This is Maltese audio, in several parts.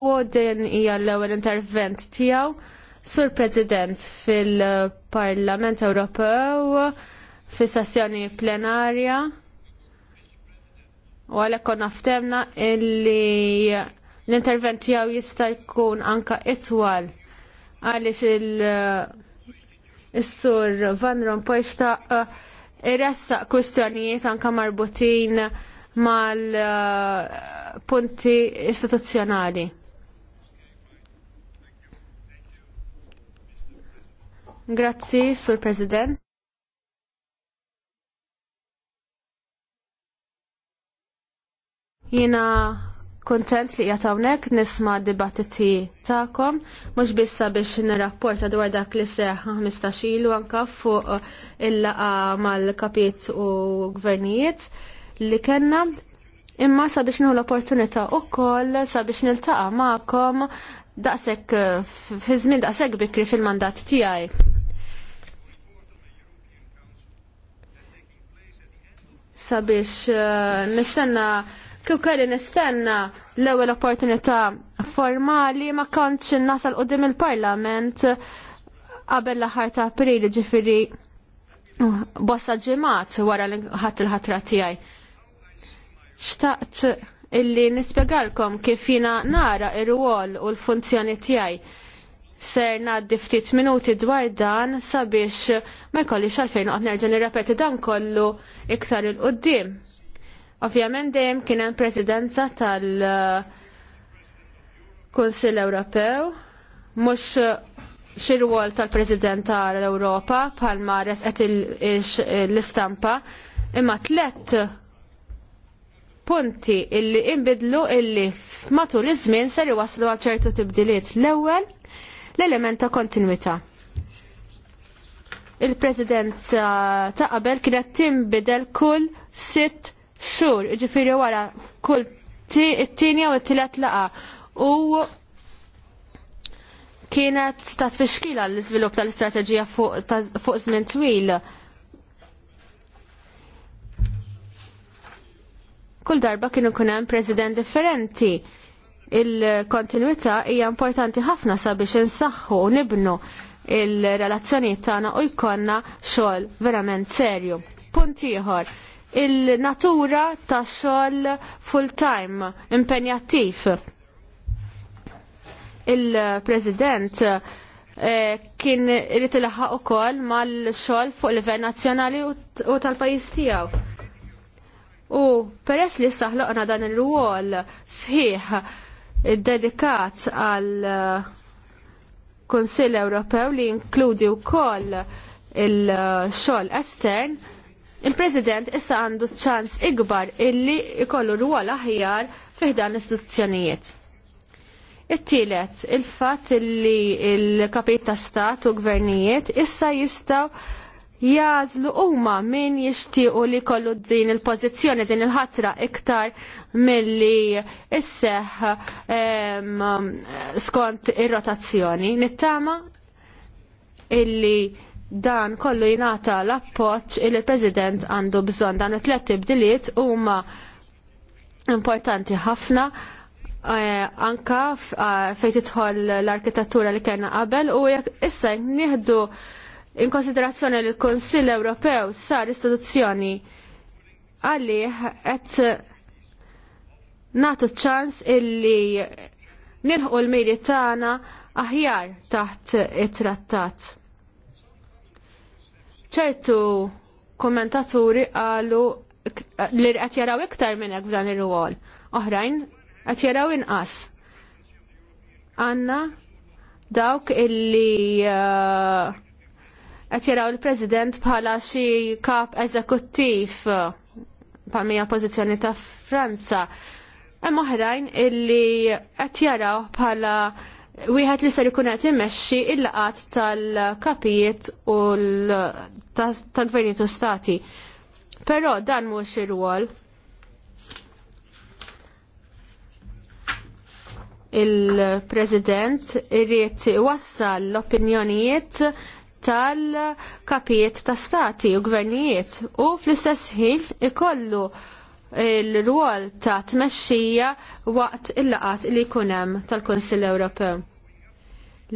U din hija l-ewwel intervent tiegħu sur President fil-Parlament Ewropew fis sessjoni plenarja. U għalhekk konna ftemna illi l-intervent tiegħu jista' jkun anka itwal għaliex il-sur Van Rompuy xtaq uh, iressaq kwistjonijiet anka marbutin mal-punti uh, istituzzjonali. Grazzi, Sur President. Jina kontent li jatawnek nisma dibattiti ta'kom, mux bissa biex nirrapporta dwar dak li se 15 ilu anka fuq il-laqa mal-kapiet u gvernijiet li kena imma sabiex nħu l-opportunita u koll sabiex niltaqa ma'kom daqsek fi żmien daqsek bikri fil-mandat tiegħi. sabiex eh, nistenna kif kelli nistenna l-ewwel opportunità formali ma kontx nasal qudiem il-Parlament qabel l-aħħar ta' April ġifieri bosta ġimgħat wara li ħadd il-ħatra tiegħi. Xtaqt illi nispjegalkom kif jiena nara ir-rwol u l-funzjoni tiegħi ser naddi ftit minuti dwar dan sabiex ma jkollix għalfejn qed nerġa' nirrepeti dan kollu iktar il qudiem Ovvjament dejjem kien hemm presidenza tal- Kunsill Ewropew, mhux xi rwol tal-President tal-Ewropa bħalma resqet l-istampa, imma tlett punti illi imbidlu illi matul iż-żmien ser iwaslu għal ċertu tibdiliet. L-ewwel l-element ta' kontinuità. Il-President uh, ta' qabel kienet timbidel kull sitt xhur, ġifieri wara kull it-tieni u t-tielet laqa u kienet ta' tfixkila l-iżvilupp tal-istrateġija fuq żmien twil. Kull darba kienu kunem hemm president differenti il-kontinuità hija importanti ħafna sabiex insaħħu u nibnu il-relazzjonijiet tagħna u jkollna xogħol verament serju. Punt ieħor, il-natura ta' xogħol full-time impenjattiv. Il-President eh, kien irid ilaħħaq ukoll mal-xogħol fuq livell nazzjonali u tal-pajjiż tiegħu. U peress li saħloqna dan ir-rwol sħiħ dedikat għal eh, Kunsill Ewropew li jinkludi wkoll il-xogħol estern, il-President issa għandu ċans ikbar illi jkollu rwol aħjar fih dan l-istituzzjonijiet. It-tielet, il-fatt illi l-kapit ta' stat u gvernijiet issa jistgħu jazlu huma min jixtiequ li kollu din il-pożizzjoni din il-ħatra iktar milli isseħ skont ir-rotazzjoni. Nittama illi dan kollu jingħata l-appoġġ il president għandu bżonn dan it-tlet tibdiliet huma importanti ħafna eh, anka eh, fejn tidħol l-arkitettura li kellna qabel u jekk issa nieħdu in konsiderazzjoni li l konsil Ewropew sar istituzzjoni għalli qed nagħtu ċans illi nilħu l-miri tagħna aħjar taħt it-trattat. ċertu kommentaturi qalu li qed jaraw iktar minn hekk f'dan ir-rwol. Oħrajn qed jaraw inqas. Għanna dawk illi uh, qed jaraw il-President bħala xi kap eżekuttiv eh, bħal mija pożizzjoni ta' Franza. Hemm oħrajn illi qed jaraw bħala wieħed li ser jkun qed imexxi il-laqat tal-kapijiet u tal-gvernijiet u stati. Però dan mhux ir-rwol il-President irrit wassal l-opinjonijiet tal-kapijiet ta' stati u gvernijiet u fl-istess ħin ikollu l-rwol ta' tmexxija waqt il-laqat li jkun hemm tal-Kunsill Ewropew.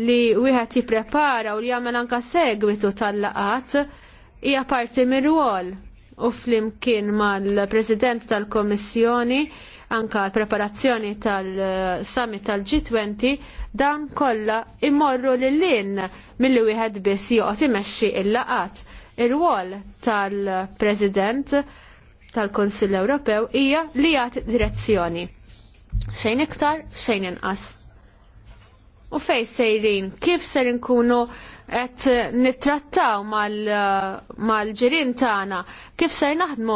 Li wieħed jipprepara u li jagħmel anke segwitu tal-laqat hija parti mir-rwol u flimkien mal-President tal-Kommissjoni anka l-preparazzjoni tal-summit tal-G20 dan kollha immorru lil-lin milli wieħed biss joqgħod imexxi il-laqat. Ir-wol tal-President tal-Konsill Ewropew hija li jagħti direzzjoni. Xejn iktar, xejn inqas. U fejn sejrin, kif ser inkunu qed nittrattaw mal-ġirien tagħna, kif ser naħdmu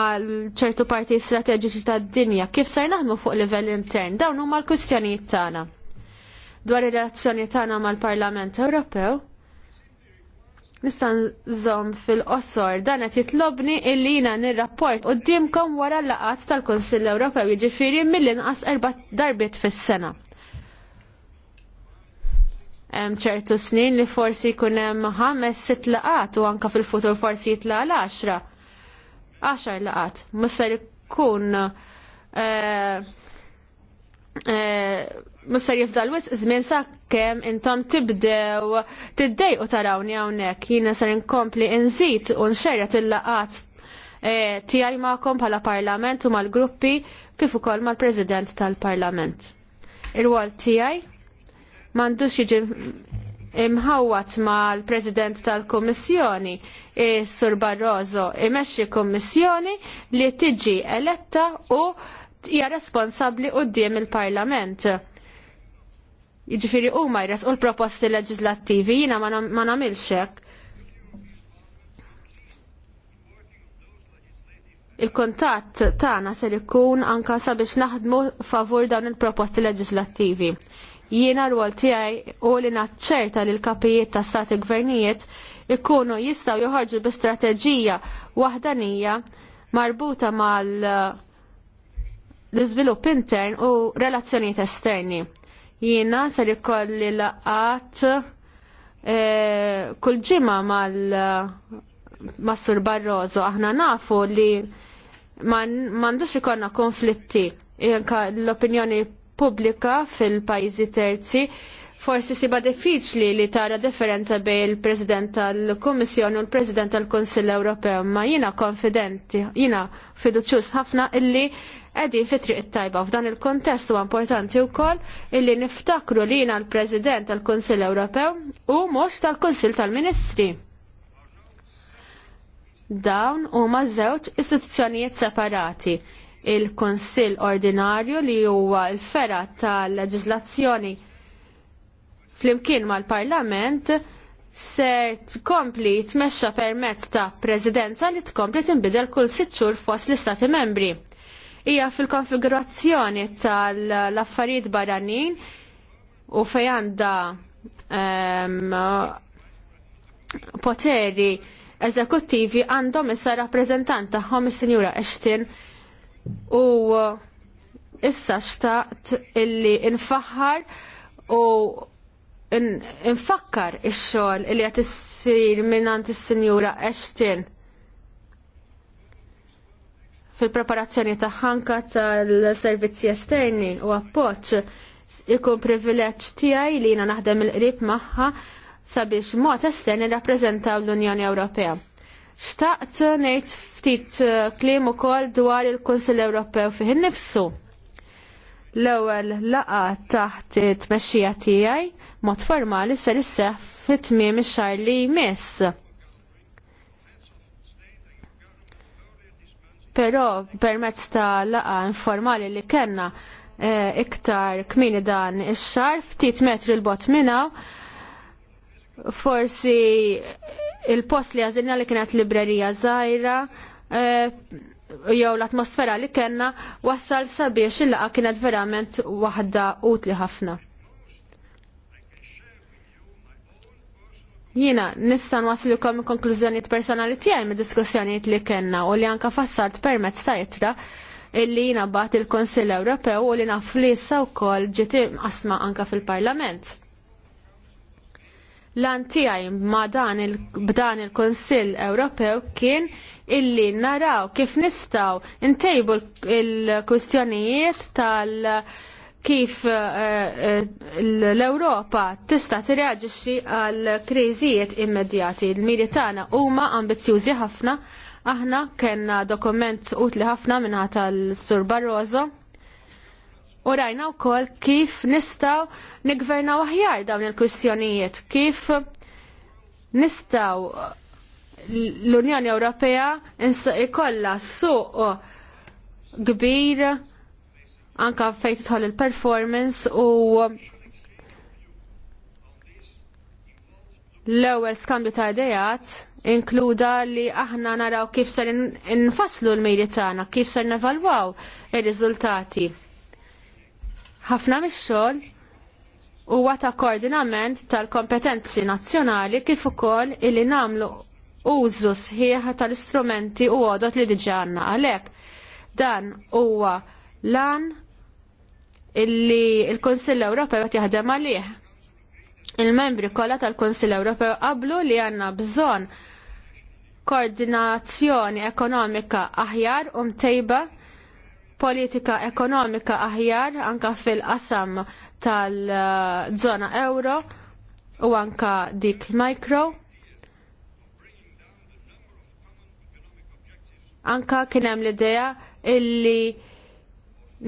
għal ċertu parti strateġiċi tad-dinja, kif ser naħdmu fuq livell intern, dawn huma l-kwistjonijiet tagħna. Dwar ir-relazzjoni tagħna mal-Parlament Ewropew, nista' nżomm fil-qosor dan qed jitlobni illi jiena nirrapport qudiemkom wara l-laqat tal-Kunsill Ewropew jiġifieri mill-inqas erba' darbiet fis-sena hemm ċertu snin li forsi jkun hemm ħames sitt laqat u anke fil-futur forsi jitla' l 10 10 laqat. Musser jkun eh, eh, musser jifdal wisq żmien sa kemm intom tibdew tiddejqu tarawni hawnhekk. Jiena ser inkompli inżid u nxerret il-laqat eh, tiegħi magħkom bħala parlament u mal-gruppi kif ukoll mal-President tal-Parlament. Il-wol tiegħi m'għandux jiġi imħawat mal president tal-Kummissjoni, Sur Barroso, imexxi Kummissjoni li tiġi eletta u hija responsabbli quddiem il-Parlament. Jiġifieri huma jresqu l-proposti leġislattivi, jiena ma nagħmilx hekk. il-kontatt tagħna ser ikun anke sabiex naħdmu favur dawn il-proposti leġislattivi jiena rwol tiegħi u li naċċerta li l-kapijiet ta' stati gvernijiet ikunu jistgħu joħorġu bi strateġija wahdanija marbuta mal eh, l-iżvilupp intern u relazzjonijiet esterni. Jiena ser ikolli laqat e, kull ġimma mal eh, Massur Barroso aħna nafu li m'għandux ikonna konflitti l-opinjoni pubblika fil-pajjiżi terzi forsi siba diffiċli li tara differenza bejn il-President tal-Kummissjoni u l-President tal-Kunsill Ewropew, ma jiena konfidenti, jiena fiduċus ħafna illi qegħdin fi triq tajba f'dan il-kontest huwa importanti wkoll illi niftakru li jina l-President tal-Kunsill Ewropew u mhux tal-Kunsill tal-Ministri. Dawn huma żewġ istituzzjonijiet separati il-Konsil Ordinarju li huwa l-fera tal-leġislazzjoni flimkien mal-Parlament ser tkompli tmexxa permezz ta' Presidenza li tkompli tinbidel kull sitt xhur fost l-Istati membri. Hija fil-konfigurazzjoni tal-affarijiet barranin u fejn għandha um, poteri eżekuttivi għandhom issa rappreżentant tagħhom is-Sinjura Eshtin u uh, issa xtaqt illi infaħħar u infakkar ix-xogħol illi qed issir minn is-Sinjura Ashton fil-preparazzjoni ta' ħanka tal-servizzi esterni u appoġġ ikun privileġġ tiegħi li jiena naħdem il-qrib magħha sabiex mod estern irrappreżentaw l-Unjoni Ewropea. Xtaqt ngħid ftit eh, kliem ukoll dwar il-Kunsill Ewropew fih innifsu. L-ewwel laqa taħt it-tmexxija tiegħi mod formali se isseħħ fit-tmiem ix-xahar li jmiss. Però permezz ta' laqa informali li kellna E, iktar kmini dan ix-xar ftit metri l-bot minnha, forsi il-post li għazilna li kienet librerija zaħira e, jew l-atmosfera li kena wassal sabiex il-laqa kienet verament waħda utli ħafna. Jina, nistan kom konklużjoniet personali tijaj me diskussjoniet li kena u li anka fassalt permezz ta' jitra illi jina bat il-Konsil Ewropew u li naf li issa u kol ġiti asma anka fil-Parlament. Lan tiegħi ma dan b'dan il-Kunsill Ewropew kien illi naraw kif nistgħu ntejbu il-kwistjonijiet tal- kif eh, eh, l-Europa tista' tirreaġixxi għal kriżijiet immedjati. Il-miri tagħna huma ambizzjużi ħafna. Aħna kellna dokument utli ħafna minn tal-Sur Barroso u rajna wkoll kif nistgħu nigvernaw aħjar dawn il-kwistjonijiet, kif nistgħu l-Unjoni Ewropea ikollha suq kbir anka fejt tidħol il-performance u l-ewwel skambju ta' idejat inkluda li aħna naraw kif ser infaslu l mejri tagħna, kif ser nevalwaw ir-riżultati. Ħafna mix-xogħol huwa ta' koordinament tal-kompetenzi nazzjonali kif ukoll illi nagħmlu użu sħiħ tal-istrumenti u għodot li diġà għandna għalhekk. Dan huwa lan illi il-Konsill Ewropew qed jaħdem għalih. Il-membri kollha tal-Konsill Ewropew qablu li għandna bżonn koordinazzjoni ekonomika aħjar u mtejba politika ekonomika aħjar anka fil-qasam tal-żona euro u anka dik micro. Anka kien hemm l-idea illi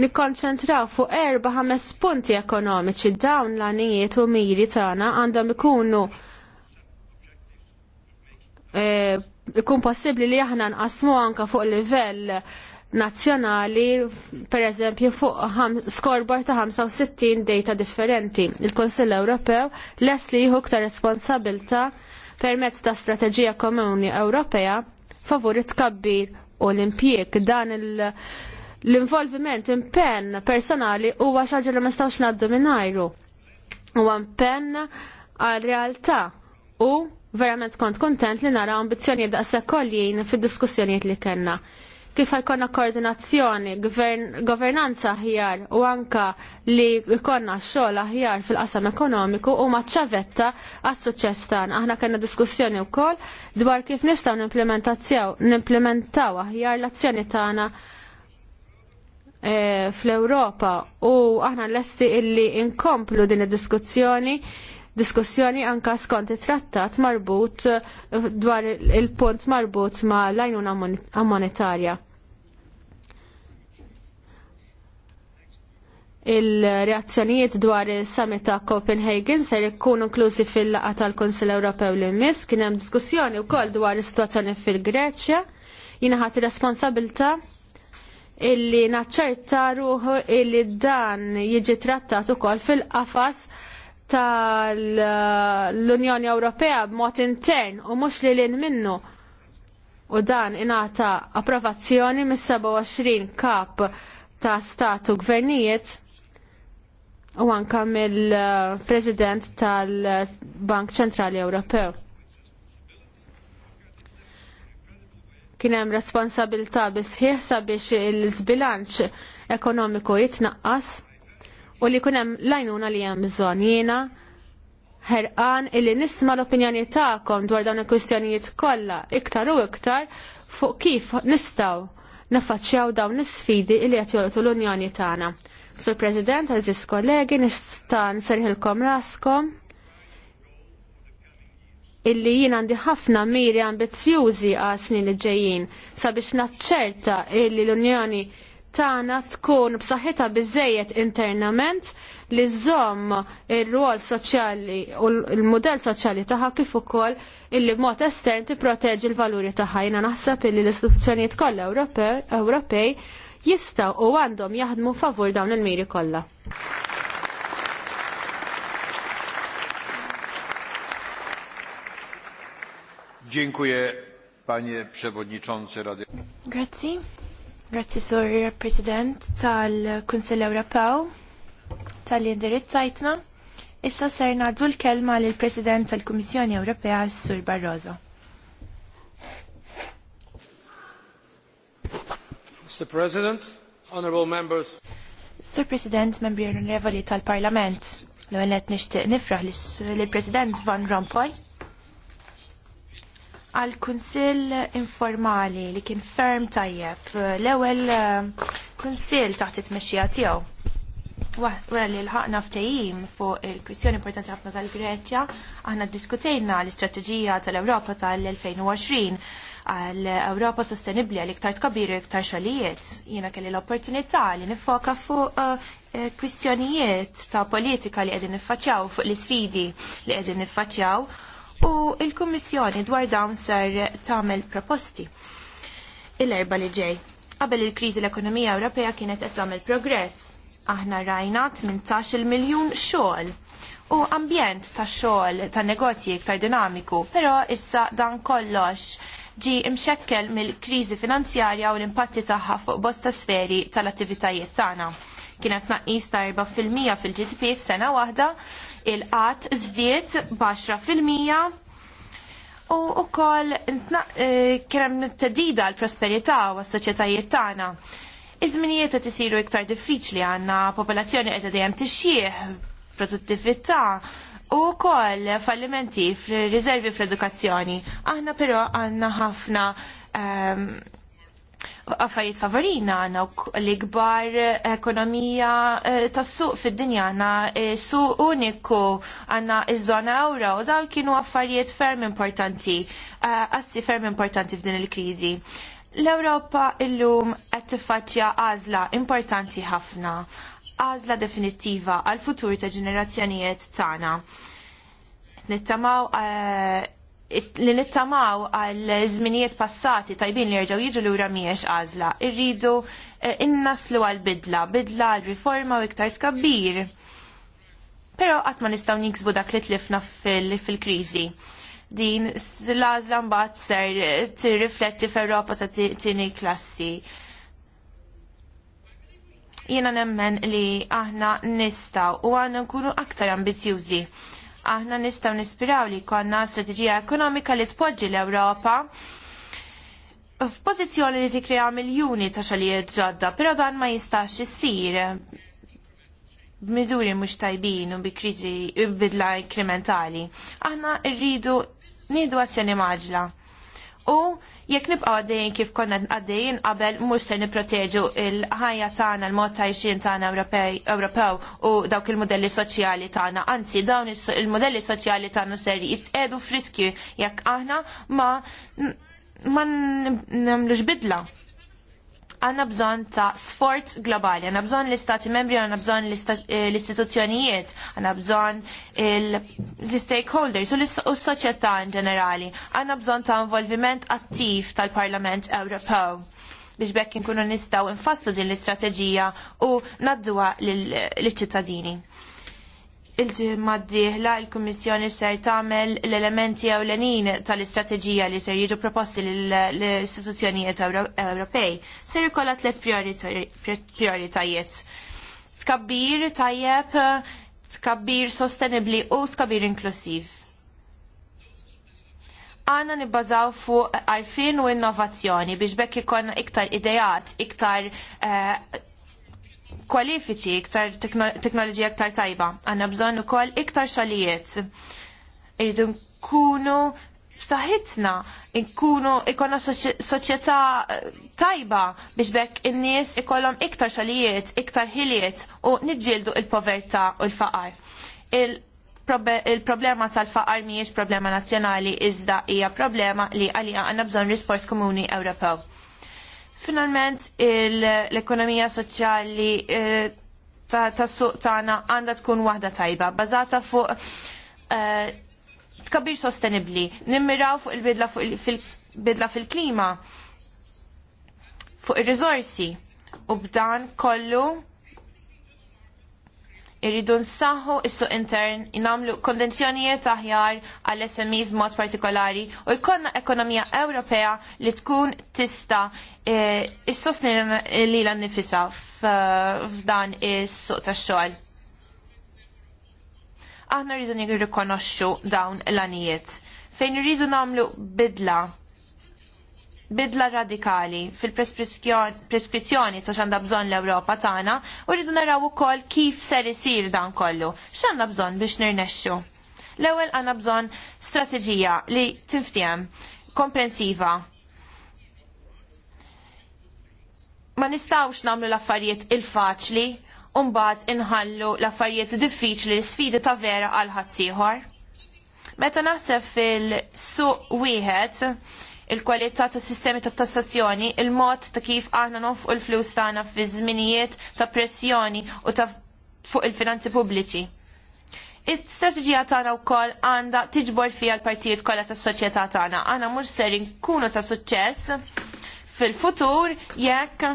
nikkonċentraw fuq erba' ħames punti ekonomiċi dawn l-għanijiet u miri tagħna għandhom ikunu eh, ikun possibbli li aħna nqasmu anka fuq livell nazzjonali, per eżempju, fuq skorbor ta' 65 data differenti. Il-Konsill Ewropew les li jieħu ktar responsabilta permezz ta' strateġija komuni Ewropea favur it-kabbir u l-impjek dan l-involviment impenn personali huwa xaġa li ma stawx naddu minnajru. Huwa impenn għal realtà u verament kont kontent li nara ambizzjoni daqshekk kollin fil-diskussjoniet li kellna kif ħajkonna koordinazzjoni, governanza aħjar u anka li jkollna xogħol aħjar fil-qasam ekonomiku huma ċavetta għas suċċess tagħna. Aħna kellna diskussjoni wkoll dwar kif nistgħu nimplementaw aħjar l-azzjoni tagħna e, fl-Ewropa u aħna lesti illi inkomplu din id-diskussjoni diskussjoni anka skont it-trattat marbut eh, dwar il-punt marbut ma l-għajnuna monetarja. Il-reazzjonijiet dwar il-summit ta' Copenhagen ser ikkunu inklużi fil-laqa tal-Konsil Ewropew li mis kien hemm diskussjoni wkoll dwar is-sitwazzjoni fil-Greċja. Jiena ħadd responsabilta' illi naċċerta ruħu illi dan jiġi trattat ukoll fil-qafas tal-Unjoni Ewropea b'mod intern u mhux li lin minnu. U dan ingħata approvazzjoni mis-27 kap ta' statu gvernijiet u anka mill-President tal-Bank Ċentrali Ewropew. Kien hemm responsabilità bisħieħ sabiex il-żbilanċ ekonomiku jitnaqqas u li kunem lajnuna li hemm bżonn jiena ħerqan illi nisma l-opinjoni tagħkom dwar dawn il-kwistjonijiet kollha iktar u iktar fuq kif nistgħu naffaċċjaw dawn is-sfidi li qed jolqtu l-Unjoni tagħna. Sur President, għaziz kollegi, nista' nserħilkom raskom illi jien għandi ħafna miri ambizzjużi għal snin li ġejjin sabiex naċċerta illi l-Unjoni Tana tkun b'saħħitha biżejjed internament li żomm ir-rwol soċjali u l-mudell soċjali tagħha kif ukoll illi b'mod estern tipproteġi l-valuri tagħha. Jiena naħseb illi l-istituzzjonijiet kollha Ewropej jistgħu u għandhom jaħdmu favur dawn il-miri kollha. Dziękuję panie przewodniczący Rady. Grazie. Grazzi sur President tal-Kunsell Ewropew tal-indirizzajtna. Issa ser nagħdu l-kelma lill President tal-Kummissjoni Ewropea Sur Barroso. Mr. President, Honorable Members. Sur President, membri onorevoli tal-Parlament, l-għanet nixtieq nifraħ lill president Van Rompuy għal kunsill informali li kien ferm tajjeb l-ewwel eh, kunsill taħt it-tmexxija tiegħu. Wara li l-ħakna ftehim fuq il-kwistjoni importanti ħafna tal-Greċja, aħna ddiskutejna l-istrateġija tal-Ewropa tal-2020 għal Ewropa sostenibli għal iktar tkabir iktar xogħlijiet. Jiena kelli l-opportunità li nifoka fuq eh, kwistjonijiet ta' politika li qegħdin niffaċċjaw fuq l-isfidi li qegħdin niffaċċjaw u il-Kummissjoni dwar dawn ser tagħmel proposti. Il-erba li ġej. Qabel il-kriżi l-ekonomija Ewropea kienet qed tagħmel progress. Aħna rajna 18 miljun xogħol u ambjent ta' xogħol ta' negozji iktar dinamiku, però issa dan kollox ġi imxekkel mill-kriżi finanzjarja u l-impatti tagħha fuq bosta sferi tal-attivitajiet tagħna. Kienet naqis ta' filmija fil-GDP f'sena waħda il-qat zdiet mija u wkoll kerem t tedida l-prosperità u eh, s-soċjetajiet tagħna. Izminijiet żminijiet qed isiru iktar diffiċli għandna popolazzjoni dajem dejjem xieħ produttività u wkoll fallimenti fir riservi fl-edukazzjoni. Aħna però għandna ħafna ehm, affarijiet favorina għana l-ikbar ekonomija eh, tas-suq fid-dinja għana eh, suq uniku għana iż-żona ewra u dawn kienu affarijiet ferm importanti, eh, assi ferm importanti f'din il-kriżi. L-Ewropa illum qed tiffaċċja għażla importanti ħafna, għażla definittiva għal futur ta' ġenerazzjonijiet tagħna. Nittamaw li nittamaw għal żminijiet passati tajbin li jerġgħu jiġu lura miex għażla. Irridu eh, innaslu għal bidla, bidla għal riforma u iktar tkabbir. Però qatt ma nistgħu niksbu dak li tlifna fil-kriżi. Din l-għażla mbagħad ser tirrifletti europa ta' t-tini klassi. Jiena nemmen li aħna nistgħu u għandna nkunu aktar ambizjużi aħna nistgħu nispiraw li jkollna strateġija ekonomika li tpoġġi l-Ewropa f'pożizzjoni li tikrea miljuni ta' xogħlijiet ġodda, però dan ma jistax issir b'miżuri mhux tajbin u bi kriżi bidla inkrementali. Aħna rridu nieħdu azzjoni maġla. U Jekk nibqgħu għaddejjin kif konna għaddejjin qabel mhux se nipproteġu l-ħajja tagħna l-mod ta' tagħna Ewropew u dawk il-modelli soċjali tagħna. Anzi, dawn il-modelli soċjali tagħna ser jitqiegħdu friski jekk aħna ma ma nagħmlux bidla għanna bżon ta' sfort globali, għanna bżon l-istati membri, għanna bżon eh, l-istituzzjonijiet, għanna bżon l-stakeholders u l-soċjetà in ġenerali, għanna bżon ta' involviment attiv tal-Parlament Ewropew biex bekk nkunu nistaw infasslu din l-istrateġija u nadduha l ċittadini il-ġimma d-dieħla il-Kummissjoni ser tagħmel l-elementi ewlenin tal-istrateġija li ser jiġu proposti l-istituzzjonijiet Ewropej. Ser ikolla tliet prioritajiet. Tkabbir tajjeb, tkabbir sostenibli u tkabbir inklusiv. Għana nibbażaw fuq għarfin u innovazzjoni biex bekk ikon iktar idejat, iktar uh, kwalifiċi iktar teknoloġija iktar tajba. Għanna bżonn ukoll iktar xogħlijiet. Irridu nkunu saħitna, nkunu ikonna soċjeta eh, tajba biex bekk in-nies ikollhom iktar xogħlijiet, iktar ħiliet u niġġieldu il-povertà u l-faqar. Il-problema tal-faqar miex problema nazzjonali iżda hija problema li għalija għandna bżonn rispors komuni Ewropew Finalment l-ekonomija soċjali eh, tas-suq tagħna għandha tkun waħda tajba, bażata fuq eh, tkabbir sostenibli, nimmiraw fuq il-bidla fil-bidla fil-klima, fuq ir-riżorsi u b'dan kollu irridu nsaħħu is-suq intern, inamlu kondizzjonijiet aħjar għall SMEs mod partikolari u jkollna ekonomija Ewropea li tkun tista e, is-sostni li l f'dan is-suq tax-xogħol. Aħna rridu nirrikonoxxu dawn l-anijiet. Fejn irridu namlu bidla bidla radikali fil-preskrizzjoni ta' xanda bżon l-Ewropa tagħna u rridu naraw ukoll kif ser isir dan kollu. Xanda bżonn biex nirnexxu? L-ewwel għandna bżonn strateġija li tinftiem komprensiva ma nistawx namlu l-affarijiet il-faċli u mbagħad inħallu l-affarijiet diffiċli l-sfidi ta' vera għal ħaddieħor. Meta naħseb fil-suq wieħed, il-kwalità ta' sistemi ta' tassazzjoni, il-mod ta' kif aħna u l-flus tagħna fi żminijiet ta' pressjoni u ta' fuq il-finanzi pubbliċi. Is-strateġija tagħna wkoll għandha tiġbor fiha l-partijiet kollha tas-soċjetà tagħna. Aħna mhux ser inkunu ta' suċċess fil-futur jekk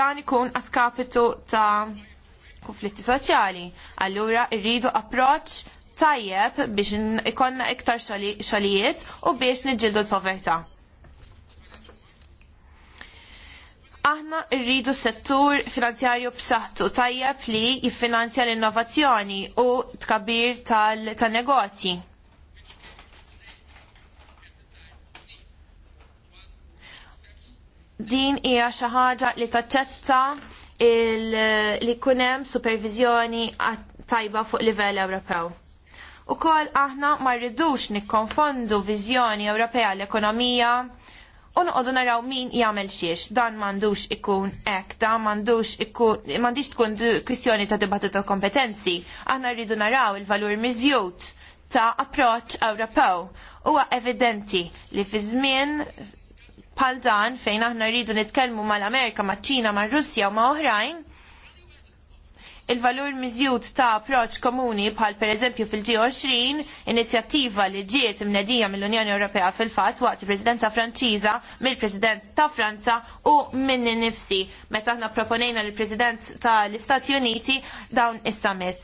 dan ikun askapitu ta' konflitti soċjali. Allura rridu approċċ tajjeb biex ikonna iktar xalijiet u biex nġildu l-povertà. Aħna rridu settur finanzjarju b'saħħtu tajjeb li jiffinanzja l-innovazzjoni u tkabbir tal-negozji. Din hija xi ħaġa li taċċetta li kunem supervizjoni tajba fuq livell Ewropew. Ukoll aħna ma rridux nikkonfondu viżjoni Ewropea l-ekonomija unqodu naraw min jagħmel xiex, dan m'għandux ikun hekk, dan mandux ikun m'għandix tkun kwistjoni ta' debattu ta' kompetenzi. Aħna rridu naraw il-valur miżjud ta' approċċ Ewropew. Huwa evidenti li fi żmien bħal dan fejn aħna rridu nitkellmu mal-Amerika, maċ-Ċina, mar-Russja u ma' oħrajn, il-valur miżjud ta' approċ komuni bħal pereżempju fil-G20, inizjattiva li ġiet imnedija mill-Unjoni Ewropea fil-fatt waqt il-Presidenza Franċiża mill-President ta' Franza u minni nifsi meta aħna proponejna l-President tal-Istati Uniti dawn is-summit.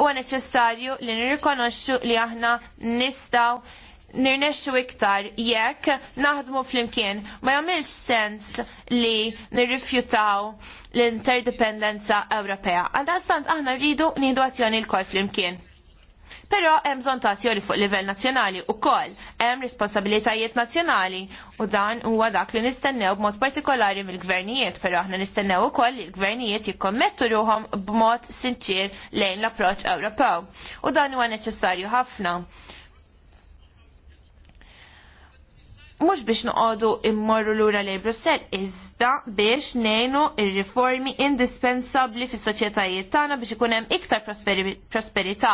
Huwa neċessarju li nirrikonoxxu li aħna nistgħu nirnexxu iktar jekk naħdmu flimkien. Ma jagħmilx sens li nirrifjutaw l-interdependenza Ewropea. Għal aħna rridu nieħdu azzjoni l-kol flimkien. Però hemm bżonn ta' azzjoni fuq livell nazzjonali wkoll hemm responsabilitajiet nazzjonali u dan huwa dak li nistennew b'mod partikolari mill-gvernijiet, però aħna nistennew ukoll li l-gvernijiet jikkommettu ruhom b'mod sinċir lejn l-approċċ Ewropew. U dan huwa neċessarju ħafna mhux biex noqogħdu immorru lura li Brussel, iżda biex ngħinu il riformi indispensabbli fis-soċjetajiet tagħna biex ikun hemm iktar prosperità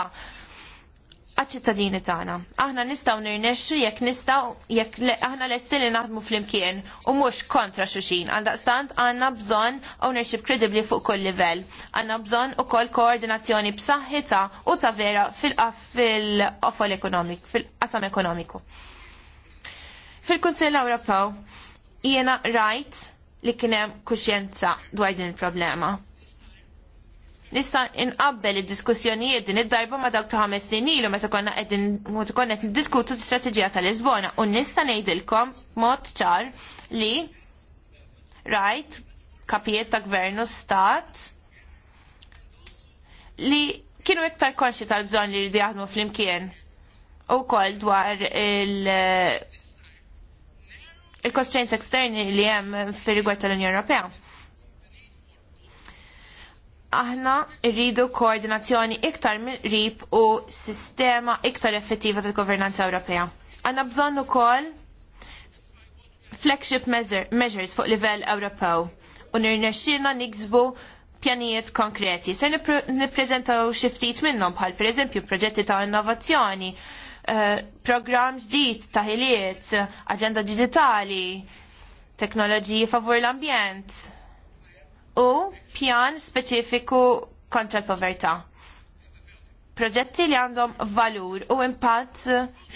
għal-ċittadini tagħna. Aħna nistgħu nirnexxu jekk nistgħu jekk aħna lesti li naħdmu flimkien u mhux kontra xuxin, Għaldaqstant għandna bżonn ownership kredibbli fuq kull livell. Għandna bżonn ukoll koordinazzjoni b'saħħitha u ta' vera fil-qofol ekonomik, fil-qasam ekonomiku. Fil Fil-Kunsill Ewropew jiena rajt li kien hemm kuxjenza dwar din il-problema. Nista' inqabbel id-diskussjonijiet din id-darba ma dawk ta' ħames snin ilu meta konna qegħdin meta konna qed niddiskutu l-istrateġija tal-Lisbona u nista' ngħidilkom mod ċar li rajt kapijiet ta' gvernu stat li kienu iktar konxi tal bżonn li jridu jaħdmu fl-imkien u koll dwar il- il-constraints eksterni li hemm fir-rigward tal-Unjoni Ewropea. Aħna rridu koordinazzjoni iktar mill-rib u sistema iktar effettiva tal-governanza Ewropea. Għanna bżonn ukoll flagship measures fuq livell Ewropew u nirnexxina niksbu pjanijiet konkreti. Se nippreżentaw xi ftit minnhom bħal pereżempju proġetti ta' innovazzjoni, Eh, programs ġdid ta' ħiliet, aġenda digitali, teknoloġiji favur l-ambjent u pjan speċifiku kontra l-povertà. Proġetti li għandhom valur u impatt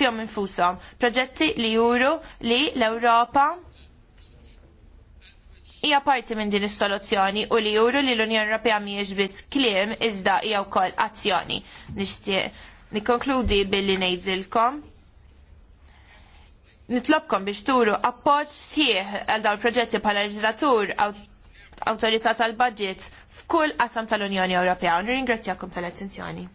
fihom infushom. Proġetti li juru li l-Ewropa hija parti minn din is-soluzzjoni u li juru li l-Unjoni Ewropea mhijiex biss kliem iżda hija wkoll azzjoni. Nixtieq Nikkonkludi billi nejdzilkom. nitlobkom biex turu appoġġ sħiħ għal dawn proġetti bħala leġislatur awtorità tal-budget f'kull qasam tal-Unjoni Ewropea. Nirringrazzjakom tal-attenzjoni.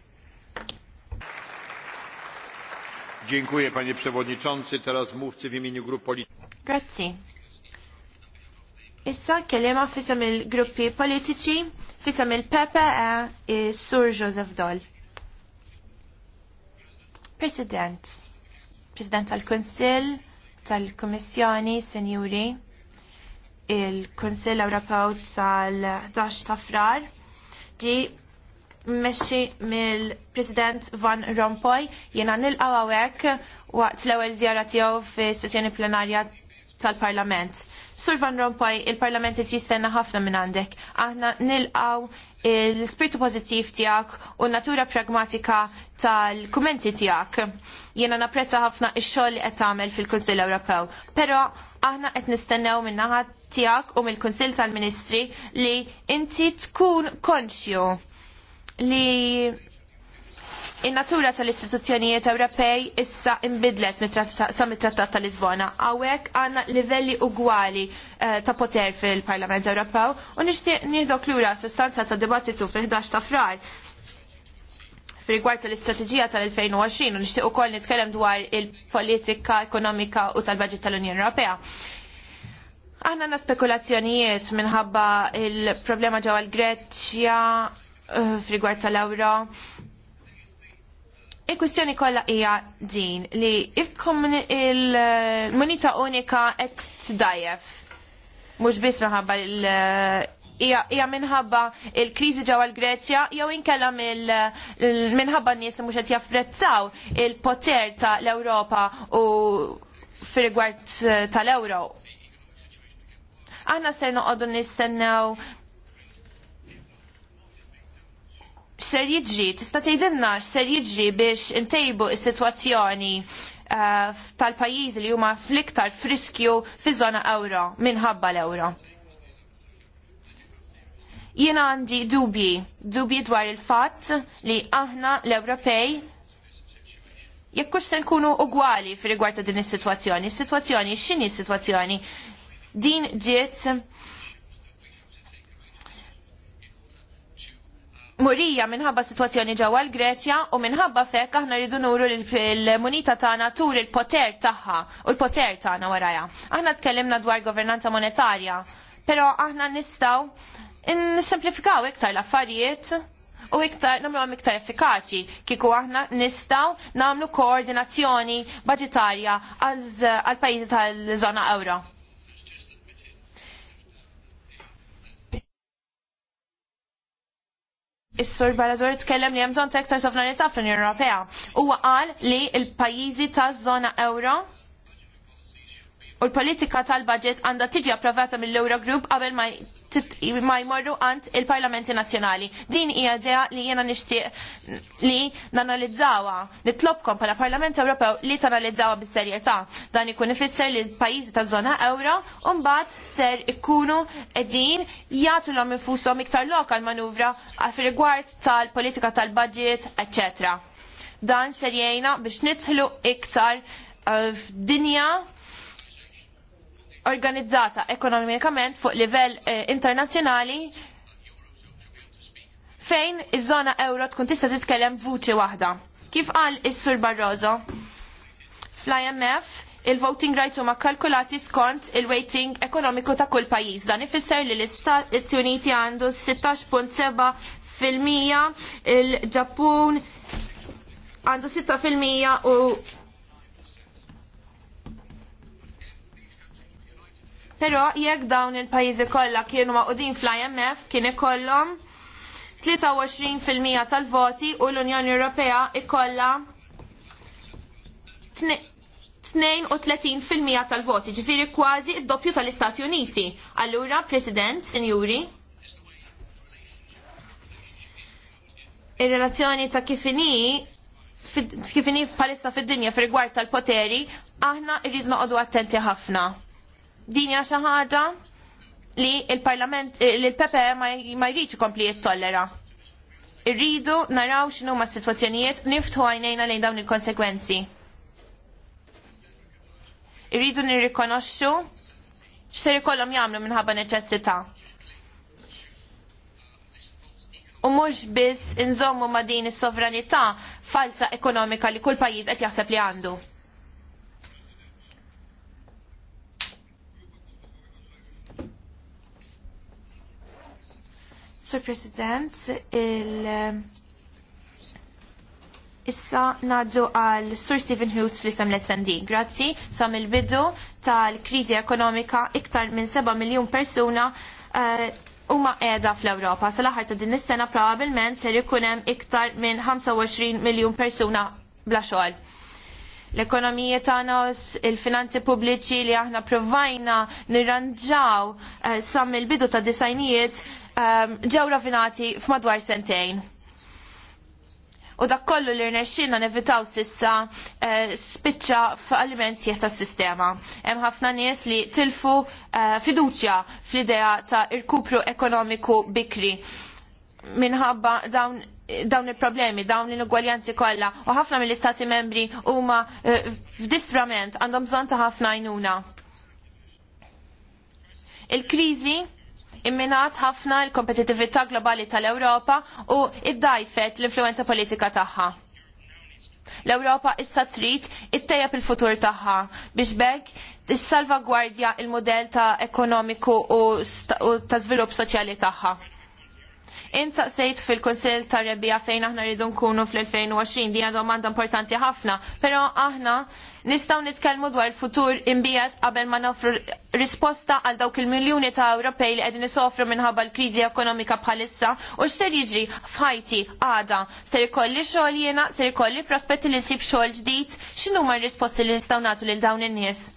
Dziękuję panie przewodniczący. Teraz mówcy w imieniu grup politycznych. Grazie. Issa kelema fisem il-gruppi politiċi, fisem il-PPE, eh, sur Joseph Doll. President, President tal-Konsil, tal-Komissjoni, Senjuri, il-Konsil Ewropew tal-11 ta' frar, di meċi mill-President Van Rompuy jena nil hawnhekk waqt l-ewwel żjara tiegħu fis-sessjoni plenarja tal-Parlament. Sur Van Rompuy, il-Parlament jistenna ħafna minn għandek. Aħna nilqaw l-spiritu pożittiv tiegħek u natura pragmatika tal-kumenti tiegħek. Jiena napprezza ħafna x-xogħol li qed tagħmel fil-Kunsill Ewropew. Però aħna qed nistennew min-naħa tiegħek u mill-Kunsill tal-Ministri li inti tkun konxju li in-natura tal-istituzzjonijiet Ewropej issa imbidlet sa mit-Trattat tal-Lisbona. Hawnhekk għandna livelli ugwali eh, ta' poter fil-Parlament Ewropew u nixtieq nieħdok lura sostanza ta' dibattitu fil-11 ta' frar fil-rigward tal-istrateġija tal-2020 u nixtieq ukoll nitkellem dwar il-politika ekonomika u tal-budget tal-Unjoni Ewropea. Aħna għanna spekulazzjonijiet minħabba il-problema ġewwa l-Greċja eh, fil-rigward tal-Ewro il-kwistjoni kollha hija din li il-munita unika qed tdajjef. Mhux biss minħabba il- Ija minħabba il-kriżi ġewwa l-Greċja jew inkella minħabba n-nies li mhux qed japprezzaw il-poter ta' l-Ewropa u fir eh, tal-Ewro. Aħna ser noqogħdu nistennew ser jiġri, tista' tgħidilna x'ser jiġri biex intejbu is-sitwazzjoni eh, tal-pajjiżi li huma fl-iktar friskju fiż-żona euro minħabba l-euro. Jiena għandi dubji, dubji dwar il-fatt li aħna l-Ewropej jekk se nkunu ugwali fir rigward ta' din is-sitwazzjoni, is-sitwazzjoni x'inhi s-sitwazzjoni? Din ġiet murija minħabba situazzjoni ġewwa l-Greċja u minħabba fekk aħna rridu nuru l-munita tagħna tur il-poter tagħha u l-poter tagħna warajha. Aħna tkellimna dwar governanza monetarja, però aħna nistgħu nsimplifikaw iktar l-affarijiet u iktar nagħmluhom iktar effikaċi kieku aħna nistgħu nagħmlu koordinazzjoni baġitarja għal pajjiżi tal-żona euro. Is-Sur Baladur tkellem li hemm bżonn sektors of sovranità fl-Unjoni Ewropea. Huwa qal li l-pajjiżi taż-żona euro U l-politika tal-budget għandha tiġi approvata mill-Eurogroup qabel ma jmorru għand il-Parlamenti Nazzjonali. Din hija idea li jiena nixtieq li nanalizzawa. Nitlobkom bħala Parlament Ewropew li tanalizzawa bis-serjetà. Dan ikun ifisser li l-pajjiżi taż-żona euro u mbagħad ser ikunu qegħdin jagħtu infushom iktar lokal manuvra fir tal-politika tal-budget, etc. Dan ser jgħinna biex nidħlu iktar eh, f'dinja organizzata ekonomikament fuq livell eh, internazzjonali fejn iż-żona euro tkun tista' titkellem vuċi waħda. Kif qal is-Sur Barroso? Fl-IMF il-voting rights huma kalkulati skont il-weighting ekonomiku ta' kull pajjiż. Dan ifisser li l-Istati Uniti għandu 16.7 fil-mija, il-Ġappun għandu 6 fil-mija u Però jekk dawn il-pajjiżi kollha kienu maqudin fl-IMF kien ikollhom 23% tal-voti u l-Unjoni Ewropea ikollha 32% tal-voti, ġifiri kważi id-doppju tal-Istati Uniti. Allura, President, Sinjuri, ir-relazzjoni ta' kifini kifini palissa fid-dinja fil-rigward tal-poteri, aħna irrid noqogħdu attenti ħafna din hija xi ħaġa li l parlament li l-Pepe ma jrid ikompli jittollera. Irridu naraw x'inhu ma sitwazzjonijiet niftħu għajnejna lejn dawn il-konsekwenzi. Irridu nirrikonoxxu x'ser ikollhom jagħmlu minħabba neċessità. U mhux biss inżommu ma din is-sovranità falsa ekonomika li kull pajjiż qed jaħseb li għandu. Sur President, il- Issa naddu għal Sur Stephen Hughes fl-isem l-SND. Grazzi, sam il-bidu tal-krizi ekonomika iktar minn 7 miljon persuna eh, huma uh, qiegħda fl-Ewropa. Sal-aħħar ta' din is-sena probabbilment ser ikun hemm iktar minn 25 miljun persuna bla xogħol l-ekonomija tagħna il-finanzi pubbliċi li aħna provajna nirranġaw uh, sam il-bidu ta' disajnijiet Um, ġew ravinati f'madwar sentejn. U dak kollu li rnexxinna nevitaw sissa eh, spiċċa f'aliment sieħ tas-sistema. Hemm ħafna nies li tilfu eh, fiduċja fl-idea ta' irkupru ekonomiku bikri minħabba dawn dawn il-problemi, dawn l-inugwaljanzi kollha u ħafna mill-istati membri huma eh, f'distrament għandhom bżonn ta' ħafna għajnuna. Il-kriżi imminat ħafna l-kompetitività globali tal-Ewropa u id-dajfet l-influenza politika tagħha. L-Ewropa issa trid ittejjeb il-futur tagħha biex bekk tissalvagwardja il-modell ta' ekonomiku u ta' żvilupp soċjali tagħha. Insaqsejt fil kunsil ta' Rebbija fejn aħna rridu nkunu fl-2020 di domanda importanti ħafna, pero aħna nistgħu nitkellmu dwar il-futur imbijat qabel ma nofru risposta għal dawk il-miljuni ta' Ewropej li qegħdin isofru minħabba l-kriżi ekonomika bħalissa u x'ser jiġri f'ħajti għada. Ser ikolli xogħol jiena, ser ikolli prospetti li nsib xogħol ġdid, x'inhuma r-risposti li nistgħu nagħtu lil dawn in-nies?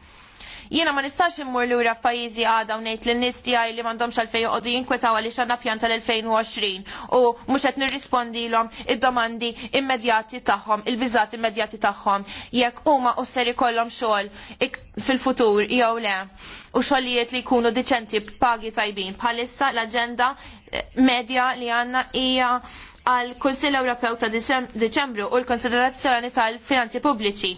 Jiena ma nistax immur lura f'pajjiżi għada u ngħid lin nies tiegħi li m'għandhomx għalfejn joqogħdu jinkwetaw għaliex għandna pjanta l 2020 u mhux qed nirrispondilhom id-domandi immedjati tagħhom, il-biżat immedjati tagħhom jekk huma u ser ikollhom xogħol fil-futur jew le u xogħlijiet li jkunu diċenti b'pagi tajbin. Bħalissa l-aġenda eh, medja li għandna hija għal Kunsill Ewropew ta' Deċembru u l-konsiderazzjoni tal-finanzi pubbliċi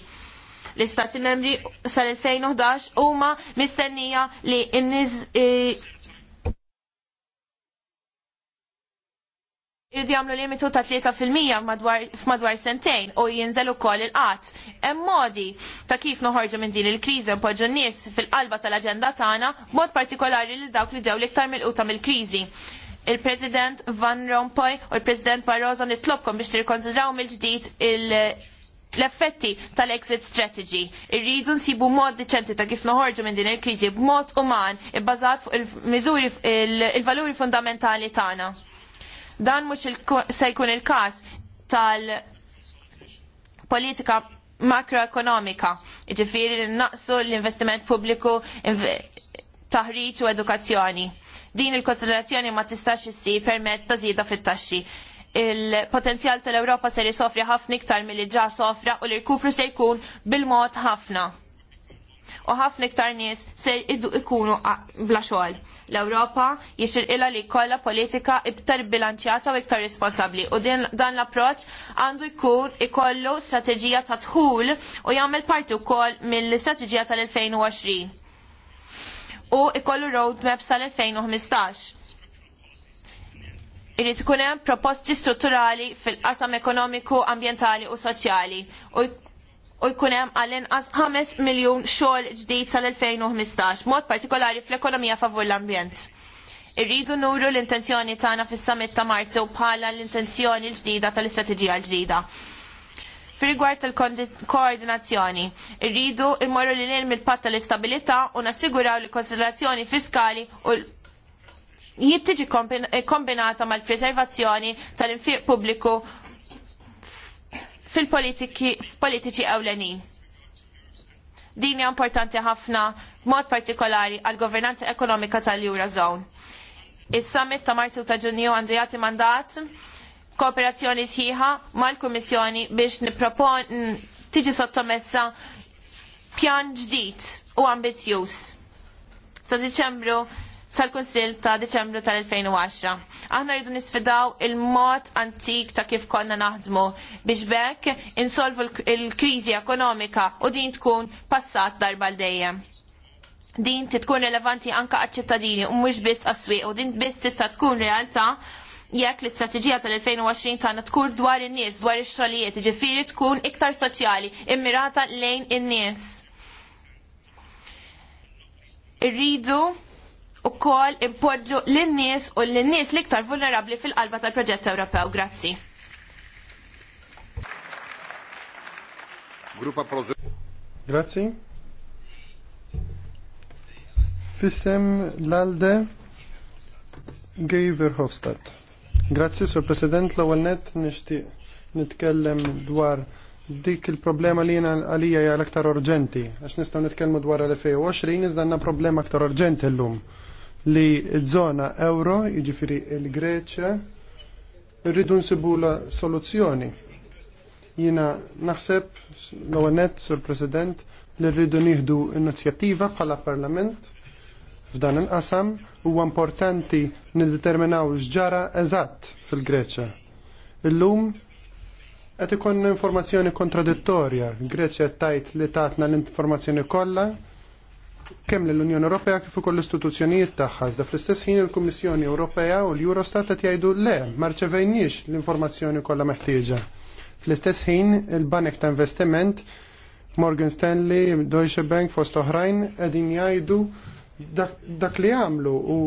L-Istati membri sal-2011 huma mistennija li n-niz eh, għamlu li limitu ta' 3% f'madwar sentejn u jinżel ukoll il-qatt. Hemm ta' kif noħorġu minn din il-kriżi npoġġu n-nies fil-qalba tal-aġenda tagħna b'mod partikolari li dawk li ġew l-iktar mill-quta mill-kriżi. Il-President Van Rompuy u l-President Barroso nitlobkom biex tirkonsidraw mill-ġdid il- l-effetti tal-exit strategy. Irridu nsibu mod deċenti ta' kif noħorġu minn din il-kriżi b'mod uman ibbażat fuq il-miżuri il-valuri fundamentali tagħna. Dan mhux se jkun il-każ tal-politika makroekonomika, jiġifieri naqsu l-investiment pubbliku taħriġ u edukazzjoni. Din il-konsiderazzjoni ma tistax issir permezz ta' żieda fit-taxxi il-potenzjal tal-Ewropa ser jisofri ħafna iktar milli ġa sofra u l-irkupru se jkun bil-mod ħafna. U ħafna iktar nies ser iddu ikunu bla xogħol. L-Ewropa jixirqilha li jkollha politika iktar bilanċjata u iktar responsabbli u din, dan l-approċċ għandu jkun ikollu strateġija ta' dħul u jagħmel parti wkoll mill-istrateġija tal-2020 u ikollu roadmap sal-2015 Irrid ikun hemm proposti strutturali fil-qasam ekonomiku, ambjentali u soċjali u jkun hemm għall-inqas 5 miljun xogħol ġdid sal-2015, mod partikolari fl-ekonomija favur l-ambjent. Irridu nuru l-intenzjoni tagħna fis-summit ta' Marzu bħala l-intenzjoni l-ġdida tal-istrateġija l-ġdida. Fir-rigward tal-koordinazzjoni, irridu immorru lil mill-patt tal-istabilità u nassiguraw li konsiderazzjoni fiskali u l jittiġi eh, kombinata mal-preservazzjoni tal-infiq pubbliku fil-politiċi ewlenin. Din hija importanti ħafna b'mod partikolari għal governanza ekonomika tal-Eurozone. Is-summit ta' Marzu ta' Ġunju għandu jagħti mandat kooperazzjoni sħiħa mal-Kummissjoni biex nipropon tiġi sottomessa pjan ġdid u ambizzjuż. Sa' Diċembru sal-Kunsil ta' Deċembru tal-2010. Aħna rridu nisfidaw il-mod antik ta' kif konna naħdmu biex bekk insolvu l-kriżi ekonomika u din tkun passat darba l-dejjem din tkun relevanti anka għal-ċittadini u mhux biss għaswi u din biss tista' tkun realtà jekk l-istrateġija tal-2020 tagħna tkun dwar in-nies, dwar ix-xogħlijiet, ġifieri tkun iktar soċjali, immirata lejn in-nies. Irridu u kol impoġġu l-nies u l-nies liktar vulnerabli fil-qalba tal-proġett Ewropew. Grazzi. Grazzi. Fissem l-alde Gej Grazzi, Sur President, l-ewwel net nixtieq nitkellem dwar dik il-problema li jena għalija hija aktar urġenti, għax nistgħu nitkellmu dwar l-2020 iżda għandna problema aktar urġenti llum li żona euro, jiġifieri il-Greċja, rridu nsibula soluzzjoni. Jiena naħseb l għanet Sur President, li rridu nieħdu inizjattiva bħala Parlament f'dan il-qasam huwa importanti niddeterminaw x'ġara eżatt fil-Greċja. Illum qed ikun informazzjoni kontradittorja. Greċja tajt li tatna l-informazzjoni kollha kemm l-Unjoni Ewropea kif ukoll l-istituzzjonijiet tagħha iżda fl-istess ħin il-Kummissjoni Ewropea u l-Eurostat qed jgħidu le ma rċevejniex l-informazzjoni kollha meħtieġa. Fl-istess ħin il-Banek ta' Investiment Morgan Stanley, Deutsche Bank fost oħrajn qegħdin jgħidu dak, dak li għamlu u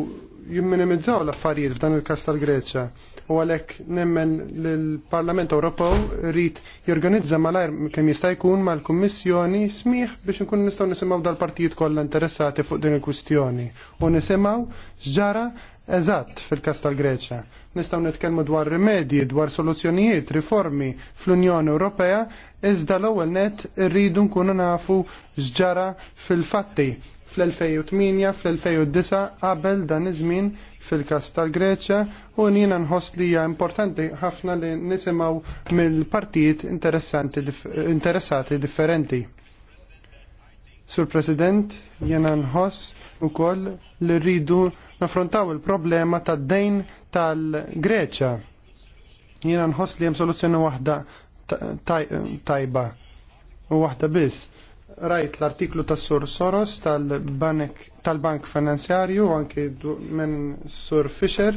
jimminimizzaw l-affarijiet f'dan il-kas tal-Greċja u għalhekk nemmen l-Parlament Ewropew rrit jorganizza malajr kemm jista' jkun mal-Kummissjoni smiħ biex nkun nistgħu nisimgħu dal-partijiet kollha interessati fuq din il-kwistjoni u nisimgħu x'ġara eżatt fil-każ tal-Greċja. Nistgħu nitkellmu dwar rimedji, dwar soluzzjonijiet, riformi fl-Unjoni Ewropea iżda l-ewwel net rridu nkunu nafu x'ġara fil-fatti fl-2008, fl-2009 qabel dan iż-żmien fil-kas tal-Greċja u jiena nħoss li hija importanti ħafna li nisimgħu mill-partijiet interessanti interessati differenti. Sur President, jiena nħoss ukoll li rridu naffrontaw il-problema tad-dejn tal-Greċja. Jiena nħoss li hemm soluzzjoni waħda tajba u waħda biss rajt l-artiklu tas Sur Soros tal-Bank Finanzjarju anki minn Sur Fischer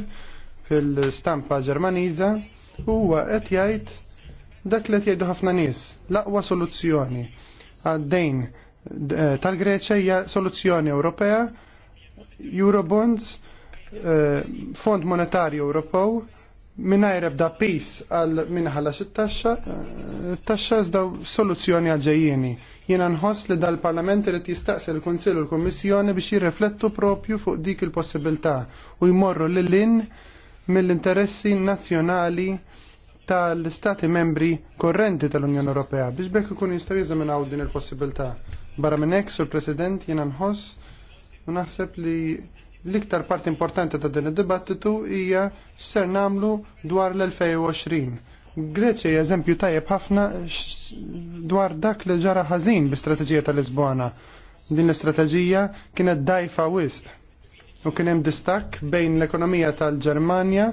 fil-stampa Ġermaniża huwa qed jgħid dak li qed jgħidu ħafna nies l-aqwa soluzzjoni għad-dejn eh, tal-Greċja hija soluzzjoni Ewropea, Eurobonds, eh, Fond Monetarju Ewropew, minnajr ebda pis għal minħalla xit-taxxa, eh, taxxa zdaw soluzzjoni għal għalġejjeni. Jiena nħoss li dal-Parlament irid jistaqsi l-Kunsill u l-Kummissjoni biex jirreflettu propju fuq dik il-possibilità u jmorru l lin mill-interessi nazzjonali tal-istati membri korrenti tal-Unjoni Ewropea biex bekk ikun jistgħu jeżaminaw din il-possibilità. Barra minn hekk sur President jiena nħoss u naħseb li l-iktar part importanti ta' din id-dibattitu hija x'ser nagħmlu dwar l-2020 Greċja eżempju tajjeb ħafna dwar dak li ġara ħażin bi-strateġija tal-Lisbona. Din l-istrateġija kienet dajfa wisq u kien hemm distakk bejn l-ekonomija tal-Ġermanja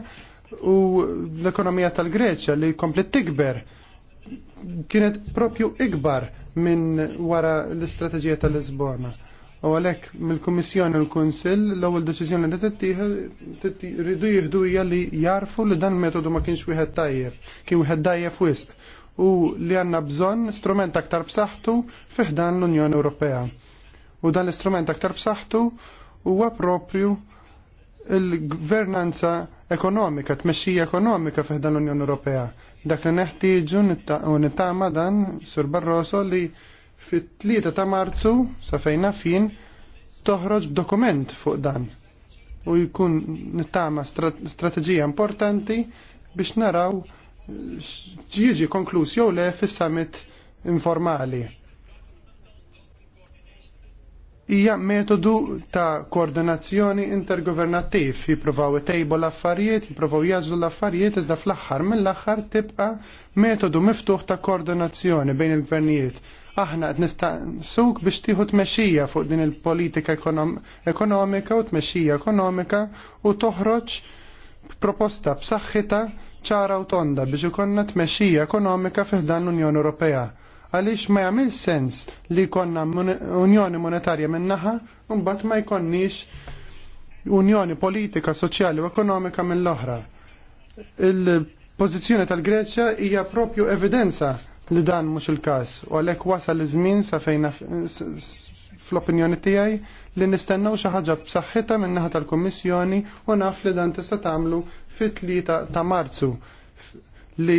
u l-ekonomija tal-Greċja li komplet tikber kienet propju ikbar minn wara l-istrateġija tal-Lisbona. U għalhekk mill-Kummissjoni u l-Kunsill l-ewwel deċiżjoni li rridu jieħdu hija li jarfu li dan metodu ma kienx wieħed tajjeb, kien wieħed dajjef wisq u li għandna bżonn strument aktar b'saħħtu fih l-Unjoni Ewropea. U dan l-istrument aktar b'saħħtu huwa propju il-gvernanza ekonomika, t tmexxija ekonomika fiħdan l-Unjoni Ewropea. Dak li neħtieġu nittama dan, Sur Barroso, li fit tlieta ta' Marzu sa fejn fin toħroġ dokument fuq dan u jkun nittama strateġija importanti biex naraw ġiġi eh, konkluż jew le fis-summit informali. Ija metodu ta' koordinazzjoni intergovernattiv, jipruvaw itejbu l-affarijiet, jipruvaw jazlu l-affarijiet, iżda fl-axħar mill-axħar tibqa metodu miftuħ ta' koordinazzjoni bejn il-gvernijiet aħna qed nistaqsuk biex tieħu tmexxija fuq din il-politika ekonomika u tmexxija ekonomika u toħroġ proposta b'saħħitha ċara u tonda biex ikonna tmexxija ekonomika fiħdan l-Unjoni Ewropea għaliex ma jagħmel sens li jkollna Unjoni Monetarja min-naħa u mbagħad ma jkollniex Unjoni Politika, Soċjali u Ekonomika mill-oħra. Il-pożizzjoni tal-Greċja hija propju evidenza li dan mhux il-każ u għalhekk wasal iż-żmien sa fejn fl-opinjoni tiegħi li nistennew xi ħaġa b'saħħitha min-naħa tal-Kummissjoni u naf li dan tista' tagħmlu fit-tlieta ta' Marzu li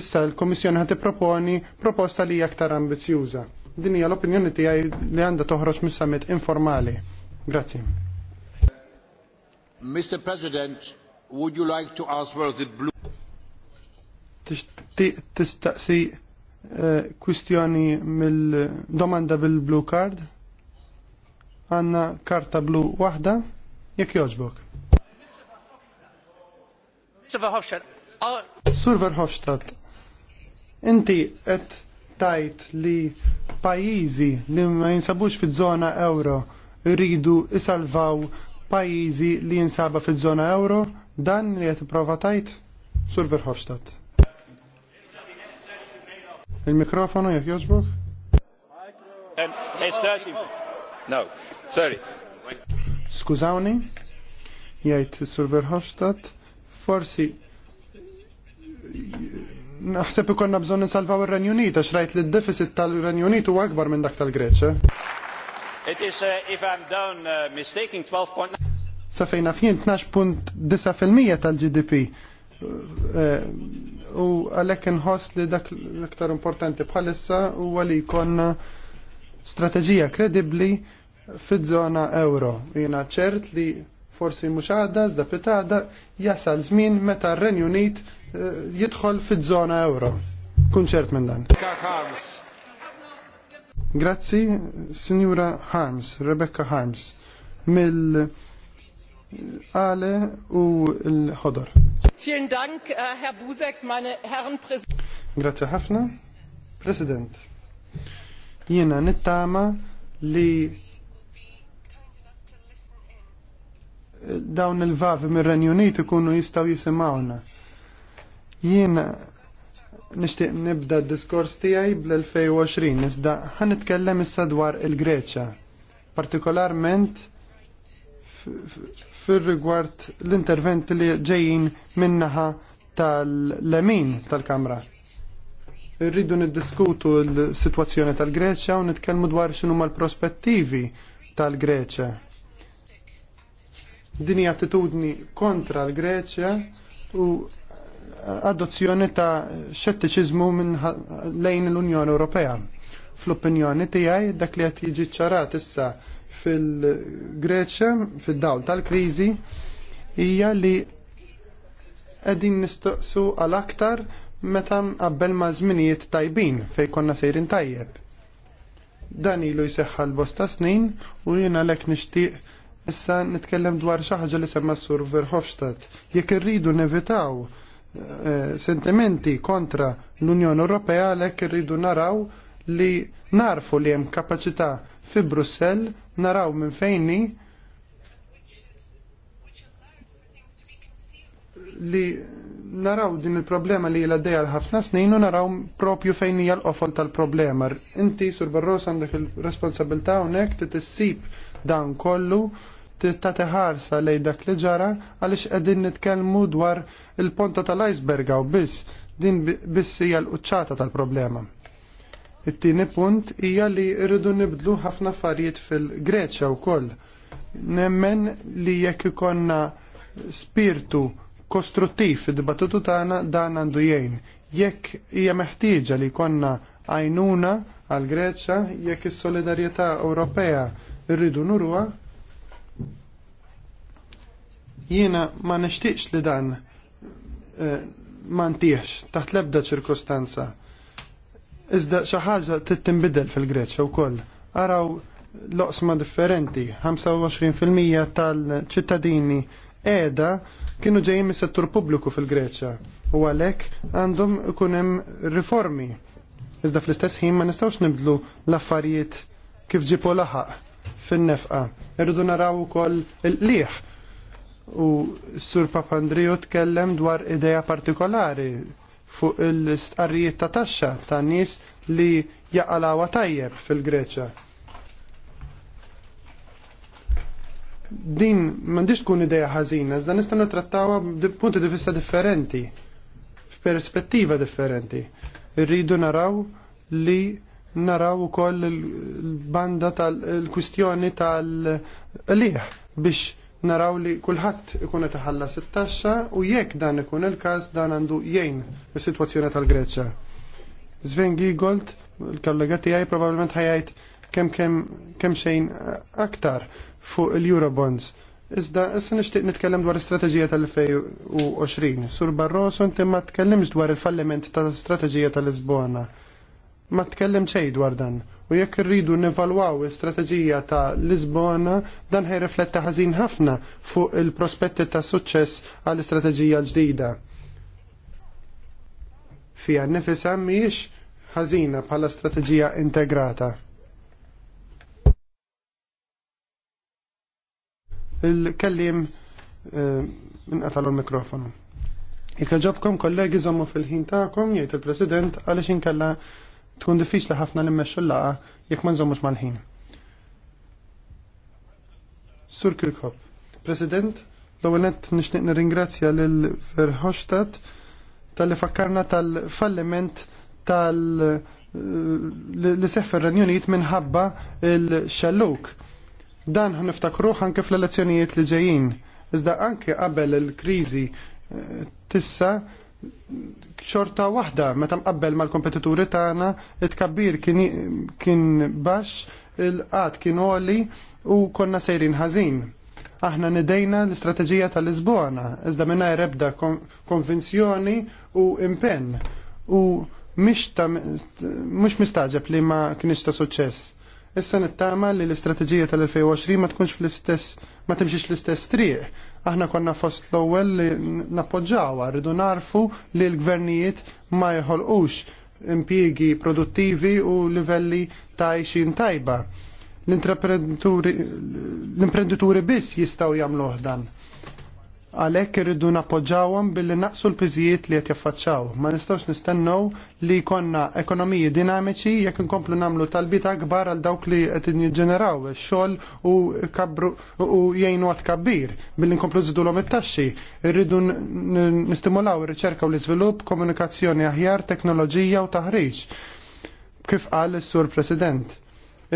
issa l-Kummissjoni ħad proponi proposta li hija aktar ambizjuża. Din hija l-opinjoni tiegħi li għandha toħroġ mis-summit informali. Grazzi. Mr. President, would you like to ask where the blue? Tistaqsi Eh, kwistjoni mill-domanda bil-blue card. Għanna karta blu wahda, jekk joġbok. Sur Verhofstadt, inti qed tajt li pajizi li ma jinsabux fi-zona euro rridu isalvaw pajizi li jinsaba fil-żona euro, dan li qed prova tajt? Sur Verhofstadt. Il-mikrofonu jek joġbuk? Um, no, sorry. Skużawni, jajt Sur Verhofstadt, forsi naħseb ikonna bżon nsalvaw ir-Renju Unit għax rajt li d-deficit tal-Renju Unit huwa akbar minn dak tal-Greċja. It is uh, if I'm down uh, mistaking 12.9 Sa fejna fien 12.9% tal-GDP. Uh, uh, u għalhekk inħoss li dak l aktar importanti bħalissa huwa li jkollna strateġija kredibbli fiż-żona euro. Jiena ċert li forsi mhux għadda żda pitada jasal żmien meta r-Renju Unit eh, jidħol fiż-żona euro. Kun ċert minn dan. Grazzi, Signora Harms, Rebecca Harms, mill-Għale u l-Ħodor. Äh, Grazie ħafna. President, jiena nittama li dawn il-vavi mir-Renju Unit ikunu jistgħu jisimgħuna. Jiena nixtieq nibda d-diskors tiegħi bl-2020 iżda ħan nitkellem issa dwar il-Greċja, partikolarment fir-rigward l-interventi li ġejjin minnaħa tal-lemin tal-Kamra. Irridu niddiskutu l-sitwazzjoni tal-Greċja u nitkellmu dwar x'inhu l-prospettivi tal-Greċja. Din attitudni kontra l-Greċja u adozzjoni ta' xettiċiżmu minn lejn l-Unjoni Ewropea. Fl-opinjoni tiegħi dak li qed jiġi ċarat issa fil-Greċja, fid-dawl tal-kriżi, hija li qegħdin nistoqsu għal aktar meta qabel ma' żminijiet tajbin fejn konna sejrin tajjeb. Dan ilu jseħħa l-bosta snin u jiena lek nixtieq issa nitkellem dwar xi ħaġa li semma s-sur Verhofstadt. Jekk irridu nevitaw eh, sentimenti kontra l-Unjoni Ewropea għalhekk irridu naraw li narfu li hemm kapaċità fi Brussell naraw minn fejni li naraw din il-problema li l-għaddeja l-ħafna snin u naraw propju fejn hija l-qofol tal-problema. Inti sur Barros għandek il-responsabilità hawnhekk ti tissib dan kollu tagħti ħarsa lej dak li ġara għaliex qegħdin nitkellmu dwar il-ponta tal-iceberg għaw biss din biss hija l-quċċata tal-problema. It-tieni punt hija li rridu nibdlu ħafna affarijiet fil-Greċja wkoll. Nemmen li jekk ikonna spirtu kostruttiv fid-dibattitu tagħna dan għandu jgħin. Jekk hija meħtieġa li jkollna għajnuna għal Greċja, jekk is-solidarjetà Ewropea rridu nurwa, jiena ma nixtieqx li dan eh, ma taħt l-ebda ċirkostanza Iżda xi ħaġa tinbidel fil-Greċja wkoll. Araw loqsma differenti, 25% tal-ċittadini qiegħda kienu ġejjin mis-settur pubbliku fil-Greċja u għalhekk għandhom ikun hemm riformi. Iżda fl-istess ħin ma nistgħux nibdlu l-affarijiet kif ġipu laħaq fin-nefqa. Irridu naraw ukoll il-qliħ u s-sur Papandriju tkellem dwar idea partikolari fuq il istqarrijiet ta' taxxa ta' nies li jaqalawa tajjeb fil-Greċja. Din m'għandix tkun idea ħażina, iżda nistgħu nittrattawha punti di vista differenti, f'perspettiva differenti. Irridu naraw li naraw ukoll il-banda tal-kwistjoni tal-liħ biex naraw li kulħadd ikun qed iħallas it-taxxa u jekk dan ikun il-każ dan għandu jgħin is-sitwazzjoni tal-Greċja. Sven Giegold, il-kollega tiegħi probabbilment ħajajt kemm kemm kemm xejn aktar fuq il-Eurobonds. Iżda issa nixtieq nitkellem dwar is-strateġija tal-2020. Sur Barroso inti ma tkellimx dwar il-falliment tal-istrateġija tal-Lisbona. Ma tkellimx xejn dwar dan. U jekk irridu nevalwaw l-istrateġija ta' Lisbona, dan rifletta ħażin ħafna fuq il-prospetti ta' suċċess għall-istrateġija l-ġdida. Fija nifisa mhijiex ħażina bħala strateġija integrata. il-kellim eh, inqatalu l-mikrofonu. Jekk ġobkom kollegi zommu fil-ħin ta'kom, jgħid il-President għaliex inkella tkun diffiċli ħafna li mmexxu l-laqa jekk ma nżommux mal-ħin. Sur Kirkhop, President, l-ewwel nett nixtieq nirringrazzja lil Verhofstadt tal-li fakkarna tal-falliment tal- eh, li fir ranjoniet minħabba il-xalluk. Dan niftakruħ anke fl-elezzjonijiet li ġejjin. Iżda anke qabel il-kriżi eh, tissa xorta waħda meta mqabbel mal-kompetituri tagħna it-kabbir kien baxx il qat kien għoli u konna sejrin ħażin. Aħna nidejna l-istrateġija tal-Lisbona iżda minna rebda konvinzjoni u impenn u mhux mistaġeb li ma kienix ta' suċċess. Issa nittama li l-istrateġija tal-2020 ma tkunx fl-istess ma timxiex l-istess triq Aħna konna fost l-ewwel li nappoġġawha, rridu narfu li l-gvernijiet ma jħolqux impjiegi produttivi u livelli ta' xin tajba. L-imprenditori biss jistgħu jagħmluh dan għalhekk irridu nappoġġawhom billi naqsu l-piżijiet li qed jaffaċċaw. Ma nistgħux nistennew li jkollna ekonomiji dinamiċi jekk inkomplu nagħmlu talbita akbar għal dawk li qed jiġġeneraw ix-xogħol u kabru u jgħinu għat kabbir billi nkomplu żidulhom it-taxxi. Irridu nistimulaw ir-riċerka u l-iżvilupp, komunikazzjoni aħjar, teknoloġija u taħriġ. Kif qal is-Sur President.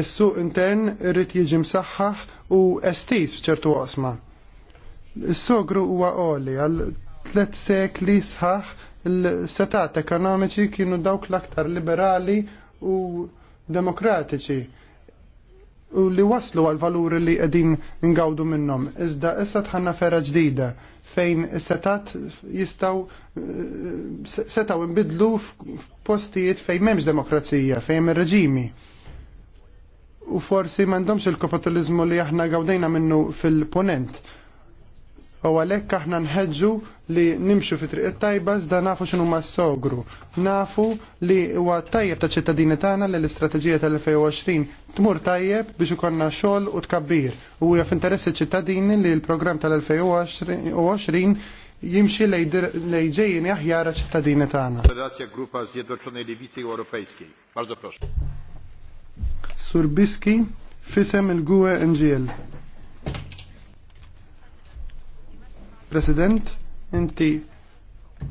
Is-suq intern irrid jiġi msaħħaħ u estis f'ċertu qosma Is-sogru huwa għoli għal tliet sekli sħaħ il-setat ekonomiċi kienu dawk l-aktar liberali u demokratiċi u li waslu għal valuri li qegħdin ngawdu minnhom. Iżda issa tħanna fera ġdida fejn is setat jistgħu eh, setgħu imbidlu f'postijiet fejn m'hemmx demokrazija, fejn ir reġimi u forsi m'għandhomx il-kapitalizmu li aħna gawdejna minnu fil-ponent u għalhekk aħna nħeġġu li nimxu fi triq tajba zda nafu xinu ma sogru. Nafu li huwa tajjeb ta' ċittadini tagħna li l-istrateġija tal-2020 tmur tajjeb biex ikonna xogħol u tkabbir. U hija f'interess iċ-ċittadini li l-programm tal-2020 jimxi lej ġejjin aħjar ċittadini tagħna. Federazzja Grupa Zjednoczonej Lewicy Europejskiej. Bardzo proszę. Surbiski, fisem il-GUE NGL. President, inti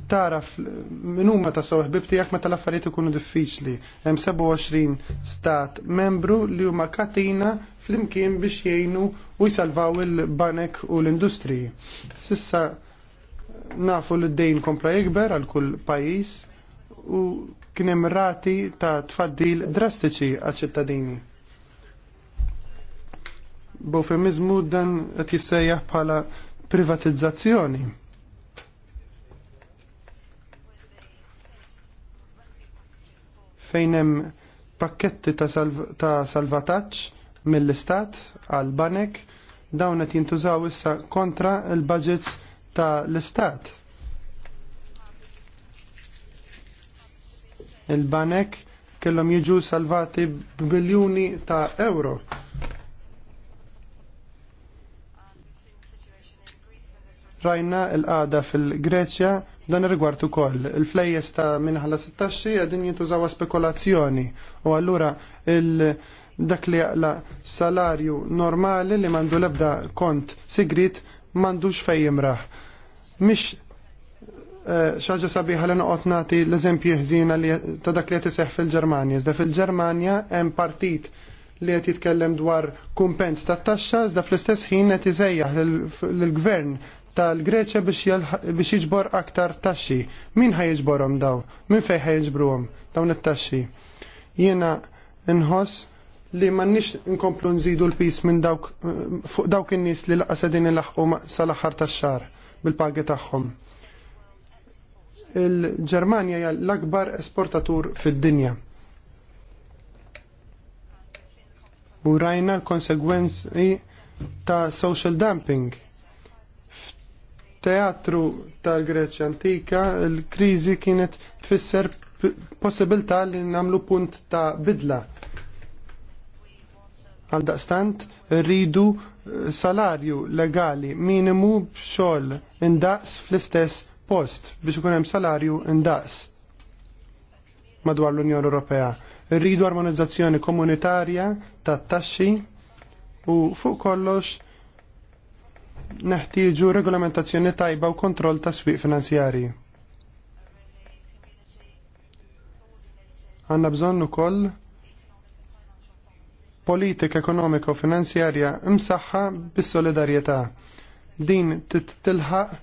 taraf ma ta' soħ ħbib tiegħek meta l-affarijiet ikunu diffiċli. Hemm 27 stat membru li huma katina flimkien biex jgħinu u jsalvaw il-banek u l-industriji. Sissa nafu li d-dejn kompla jikber għal kull pajjiż u kien hemm rati ta' tfaddil drastiċi għal ċittadini. Bofemizmu dan qed jissejjaħ bħala privatizzazzjoni. Fejn hemm pakketti ta', salv ta salvataġġ mill-istat għal banek dawn qed jintużaw issa kontra l-budgets ta' l-istat. Il-banek kellhom jiġu salvati biljuni ta' euro rajna l-qada fil-Greċja dan ir-rigward ukoll. Il-flejjes ta' minħala 16 qegħdin jintużaw spekulazzjoni u allura il- dak li jaqla salarju normali li mandu lebda kont sigrit mandux fej jimraħ. Mish eh, xaġa sabiħa li noqgħod nagħti l-eżempju ħżina ta' dak li jtiseħ fil-Ġermanja. Iżda fil-Ġermanja hemm partit li qed jitkellem dwar kumpens tat taxxa iżda fl-istess ħin qed iżejjaħ lill-gvern tal-Greċja biex jiġbor aktar taxxi. Min ħajġborhom daw? Min fejn ħajġbruhom dawn it-taxxi? Jiena nħoss li m'għandniex nkomplu nżidu l-pis minn dawk fuq dawk in-nies li laqas qegħdin ilaħqu sal-aħħar tax-xahar bil-pagi tagħhom. Il-Ġermanja hija l-akbar esportatur fid-dinja. U rajna l-konsegwenzi ta' social dumping teatru tal-Greċja antika l-kriżi kienet tfisser possibilità li nagħmlu punt ta' bidla. Għaldaqstant rridu eh, salarju legali minimu b'xogħol indaqs fl-istess post biex ikun hemm salarju indaqs madwar l-Unjoni Ewropea. Rridu armonizzazzjoni komunitarja tat-taxxi u fuq kollox neħtieġu regolamentazzjoni tajba u kontroll ta' swieq finanzjarji. Għanna bżonn ukoll politika ekonomika u finanzjarja imsaħħa bis-solidarjetà. Din tilħaq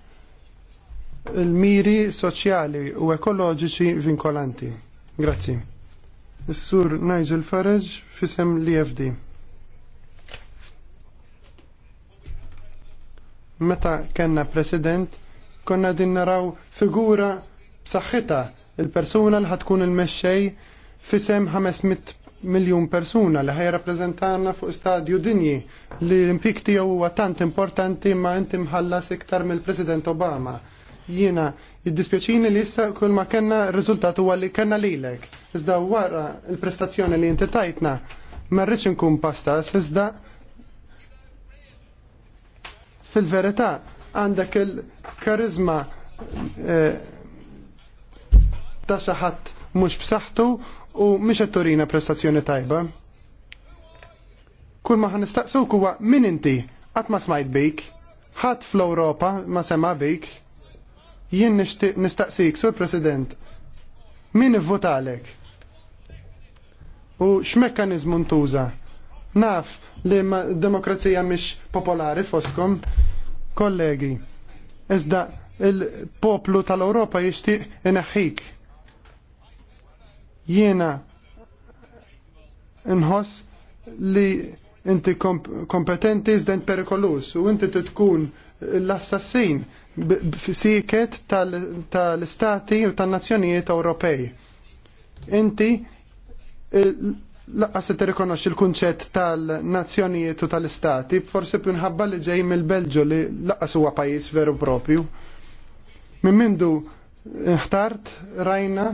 il-miri soċjali u ekoloġiċi vinkolanti. Grazzi. Is-sur Nigel Farage fisem l ifd meta kellna president konna din naraw figura b'saħħitha il-persuna li ħatkun il-mexxej fisem 500 miljun persuna li ħaj rappresentana fuq stadju dinji li l-impik tiegħu huwa tant importanti ma inti mħallas iktar mill-President Obama. Jiena jiddispjaċini li issa kull ma kellna r-riżultat huwa li kellna lilek. Iżda wara l prestazzjoni li inti tajtna ma rridx inkun pastas iżda fil-verità għandek il-karizma eh, ta' xi ħadd mhux b'saħħtu u mhix qed turina prestazzjoni tajba. Kull maħan ħanistaqsuk huwa min inti qatt ma smajt bik, ħadd fl-Ewropa ma sema bik. Jien nistaqsik, Sur President, min votalek U x'mekkaniżmu ntuża? Naf li demokrazija mhix popolari foskom, kollegi. Iżda il-poplu tal-Ewropa jixtieq inaħik. Jiena nħoss li inti kompetenti zden perikolus u inti tkun l-assassin siket tal-istati u tan nazzjonijiet Ewropej. Inti laqqas se rikonoxxi l-kunċett tal-nazzjonijiet u tal-istati, forsi minħabba li ġej mill-Belġu li laqqas huwa pajjiż veru propju. Minn mindu eh, ħtart rajna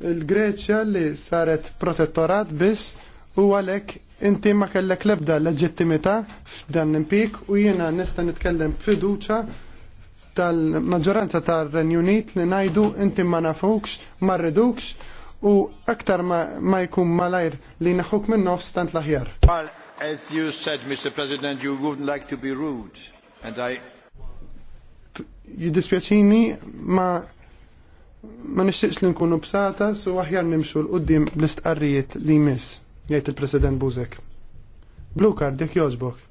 l greċja li saret protettorat biss u għalhekk inti ma kellek lebda leġittimità f'dan l-impik u jiena nista' nitkellem fiduċa tal-maġġoranza tar renju Unit li ngħidu inti ma nafukx, ma rridux u aktar ma jkun malajr li naħuk minn nofs tant laħjar. Well, as you said, Mr. President, you wouldn't like to be rude, and I... Jidispjaċini ma ma nixtiqx li nkunu bsata su aħjar nimxu l-qoddim bl-istqarrijiet li jmiss, jgħid il-President Buzek. Blue card, jekk jogħġbok.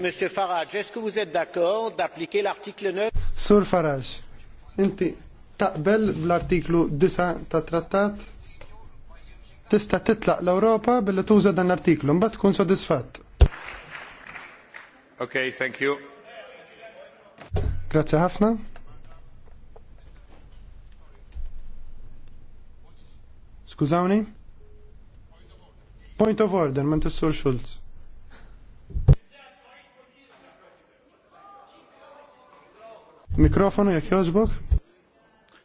Monsieur Farage, est-ce que vous êtes d'accord d'appliquer l'article 9 Sur Farage, inti taqbel bl-artiklu 9 ta' trattat tista' titlaq l-Ewropa billi tuża dan l-artiklu mbagħad tkun sodisfatt. Okay, thank you. Grazzi ħafna. Skużawni? Point of order, man tissur Schulz. Mikrofonu jak jogħġbok?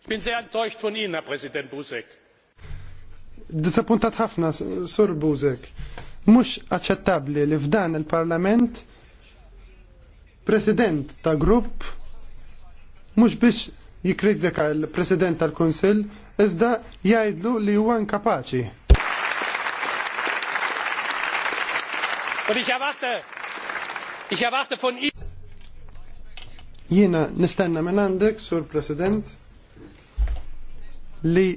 bin sehr enttäuscht von Ihnen, Herr Präsident Buzek. Disappuntat ħafna, Sur Buzek. Mhux aċċettabbli li f'dan il-Parlament President ta' grupp mhux biex jikritika l-President tal-Kunsill iżda jgħidlu li huwa inkapaċi. Jiena nistenna minn għandek, Sur President li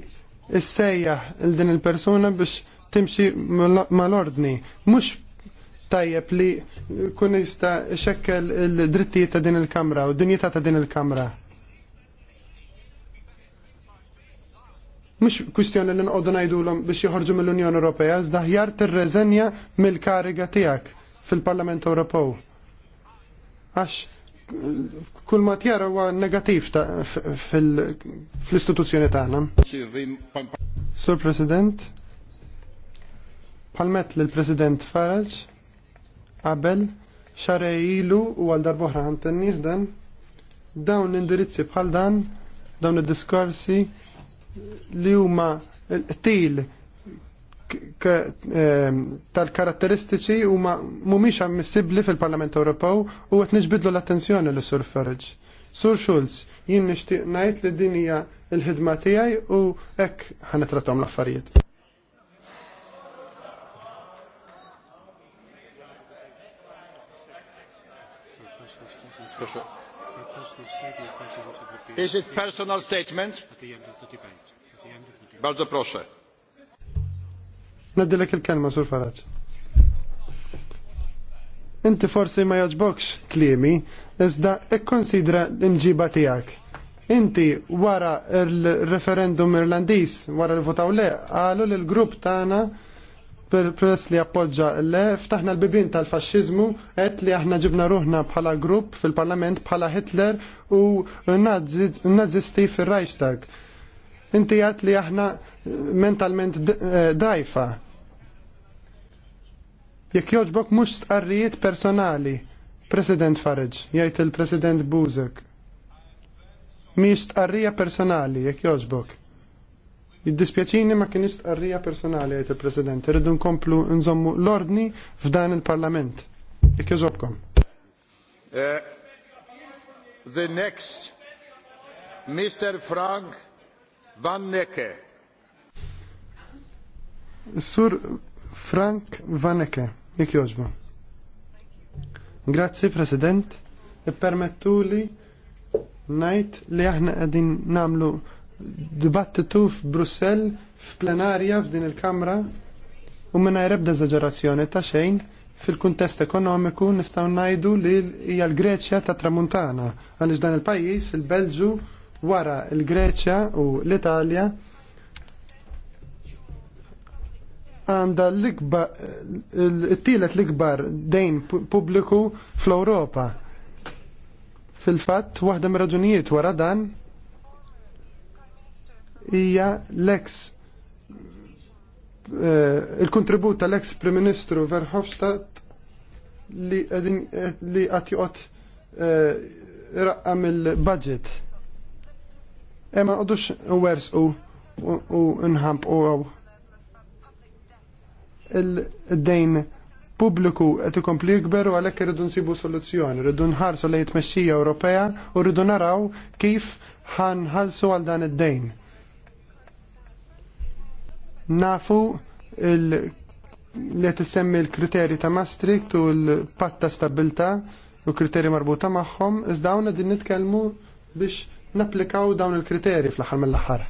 issejjaħ l din il-persuna biex timxi mal-ordni. Mux tajjeb li kun jista xekkel il-drittijiet ta' din il-kamra u dinjità ta' din il-kamra. Mux kwistjoni li nqoddu ngħidulhom biex joħorġu mill-Unjoni Ewropea, iżda ħjar tirreżenja mill-kariga tiegħek fil-Parlament Ewropew. Għax kull ma tjara huwa negativ fl-istituzzjoni tagħna. Sur President, palmet lil President Farage qabel xarej ilu u għal darbohra ħantenniħ dan dawn l-indirizzi bħal dan dawn id-diskorsi li huma til Ehm, tal-karatteristiċi huma mumiċa missibli fil-Parlament Ewropew u għet nġbidlu l-attenzjoni l sur Farage. Sur Schulz, jien nixtieq najt li dinija il l-ħidma tiegħi u ek ħanetratom l-affarijiet. Is it personal statement? At the end of the debate. At the end of the debate. Bardzo proszę. Naddilek il-kelma sur Faraġ. Inti forsi ma jaġbokx klimi, iżda ikkonsidra l-imġiba tijak. Inti wara il-referendum irlandis, wara l-votaw le, għalu l-grupp tana peress li appoġġa le, ftaħna l-bibin tal-fasċizmu, għet li aħna ġibna ruħna bħala grupp fil-parlament bħala Hitler u nazisti fil-Reichstag. Inti għat li aħna mentalment eh, dajfa. Jekk joġbok mhux stqarrijiet personali, President Farage, jgħid il-President Buzek. Mhix stqarrija personali, jekk joġbok. Jiddispjaċini ma kien istqarrija personali jgħid il-President. Irridu nkomplu nżommu l-ordni f'dan il-Parlament. Jekk joġobkom. Uh, the next Mr. Frank Van Necke. Sur Frank Vaneke, jek joġbu. Grazzi, President. Permettu li najt li aħna għedin namlu dibattitu f'Brussell f'plenarja f'din il-Kamra u minna jrebda eżagġerazzjoni ta' xejn fil-kuntest ekonomiku nistaw najdu li hija l-Greċja ta' tramuntana għaliex dan il-pajjiż il-Belġu wara l-Greċja u l-Italja għanda l-tielet l-ikbar dejn pubbliku fl-Ewropa. Fil-fatt, waħda mraġunijiet raġunijiet wara dan hija l ex eh, il-kontribut tal ex Prim Ministru Verhofstadt li eh, qed joqgħod eh, raqqam il-budget. Ema qodux wers u nħamp u għaw il-dejn pubbliku qed ikompli jikberu għalhekk irridu nsibu soluzzjoni, Rridu nħarsu lejn tmexxija Ewropea u rridu naraw kif ħanħalsu għal dan id-dejn. Nafu li qed issemmi l-kriterji ta' Maastricht u l patt ta' stabilta u kriterji marbuta magħhom, iżda hawn qegħdin nitkellmu biex napplikaw dawn il-kriterji fl-aħħar mill-aħħar.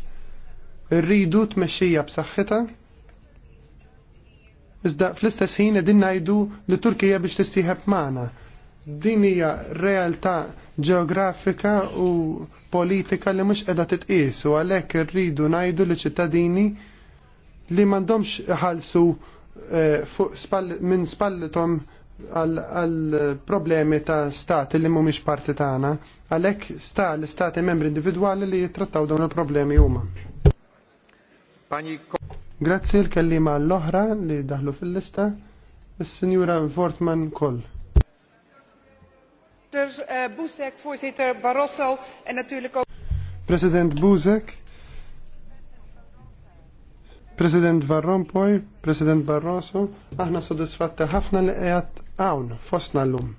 Irridu tmexxija b'saħħitha iżda fl-istess ħin qegħdin ngħidu li Turkija biex tissieħeb magħna. Din hija realtà ġeografika u politika li mhux qiegħda titqies u għalhekk irridu ngħidu li ċittadini li m'għandhomx ħalsu eh, minn spallithom għal problemi ta' stati li mhumiex parti tagħna, għalhekk sta l-istati membri individwali li jittrattaw dawn il-problemi huma. Grazzi l-kellima l-oħra li daħlu fil-lista, il-Sinjura Fortman Koll. Eh, President Buzek, President Van Rompuy, President Barroso, aħna soddisfatti ħafna li qiegħed hawn fostna llum.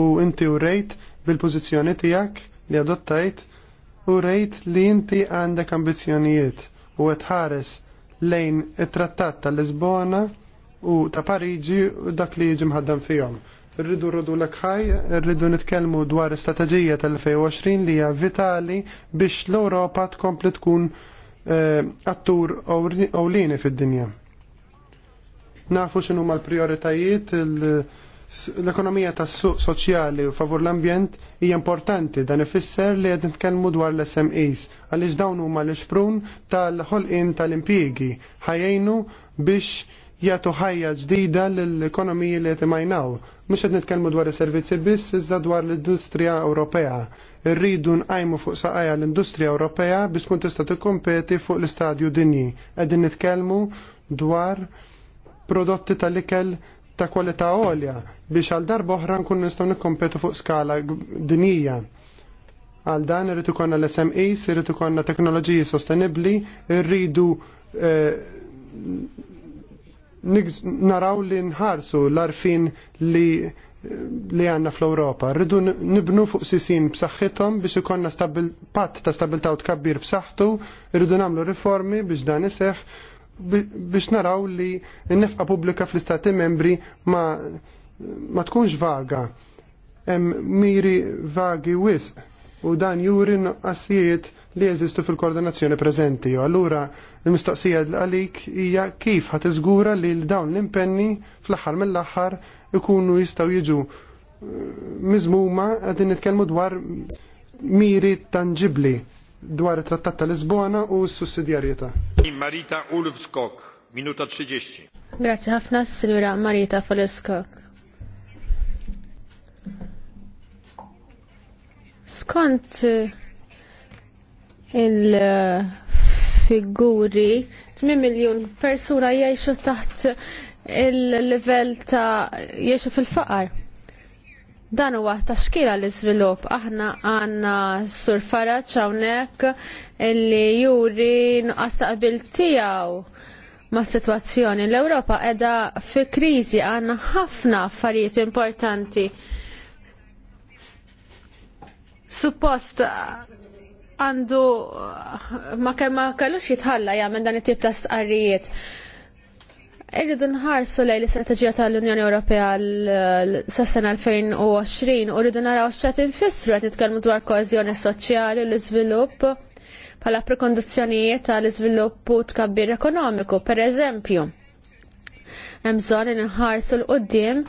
U inti u rejt bil-pożizzjoni tiegħek li adottajt u rejt li inti għandek ambizzjonijiet u qed ħares lejn it-trattat tal-Lisbona u ta' Pariġi u dak li jiġi mħaddam fihom. Rridu rridu l ħaj, rridu nitkellmu dwar istrateġija tal-2020 li hija vitali biex l-Ewropa tkompli tkun eh, attur ewlieni fid-dinja. Nafu x'inhuma l-prijoritajiet, il- L-ekonomija tas suq soċjali u favur l-ambjent hija importanti dan ifisser li qed nitkellmu dwar l-SMEs għaliex dawn huma l ixprun tal-ħolqien tal-impjiegi ħajjejnu biex jagħtu ħajja ġdida lill-ekonomiji li qed imajnaw. Mhux qed nitkellmu dwar is-servizzi biss iżda dwar l-industrija Ewropea. Irridu nqajmu fuq saqajja l-industrija Ewropea biex tkun tista' tikkompeti fuq l-istadju dinji. Qegħdin nitkellmu dwar prodotti tal-ikel ta' kwalità għolja biex għal darba oħra nkun nistgħu nikkompetu fuq skala dinija. Għal dan irrid ikollna l-SMEs, irrid ikollna teknoloġiji sostenibbli, irridu e, naraw li nħarsu l-arfin li li għanna fl-Europa. Rridu nibnu fuq sisin b'saħħithom biex ikonna patt ta' stabilta' u tkabbir b'saħħtu, rridu namlu riformi biex dan iseħ biex naraw li n-nefqa pubblika fl-istati membri ma, ma tkunx vaga. Hemm miri vagi wisq u dan juri nuqqasijiet li jeżistu fil-koordinazzjoni preżenti. allura l-mistoqsija għalik hija kif ħat iżgura li dawn l-impenni fl-aħħar mill-aħħar ikunu jistgħu jiġu eh, mizmuma qegħdin nitkellmu dwar miri tangibli dwar it-Trattat ta' Lisbona u s-sussidjarjetà. Marita Ulfskok, minuta 30. Grazzi ħafna, Sinjura Marita Ulfskok. Skont eh, il-figuri, eh, 8 miljon persuna jgħixu taħt il-level ta' jgħixu fil-faqar dan huwa taxkira l-iżvilupp. Aħna għandna Sur Farage hawnhekk illi juri nuqqas taqbil tiegħu ma' situazzjoni. L-Ewropa qiegħda fi kriżi għandna ħafna affarijiet importanti. Suppost għandu ma kellux jitħalla jagħmel dan it-tip ta' stqarrijiet. Irridu nħarsu lejn l-istrateġija tal-Unjoni Ewropea l sena 2020 u rridu naraw x'qed infissru qed nitkellmu dwar koeżjoni soċjali u l-iżvilupp bħala prekondizzjonijiet tal-iżvilupp u tkabbir ekonomiku, pereżempju. Hemm bżonn inħarsu l qudiem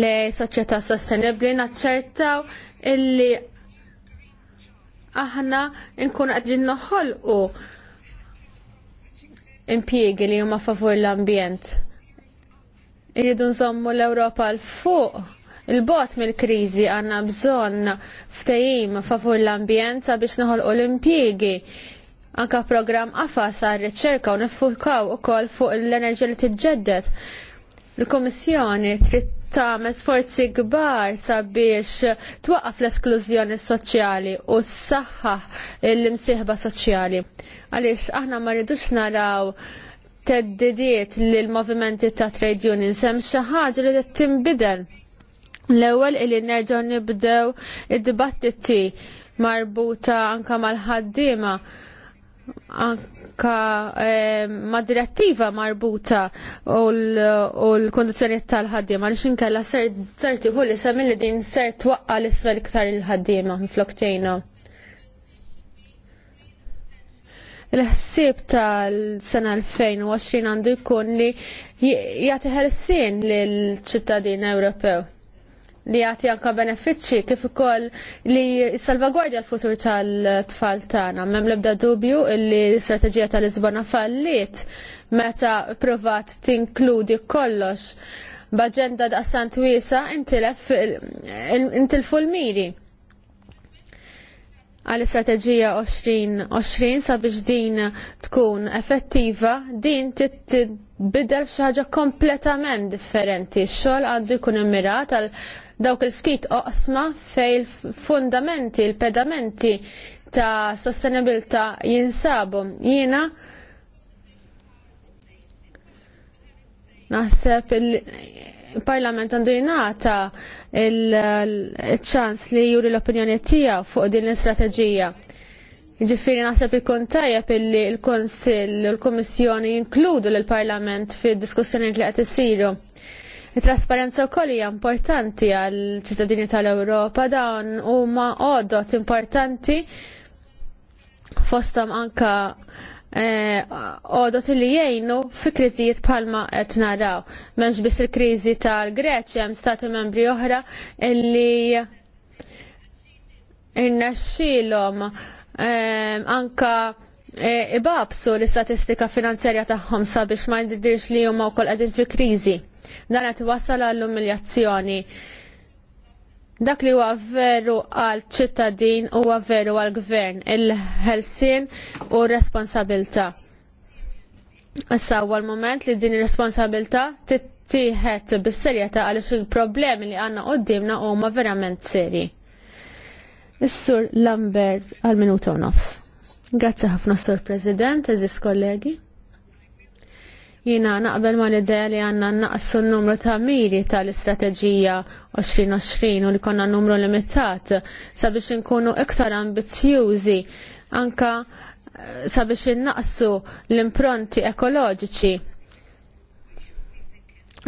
le soċjetà sostenibbli naċċertaw illi aħna nkunu qegħdin noħolqu impjiegi li huma favur l-ambjent. Irridu nżommu l-Ewropa l-fuq il-bot mill-krizi għanna bżonn ftehim favur l-ambjent sabiex noħolqu l-impjiegi anka program qafas għal riċerka u nifukaw ukoll fuq l-enerġija li tiġġedded. Il-Kummissjoni trid tagħmel sforzi kbar sabiex twaqqaf l-esklużjoni soċjali u s-saħħa l-imsieħba soċjali. Għaliex aħna ma rridux naraw teddidiet li l-movimenti ta' trade union sem xaħġa li timbidel. L-ewel li nerġaw nibdew id-dibattiti marbuta anka mal-ħaddima anka ehm, ma' direttiva marbuta u l-kondizjoniet tal-ħaddiema għaliex inkella ser tiħu li semmi li din ser twaqqa l-isfel iktar il-ħaddiema fl-oktejna. l-ħsieb tal-sena 2020 għandu jkun li jagħti ħelsien lill-ċittadin Ewropew li jagħti anka benefiċċji kif ukoll li salvagwardja l-futur tal-tfal tagħna. M'hemm l-ebda dubju li l-istrateġija tal-Lisbona falliet meta provat tinkludi kollox b'aġenda daqstant wiesa intilef intilfu l-miri għal istrateġija 2020 sabiex din tkun effettiva, din titbidel xi ħaġa kompletament differenti. X-xogħol għandu jkun immirat għal dawk il-ftit oqsma fej il-fundamenti, il-pedamenti ta' sostenibilità jinsabu. Jiena naħseb il- il-Parlament għandu jingħata il-ċans li juri l-opinjoni tiegħu fuq din l-istrateġija. Ġifiri naħseb il tajjeb illi l konsil u l-Kummissjoni jinkludu l-Parlament fid diskussjoni li qed isiru. Il-trasparenza wkoll hija importanti għal ċittadini tal-Ewropa dawn huma għodot importanti fostam anka Eh, għodot li jgħinu fi kriżijiet palma qed naraw. Menx biss il-kriżi tal-Greċja hemm stati membri oħra illi irnexxilhom ehm, anka eh, ibabsu l-istatistika finanzjarja tagħhom sabiex ma jdirx li huma wkoll qegħdin fi kriżi. Dan qed iwassal għall-umiljazzjoni. Dak li huwa veru għal ċittadin huwa veru għal gvern il-ħelsin u responsabilta. Issa huwa l-moment li din ir-responsabilta tittieħed bis-serjetà għaliex il-problemi li għandna qudiemna huma verament serji. Is-sur Lambert għal minuta u nofs. Grazzi ħafna, Sur President, eżis kollegi. Jina naqbel ma l-ideja li għanna naqsu n-numru ta' miri tal-istrateġija 2020 u li konna numru limitat sabiex nkunu iktar ambizjużi anka eh, sabiex innaqsu l-impronti ekoloġiċi.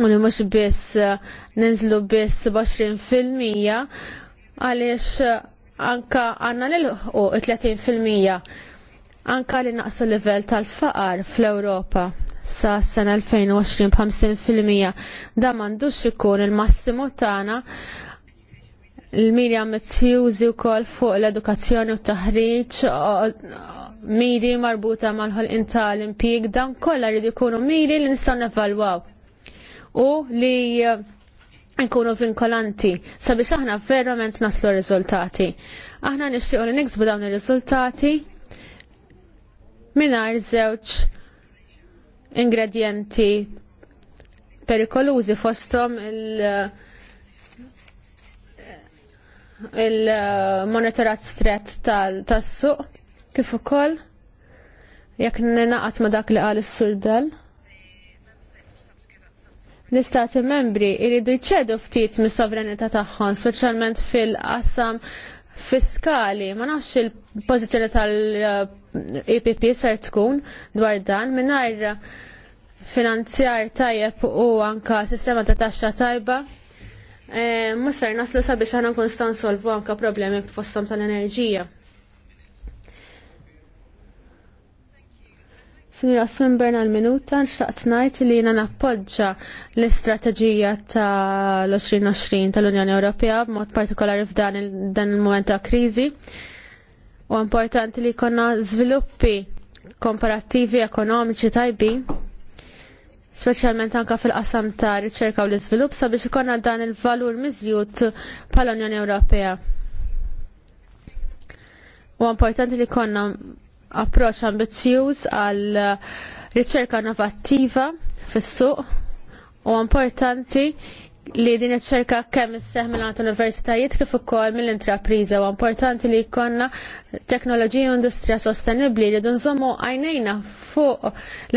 U li mux biss eh, ninżlu biss 20% għaliex eh, anka għanna nilħu 30% Anka li naqsa livell tal-faqar fl-Ewropa sa s-sena 2020 b'50% da m'għandux ikun il-massimu tagħna l-mirja u wkoll fuq l-edukazzjoni u taħriċ taħriġ miri marbuta mal-ħolqien tal-impjieg dan kollha jridu jkunu miri li nistgħu nevalwaw u li jkunu vinkolanti sabiex aħna verament naslu riżultati. Aħna nixtiequ li niksbu dawn ir-riżultati mingħajr żewġ ingredienti perikolużi fosthom il- il-monitorat stret tal-suq kif ukoll jekk ninaqat ma dak li qal is-surdal. L-istati membri jridu jċedu ftit mis-sovranità tagħhom, speċjalment fil-qassam fiskali, ma nafx il-pozizjoni tal-EPP ser tkun dwar dan mingħajr finanzjar tajjeb u anka sistema ta' taxxa tajba. E, naslu sabiex ħana nkun stan solvu anka problemi f'postom tal-enerġija. Sinjura Swinburne għal minuta nxtaqt ngħid li jiena nappoġġa l-istrateġija tal-2020 tal-Unjoni Ewropea b'mod partikolari f'dan dan il-mument ta' kriżi. U importanti li jkollna żviluppi komparattivi ekonomiċi tajbi speċjalment anke fil-qasam ta' riċerka u l-iżvilupp sabiex ikonna dan il-valur miżjud pal unjoni Ewropea. U importanti li konna approċċ ambizzjuż għal riċerka innovattiva fis-suq u importanti li din iċ-ċerka kemm isseħ mill għat universitajiet kif ukoll mill-intrapriża u importanti li jkollna teknoloġija u industrija sostenibbli li dunżommu għajnejna fuq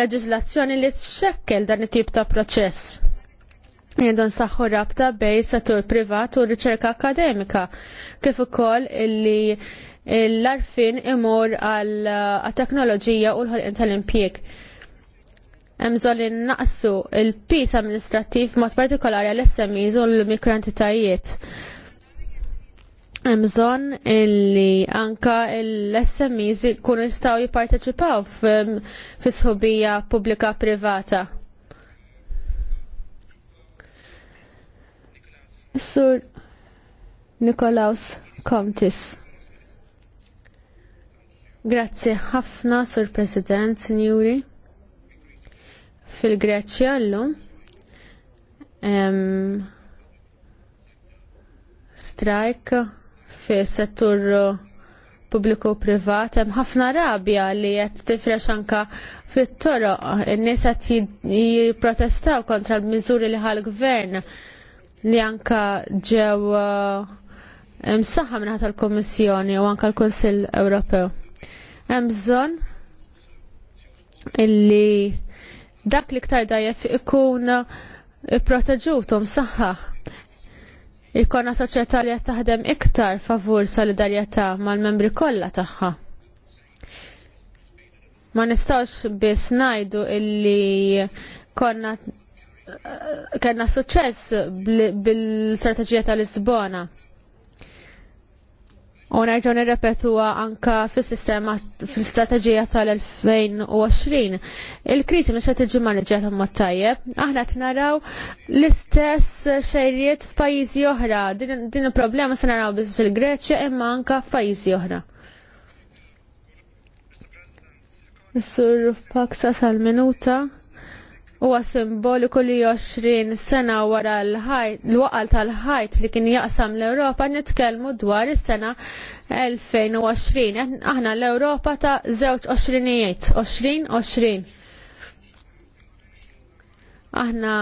leġiżlazzjoni li txekkel dan it-tip ta' proċess. Jidun saħħu rabta bej settur privat u riċerka akademika kif ukoll illi l-arfin imur għal-teknoloġija uh, u l-ħolqin tal-impjek. Emżol naqsu il-pis amministrativ mod partikolari għal-SMEs u l-mikrantitajiet. Emżon illi anka l-SMEs kunu jistaw jiparteċipaw f'isħubija pubblika privata. Sur Nikolaus Comtis. Grazzi ħafna, Sur President, Sinjuri. Fil-Greċja llum strajk fis settur pubbliku privat hemm ħafna rabja li qed tifrex anke fit-toroq. In-nies qed jipprotestaw kontra l-miżuri li ħal-gvern li anke ġew minn ħadd l-Kummissjoni u anke l-Kunsill Ewropew. Hemm bżonn illi dak li ktar dajjef ikun proteġutum saħħa. Ikona soċjetà li qed taħdem iktar favur solidarjetà mal-membri kollha tagħha. Ma nistgħux biss ngħidu illi konna kellna suċċess bil-strateġija tal-Lisbona u nerġgħu nirrepetuha anke fis-sistema fl-istrateġija tal-2020. Il-kriżi mhux qed tiġi maniġġjata mod tajjeb. Aħna qed naraw l-istess xejriet f'pajjiżi oħra. Din il-problema se naraw biss fil-Greċja imma anke f'pajjiżi oħra. Sur Paksa sal-minuta huwa simboliku li 20 sena wara l-waqal ħajt l tal-ħajt li kien jaqsam l-Ewropa nitkellmu dwar is-sena 2020. Aħna l-Ewropa ta' żewġ 20ijiet, 20-20. Aħna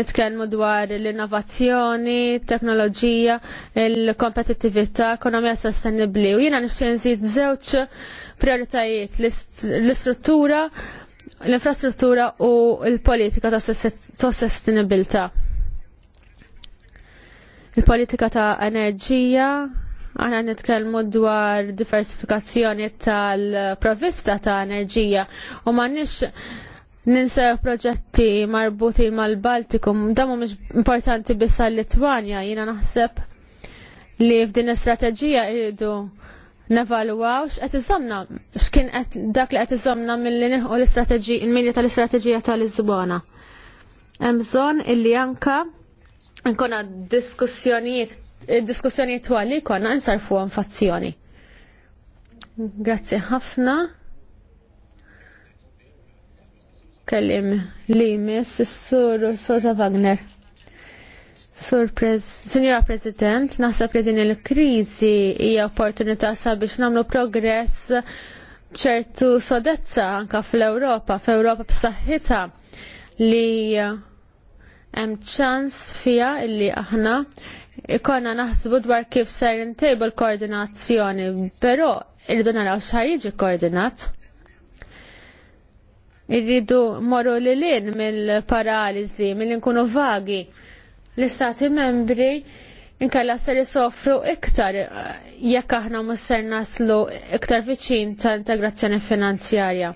nitkellmu dwar l-innovazzjoni, teknoloġija, l-kompetittività, ekonomija sostenibbli u jiena nixtieq nżid żewġ prioritajiet l-istruttura l-infrastruttura u l-politika ta' sostenibilità. Il-politika ta' enerġija, għana nitkellmu dwar diversifikazzjoni tal-provista ta' enerġija u ma' nix ninsa proġetti marbuti mal-Baltikum, da mhumiex importanti bissa l litwanja jiena naħseb li f'din strategija istrateġija irridu nevaluaw x'qed iżomna x'kien qed dak li qed iżomna milli nieħu l-istrateġija il minja tal-istrateġija tal-Lisbona. Hemm bżonn illi anka nkunna diskussjonijiet diskussjonijiet twal li konna nsarfuhom fazzjoni. Grazzi ħafna. Kellim li miss is-sur Sosa Wagner. Sur Prez Signora President, naħseb li din il-kriżi hija opportunità sabiex nagħmlu progress b'ċertu sodezza anke fl-Ewropa, f'Ewropa b'saħħitha li hemm ċans fiha illi aħna ikonna naħsbu dwar kif ser intejbu l-koordinazzjoni, però irridu naraw x'ħar jiġi koordinat irridu morru li lin mill-paralizi, mill-inkunu vagi l-istati membri inkella ser jisofru iktar eh, jekk aħna mhux ser naslu iktar viċin ta' integrazzjoni finanzjarja.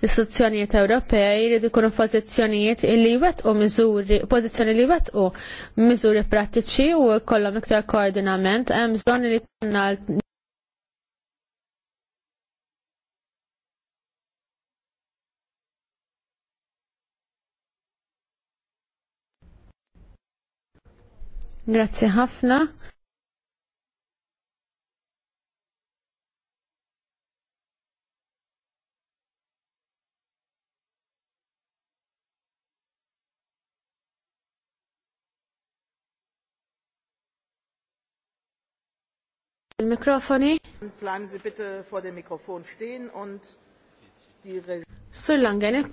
L-istituzzjonijiet Ewropej jridu jkunu pożizzjonijiet li jwettqu miżuri, pożizzjoni li jwettqu miżuri prattiċi u jkollhom iktar koordinament hemm bżonn li tkunna Grazie ħafna. Il-mikrofoni. Bleiben Sie bitte vor dem Mikrofon stehen und die Sur Langen,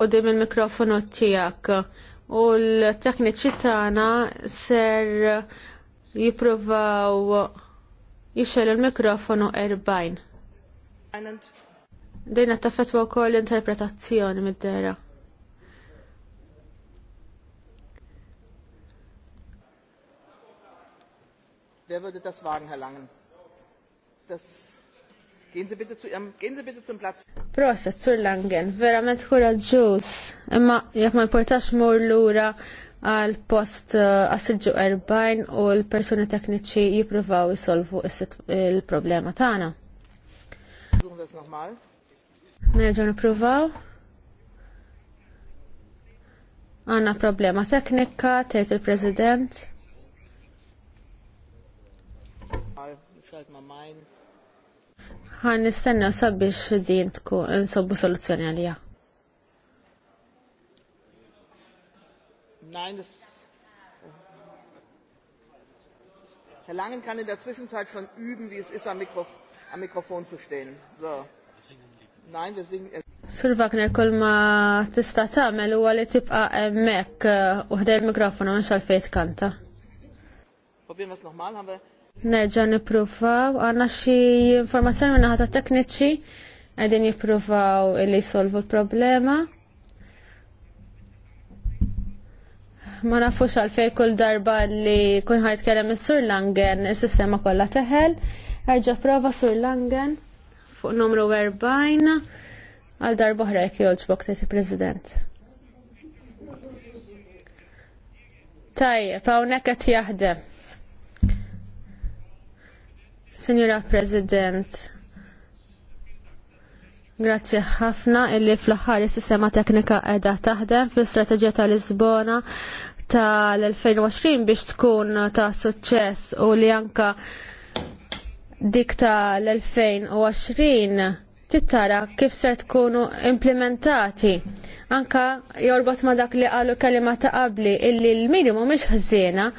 u dim il-mikrofonu tijak u l-tekniċi tagħna ser jippruvaw jixxel il-mikrofonu 40. Dejna ta' fetwa wkoll interpretazzjoni mid-dera. Wer würde das wagen, Herr Langen? Das Gehen Sie bitte zu Ihrem, gehen Sie bitte zum Platz. Proset, Sur Langen, verament kuraġġuż. Imma jekk ma jportax mur lura għal post għas-siġġu eh, erbajn u l-persuni tekniċi jippruvaw jisolvu il-problema tagħna. Nerġgħu nippruvaw. Għanna problema teknika, tgħid il-President. Schalt mal mein ħan nistenna sabiex din tkun insobbu soluzzjoni għalija. Nein, das Herr Langen kann in der Zwischenzeit schon üben, wie es ist, am, Mikrof am Mikrofon zu stehen. So. Nein, wir singen. Sur Wagner, kol ma tista tamel u għalli tibqa emmek eh, uħda il-mikrofonu għanx għalfejt kanta. Probieren wir es nochmal, haben wir Nerġa' nippruvaw għanna xi informazzjoni minna ħata tekniċi qegħdin jippruvaw li jsolvu l-problema. Ma nafux fej kull darba li kun ħajt kellem is-Sur Langen is-sistema kollha teħel. Erġa' prova Sur Langen fuq numru 40 għal darba oħra jekk jogħġbok tgħid president Tajjeb, hawnhekk qed jaħdem. Signora President, Grazzi ħafna illi fl-aħħar is-sistema teknika qiegħda taħdem fl-istrateġija tal-Lisbona tal-2020 biex tkun ta' suċċess u li anka dik ta l 2020 tittara kif se tkunu implementati. Anka jorbot ma dak li qalu kelima ta' qabli illi l-minimu mhix ħżiena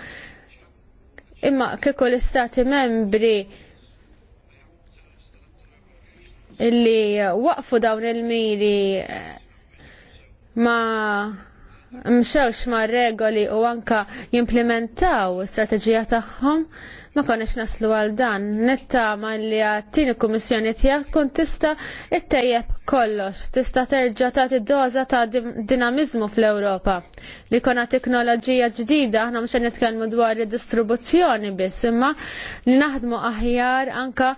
imma kieku l-istati membri illi waqfu dawn il-miri ma' mxewx ma' regoli u anka jimplementaw strategija tagħhom, ma konniex naslu għal dan. Nittama li għattini kummissjoni tijak kun tista ittejjeb kollox, tista terġa' tagħti doza ta' dinamizmu fl-Ewropa. Li kona teknoloġija ġdida, aħna mhux nitkellmu dwar id-distribuzzjoni biss, imma li naħdmu aħjar anka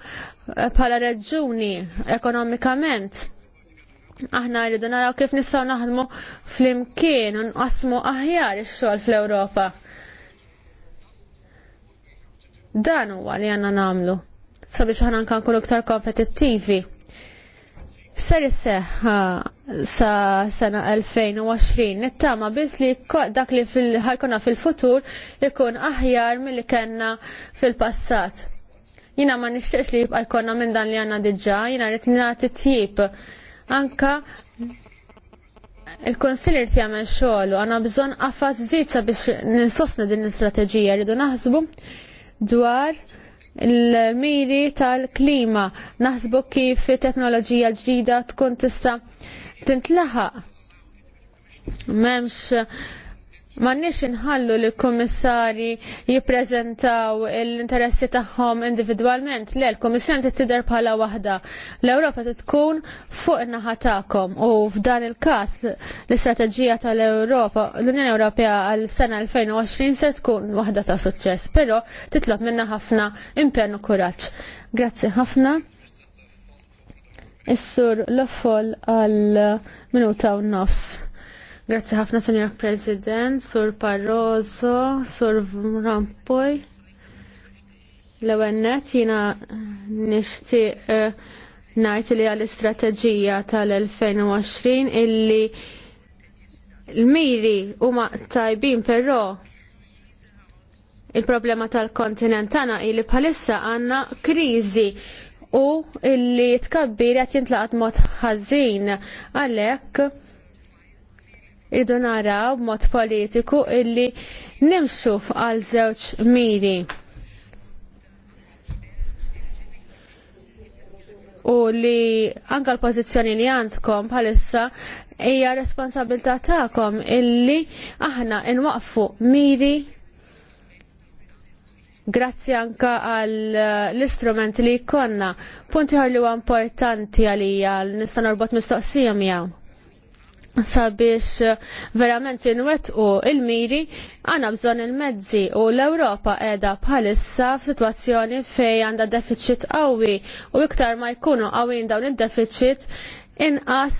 bħala reġuni ekonomikament aħna rridu naraw kif nistgħu naħdmu flimkien u nqasmu aħjar ix-xogħol fl-Ewropa. Dan huwa li għandna nagħmlu sabiex aħna nkunu iktar kompetittivi. Ser isseħ sa sena 2020 nittama biss li dak li ħajkuna fil futur ikun aħjar milli kellna fil-passat. Jina ma nixtieqx li jibqa' jkollna minn dan li għandna diġà, jiena rrid nagħti tjib anka il-konsil irt jagħmel xogħol u għandna bżonn qafas ġdid sabiex ninsostna din l-istrateġija rridu naħsbu dwar il-miri tal-klima, naħsbu kif teknoloġija ġdida tkun tista' tintlaħaq. M'hemmx nix inħallu li l-kommissari jiprezentaw l-interessi tagħhom individwalment. Le, l-kommissjoni tidher bħala waħda. L-Ewropa tkun fuq in-naħa tagħkom u f'dan il-każ l-istrateġija tal-Ewropa, l-Unjoni Ewropea għal sena 2020 se tkun waħda ta' suċċess, però titlob minna ħafna impenn u kuraġġ. Grazzi ħafna. Is-sur l-offol għal minuta u nofs. Grazzi ħafna, Senjor President, Sur Parroso, Sur Rampoj. l għennet jina nishti eh, najt li għal-istrateġija tal-2020 illi l-miri u ma tajbin però il-problema tal-kontinent għana illi bħalissa għandna kriżi u illi tkabbir qed jintlaqat mod ħażin għalhekk Idu naraw b'mod politiku illi nimxu għal żewġ miri. U li anka l-pożizzjoni li għandkom bħalissa hija responsabilità tagħkom illi aħna nwaqfu miri grazzi anka għall eh, l-istrument li jkollna. Punti ħar li huwa importanti għalija nista' norbot mistoqsija miegħu sabiex eh, verament jinwet u il-miri għana bżon il-mezzi u l-Europa edha bħalissa f-situazzjoni fej għanda deficit qawwi u iktar ma jkunu qawwin dawn il-deficit inqas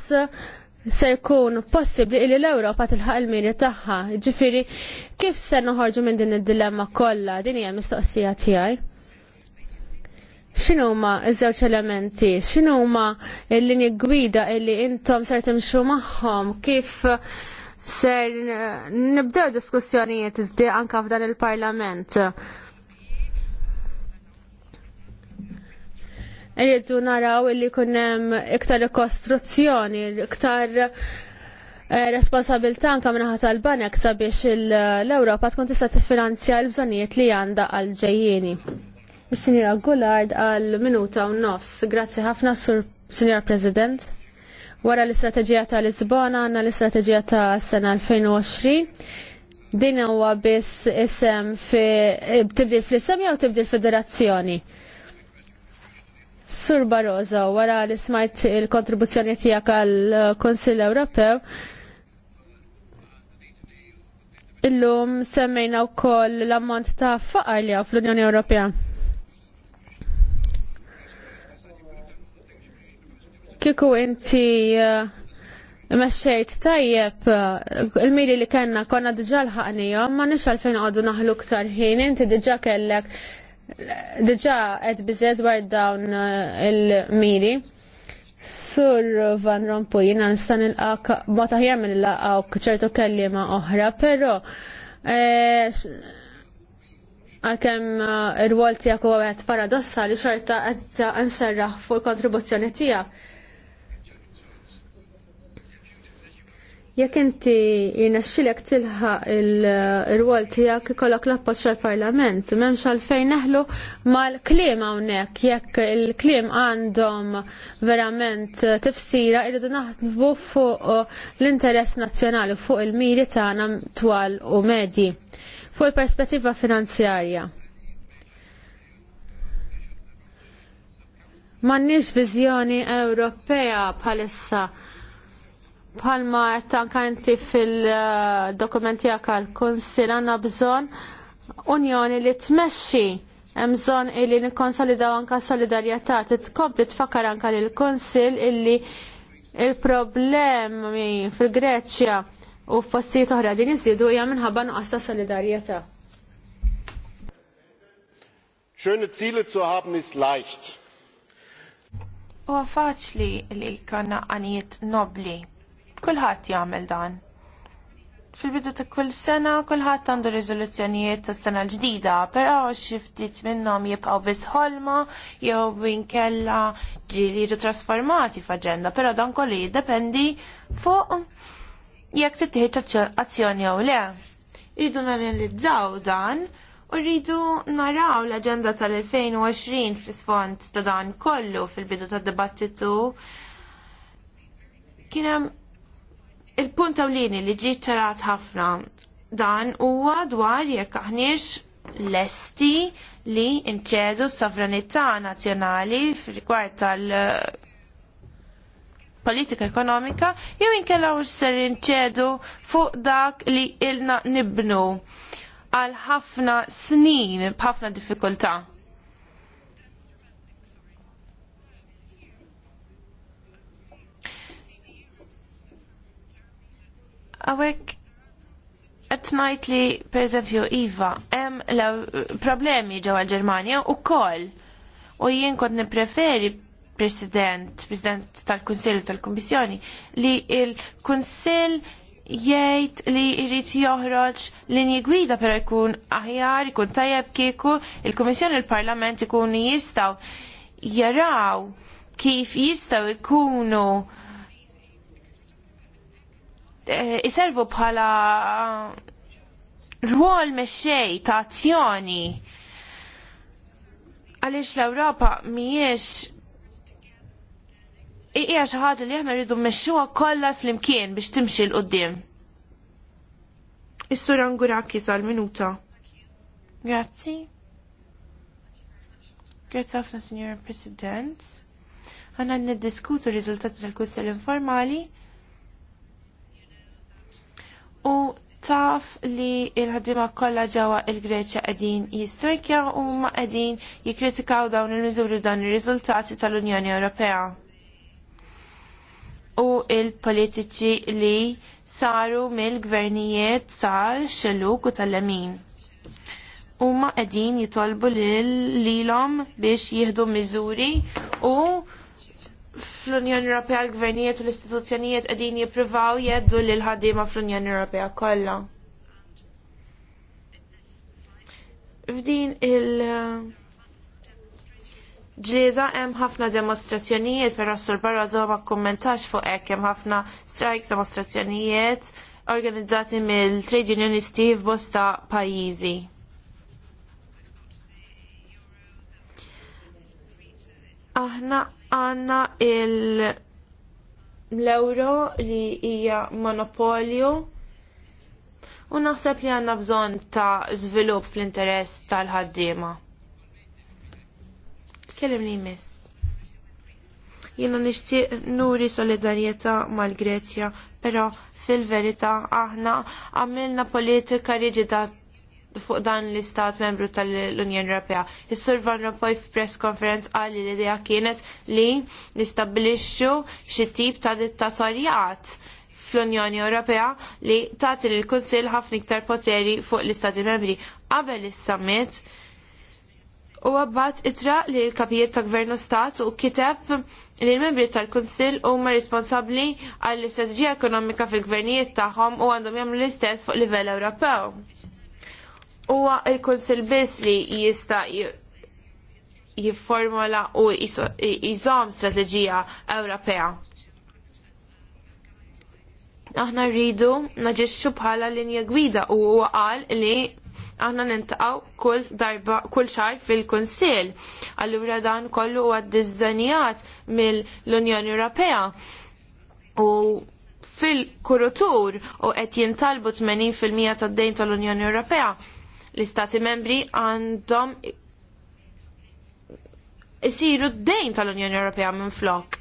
se jkun possibli li l-Europa tilħaq il-miri tagħha. Ġifiri, kif se noħorġu minn din id-dilemma kollha? Din hija mistoqsija tiegħi x'inhuma ż-żewġ elementi, x'inhuma l-linji gwida illi intom ser timxu magħhom, kif ser nibdew diskussjonijiet anka f'dan il-Parlament. Irridu naraw illi hemm iktar kostruzzjoni, iktar eh, responsabilta anka minnaħat tal-banek sabiex l-Europa tkun tista' tiffinanzja l-bżonijiet li għandha għal ġejjieni. Is-Sinjora Gullard għal minuta u nofs. Grazzi ħafna, Sinjora President. Wara l-istrateġija ta' Lisbona għandna l-istrateġija ta' sena 2020. Din huwa biss isem fi eh, tibdil fl-isem jew tibdil federazzjoni. Sur Barroso, wara li smajt il-kontribuzzjoni tiegħek għall konsill Ewropew, illum semmejna wkoll l-ammont ta' faqar li fl-Unjoni Ewropea kieku inti eh, Mexxejt, tajjeb, eh, il-miri li kena konna diġa l-ħaqnijom, ma nix għalfejn għadu naħlu ktar ħin, inti diġa kellek, diġa għed bizzed war dawn eh, il-miri. Sur Van Rompuy, jina nistan il-qaq, ma taħjar minn il-qaq ċertu kellima oħra, pero għakem ir-wol tijak u għed paradossa li xorta għed nserraħ fuq kontribuzzjoni tijak Jekk inti jinaxxilek tilħaq il-rwol tiegħek ikollok l appoċ għall-Parlament, m'hemmx għalfejn neħlu mal-kliem hawnhekk jekk il-kliem għandhom verament tifsira irridu naħdbu fuq l-interess nazzjonali fuq il-miri tagħna twal u medji. Fuq il-perspettiva finanzjarja. M'għandniex viżjoni Ewropea bħalissa Palma tankanti fil-dokumenti għal konsil għanna bżon unjoni li tmexxi hemm bżonn illi nikkonsolidaw anka solidarjetà titkompli tfakkar anka lil konsil illi il-problemi fil-Greċja u f'postijiet oħra din iżdiedu hija minħabba nuqqas ta' solidarjetà. Schöne Ziele zu haben ist leicht. Huwa faċli li jkollna għanijiet nobli Kulħadd jagħmel dan. Fil-bidu ta' kull sena kulħadd għandu riżoluzzjonijiet tas sena l-ġdida, però xi ftit minnhom jibqgħu biss ħolma jew inkella ġieli jiġu trasformati f'aġenda, però dan kollu jiddependi fuq jekk tittieħed azzjoni jew le. Rridu nanalizzaw dan u rridu naraw l-aġenda tal-2020 fl fond ta' dan kollu fil-bidu tad dibattitu kien hemm Il-punt tawlini li ġi ċarat ħafna dan huwa dwar jekk aħniex lesti li nċedu s-sovranità nazzjonali f'rigward tal- politika ekonomika jew inkella mhux ser inċedu fuq dak li ilna nibnu għal ħafna snin b'ħafna diffikultà. Għawek, għetnajt li, per eżempju, Iva, la problemi ġewa l-Germania u koll. U jien kont nipreferi President, President tal-Kunsill tal-Kommissjoni, li il-Kunsill jgħid li jrid joħroġ linji gwida però jkun aħjar, jkun tajjeb kieku, il-Kummissjoni il-Parlament ikunu jistaw jaraw kif jistaw ikunu Eh, iservu bħala eh, rwol mexxej ta' azzjoni għaliex l-Ewropa mhijiex hija xi ħaġa li aħna rridu kolla kollha flimkien biex timxi l qoddim Is-sur Anguraki sal-minuta. Grazzi. Grazzi ħafna, Signor President. Għanna niddiskutu r-riżultati tal-kussel informali u taf li il-ħaddima kollha ġewwa il-Greċja qegħdin jistrikja u ma qegħdin jikkritikaw dawn il-miżuri dan ir-riżultati tal-Unjoni Ewropea. U il-politiċi li saru mill-gvernijiet sar xelluk u tal-lemin huma qegħdin jitolbu lilhom biex jieħdu miżuri u fl-Unjoni Ewropea l-gvernijiet u l-istituzzjonijiet qegħdin jippruvaw jgħeddu lil ħaddiema fl-Unjoni Ewropea kollha. F'din il- ġlieda hemm ħafna demostrazzjonijiet però sur Barroso ma kkummentax fuq hekk hemm ħafna strikes demostrazzjonijiet organizzati mill-trade unionisti f'bosta pajjiżi. Aħna għanna il- l-euro li hija monopolju u naħseb li għanna bżon ta' zvilup fl-interess tal-ħaddiema. Kellim li jmiss. Jena nishtiq nuri solidarieta mal-Greċja, pero fil-verita aħna għamilna politika rigida fuq dan l-istat membru tal-Unjoni Ewropea. Is-Sur Van Rompuy f'press conference qal li l-idea kienet li nistabilixxu xi tip ta' dittatorjat fl-Unjoni Ewropea li tagħti lill kunsill ħafna iktar poteri fuq l-Istati Membri. Qabel is-summit u għabbat itra li l-kapijiet ta' gvernu stat u kiteb li l-membri tal-Kunsil huma responsabbli għall istrateġija ekonomika fil-gvernijiet tagħhom u għandhom jagħmlu l-istess fuq livell Ewropew huwa l-Kunsill biss li jista' jifformola u jżomm strateġija Ewropea. Aħna rridu naġixxu bħala linja gwida u huwa qal li aħna nintaqaw kull darba kull xar fil-Kunsill. Allura dan kollu huwa ddiżanjat mill-Unjoni Ewropea. U fil-kurutur u qed jintalbu 80% tad-dejn tal-Unjoni Ewropea L-Istati membri għandhom isiru d-dejn tal-Unjoni Ewropea minn flok.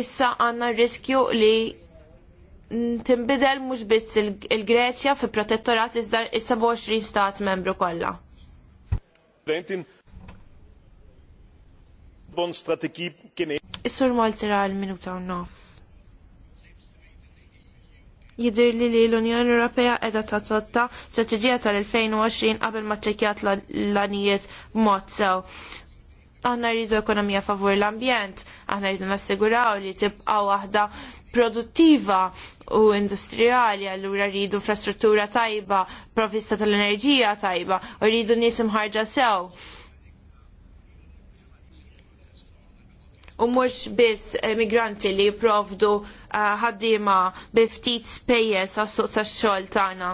Issa għanna riskju li timbidel mhux biss il-Greċja fi protettorat iżda 20 stat membru kollha. Bon strategi Is-sur Maltira għal minuta u nofs jidir li li l-Unjoni Ewropea edha ta' totta strategija tal-2020 qabel ma ċekjat l-anijiet mod sew. Aħna rridu ekonomija favur l-ambjent, aħna rridu nassiguraw li tibqa' waħda produttiva u industrijali, allura rridu infrastruttura tajba, provvista tal-enerġija tajba, u rridu nies imħarġa sew u mhux biss migranti li jipprovdu eh, ħaddiema uh, bi ftit spejjeż għas-suq tax-xogħol tagħna.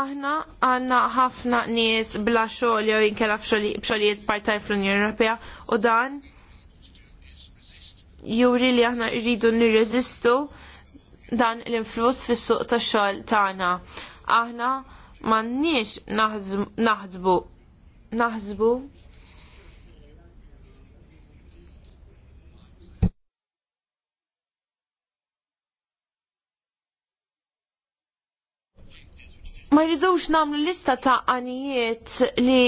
Aħna għandna ħafna nies bla xogħol jew inkella f'xogħlijiet part-time fl-Unjoni Ewropea u dan juri li aħna rridu nirreżistu dan l-influss fis-suq tax-xogħol tagħna. Aħna m'għandniex naħdbu naħsbu ma jridux namlu lista ta' għanijiet li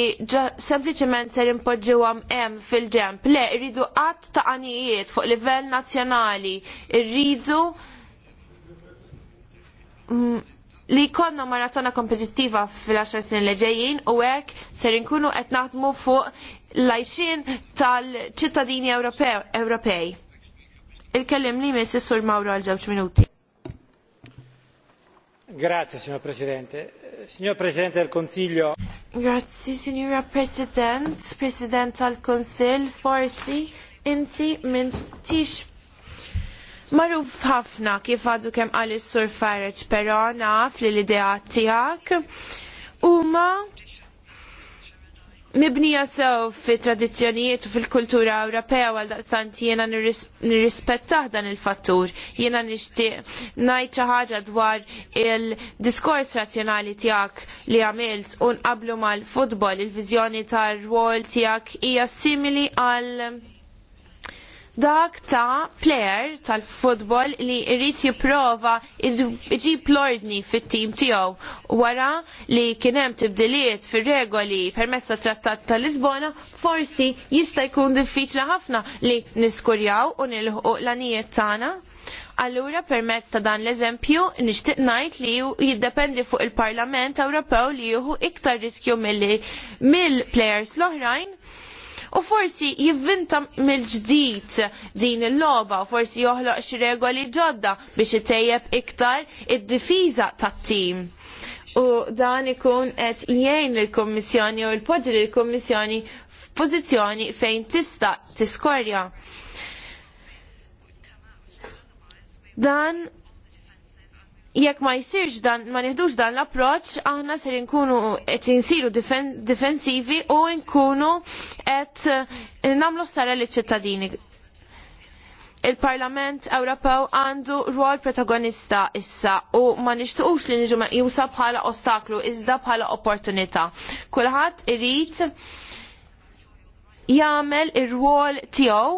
sempliciment ser impoġġiwam em fil-ġemp. Le, irridu qatt ta' għanijiet fuq livell nazzjonali. Irridu mm, li konna maratona kompetittiva fil-10 snin li ġejjin u hekk ser inkunu qed naħdmu fuq l tal-ċittadini Ewropej. Il-kellim li miss sur Mauro għal ġewġ minuti. Grazie, signor Presidente. Signor Presidente del Consiglio. Grazie, signora President, President tal Consil, forsi inti minn tix Maruf ħafna kif għadu kem għalis sur Farage, pero naf li l-idea tijak. Uma mibnija sew fi tradizzjonijiet u fil-kultura Ewropea għal daqstant jiena nirrispettaħ dan il-fattur. Jiena nixtieq ngħid xi ħaġa dwar il-diskors razzjonali tiegħek li għamilt u qablu mal-futbol, il-viżjoni tar-rwol tiegħek hija simili għal dak ta' player tal-futbol li irrit jiprofa iġib l-ordni fit-tim tiegħu wara li kien hemm tibdiliet fir-regoli permezz tat-Trattat ta' Lisbona forsi jista' jkun diffiċli ħafna li niskurjaw u nilħu l-anijiet tagħna. Allura permezz ta' dan l-eżempju nixtieq ngħid li jiddependi fuq il-Parlament Ewropew li jieħu iktar riskju mill-plejers mill plejers l oħrajn u forsi jivvinta mill-ġdid din il-logħba u forsi joħloq xi regoli ġodda biex itejjeb iktar id-difiża tat-tim. U dan ikun qed jgħin lill-Kummissjoni u l poġġi lill-Kummissjoni f'pożizzjoni fejn tista' tiskorja. Dan jekk ma jsirx dan, ma nieħdux dan l-approċ, aħna ser nkunu qed insiru difen difensivi u nkunu qed eh, nagħmlu sara liċ ċittadini il-Parlament Ewropew għandu rwol protagonista issa u ma nixtuqux li niġu jusa bħala ostaklu iżda bħala opportunità. Kulħadd irid jagħmel ir-rwol tiegħu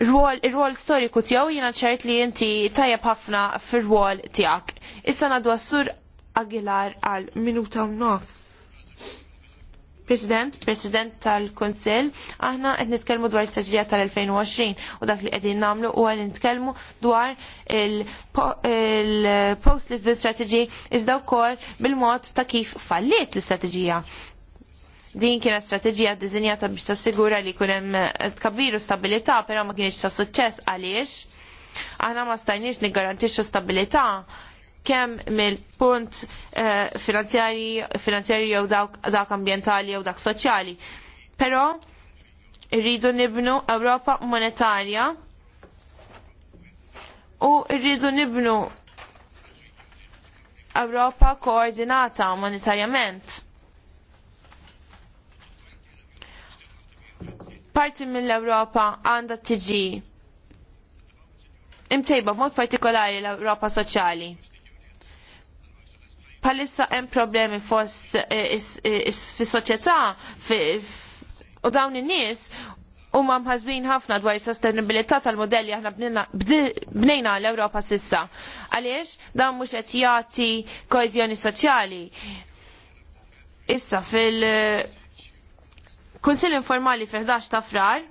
ir-rwol storiku tiegħu jina ċert li inti tajjeb ħafna fir-rwol tiegħek. Issa ngħadu għassur sur Aguilar għal minuta u nofs. President, President tal-Konsil, aħna qed nitkellmu dwar l tal-2020 u dak li qegħdin nagħmlu huwa li nitkellmu dwar il-post Lisbon strategy iżda wkoll bil-mod ta' kif falliet l-istrateġija. Din kienet strateġija dizinjata biex tassigura li jkun hemm eh, tkabbiru stabilita, però ma kienx ta' suċċess għaliex. Aħna ma stajniex niggarantixxu stabilità kemm mill-punt eh, finanzjari, finanzjarji jew dak ambientali ambjentali jew dak soċjali. Però rridu nibnu Ewropa monetarja u rridu nibnu Ewropa koordinata monetarjament parti mill-Ewropa għandha tiġi imtejba b'mod partikolari l-Ewropa soċjali. Palissa hemm problemi fost eh, eh, fis-soċjetà u dawn in-nies huma mħazbin ħafna dwar is-sostenibilità tal-modelli aħna bnejna l-Ewropa sissa. Għaliex dan mhux qed jagħti koeżjoni soċjali. Issa fil- kunsil informali fi 11 ta' frar,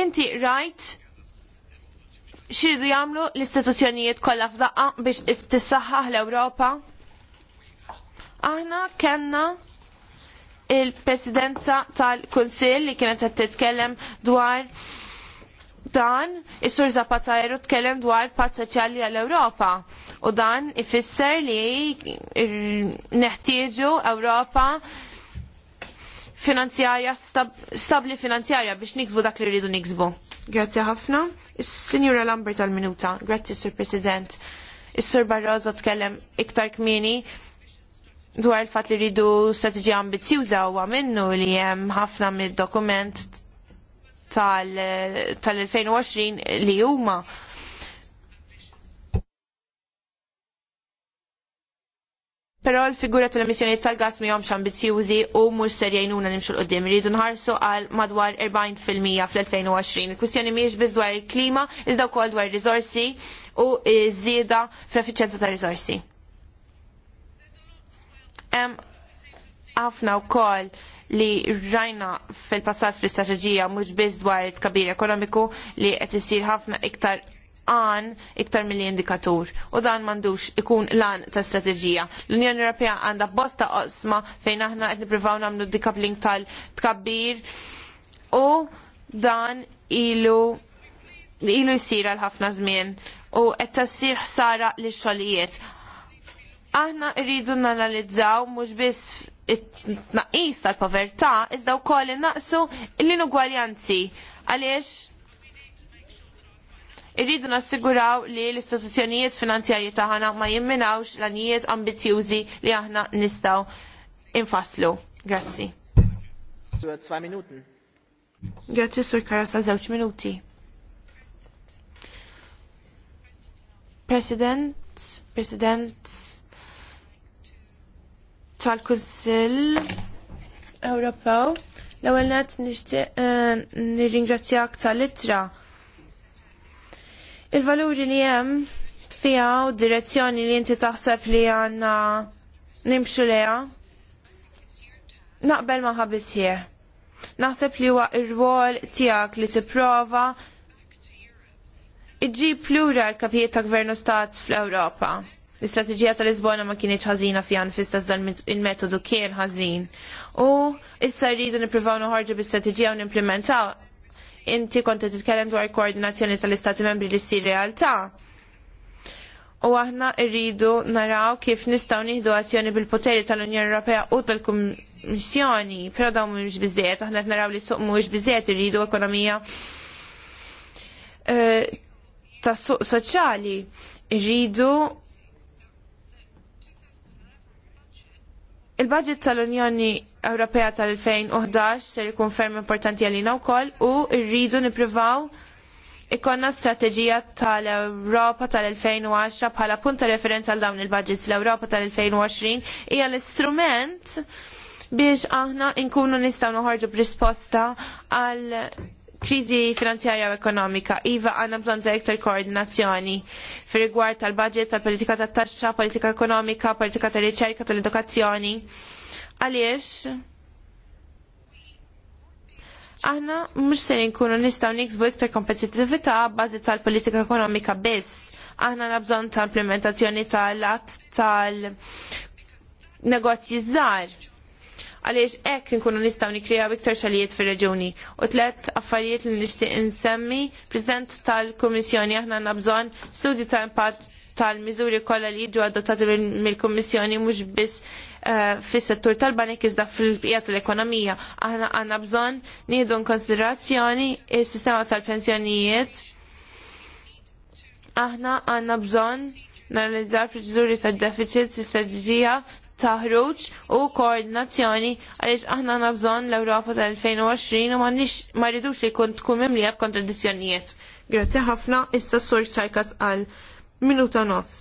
inti rajt xirdu jamlu l-istituzzjonijiet kollha f'daqqa biex tissaħħaħ l-Ewropa? Aħna kellna il-presidenza tal-Kunsill li kienet qed titkellem dwar dan is-Sur Zapatero tkellem dwar pat soċjali għall ewropa u dan ifisser li neħtieġu Ewropa finanzjarja, stab stabli finanzjarja biex niksbu dak li rridu niksbu. Grazzi ħafna. is Lambert għal-minuta. Grazzi, Sur President. Is-Sur Barroso tkellem iktar kmini dwar il-fat li rridu strategija ambizjuża huwa minnu li hemm ħafna mid-dokument tal-2020 li huma Però l-figura tal emissjoni tal-gas jomx ambizjużi u mhux ser jgħinuna nimxu l qoddim Iridu nħarsu għal madwar 40% fl-2020. Il-kwistjoni mhijiex biss dwar il-klima, iżda wkoll dwar il-rizorsi u żieda fl-effiċenza ta' rizorsi Għafna ħafna wkoll li rajna fil-passat fl-istrateġija mhux biss dwar it-kabir ekonomiku li qed isir ħafna iktar għan iktar mill indikatur u dan mandux ikun lan ta' strategija. L-Unjoni Ewropea għandha bosta osma fejn aħna qed nippruvaw nagħmlu decoupling tal-tkabbir u dan ilu ilu jsir għal ħafna żmien u qed tassir ħsara lix xogħlijiet. Aħna rridu nanalizzaw mhux biss it-tnaqqis tal-povertà iżda wkoll innaqsu l-inugwaljanzi għaliex Irridu nassiguraw li l-istituzzjonijiet finanzjarji taħna ma jimminawx l-anijiet ambizjużi li aħna nistaw infaslu. Grazzi. Grazzi, Sur Karasa, żewġ minuti. President, President tal-Kunsill Ewropew, l-ewwel nett nixtieq eh, nirringrazzjak tal-ittra il-valuri li hemm fija u direzzjoni li inti taħseb li għanna nimxu leja. Naqbel maħabis jie. Naħseb li huwa ir-rwol tiegħek li tipprova iġġib plura l-kapijiet ta' gvernu stat fl-Ewropa. L-istrateġija tal-Lisbona ma kienieċ ħażina fija nfistas dan il-metodu kien ħażin. U issa rridu nippruvaw noħorġu bi-strateġija u nimplementaw inti konti titkellem dwar koordinazzjoni tal-istati membri li ssir realtà. U aħna rridu naraw kif nistgħu nieħdu azzjoni bil-poteri tal-Unjoni Ewropea u tal-Kummissjoni, però dawn mhux biżejjed, aħna qed naraw li suq mhuwiex biżejjed irridu ekonomija eh, tas suq soċjali. Irridu Il-budget tal-Unjoni Ewropea tal-2011 ser ikun ferm importanti għalina wkoll u rridu nippruvaw ikonna strateġija tal-Ewropa tal-2010 bħala punta referenza għal dawn il-budgets l-Ewropa tal-2020 hija l-istrument biex aħna nkunu nistgħu noħorġu b'risposta għal kriżi finanzjarja u ekonomika. Iva għandna bżonn ta' iktar koordinazzjoni fir rigward tal-budget, tal-politika tat-taxxa, politika ekonomika, politika tal-riċerka, tal-edukazzjoni. Għaliex aħna mhux se nkunu nistgħu niksbu iktar kompetittività b'bażi tal-politika ekonomika biss. Aħna nabżon ta' implementazzjoni tal-att tal-negozji żgħar għaliex hekk inkunu nistgħu nikrija iktar xalijiet fir-reġuni. U tlet affarijiet li nixtieq insemmi, prezent tal-Kummissjoni aħna għandna bżonn studju ta' impatt tal-miżuri kollha li jiġu adottati mill-Kummissjoni mhux biss eh, fis-settur tal-banek iżda fil-bqija tal-ekonomija. Aħna għandna bżonn nieħdu konsiderazzjoni is-sistema tal-pensjonijiet. Aħna għandna bżonn naralizzaw proċeduri tad-deficit, istrateġija taħruġ u koordinazzjoni għaliex aħna nabżon l-Ewropa tal-2020 u ma rridux li kun tkun mimlija kontradizzjonijiet. Grazzi ħafna, issa sur ċajkas għal minuta nofs.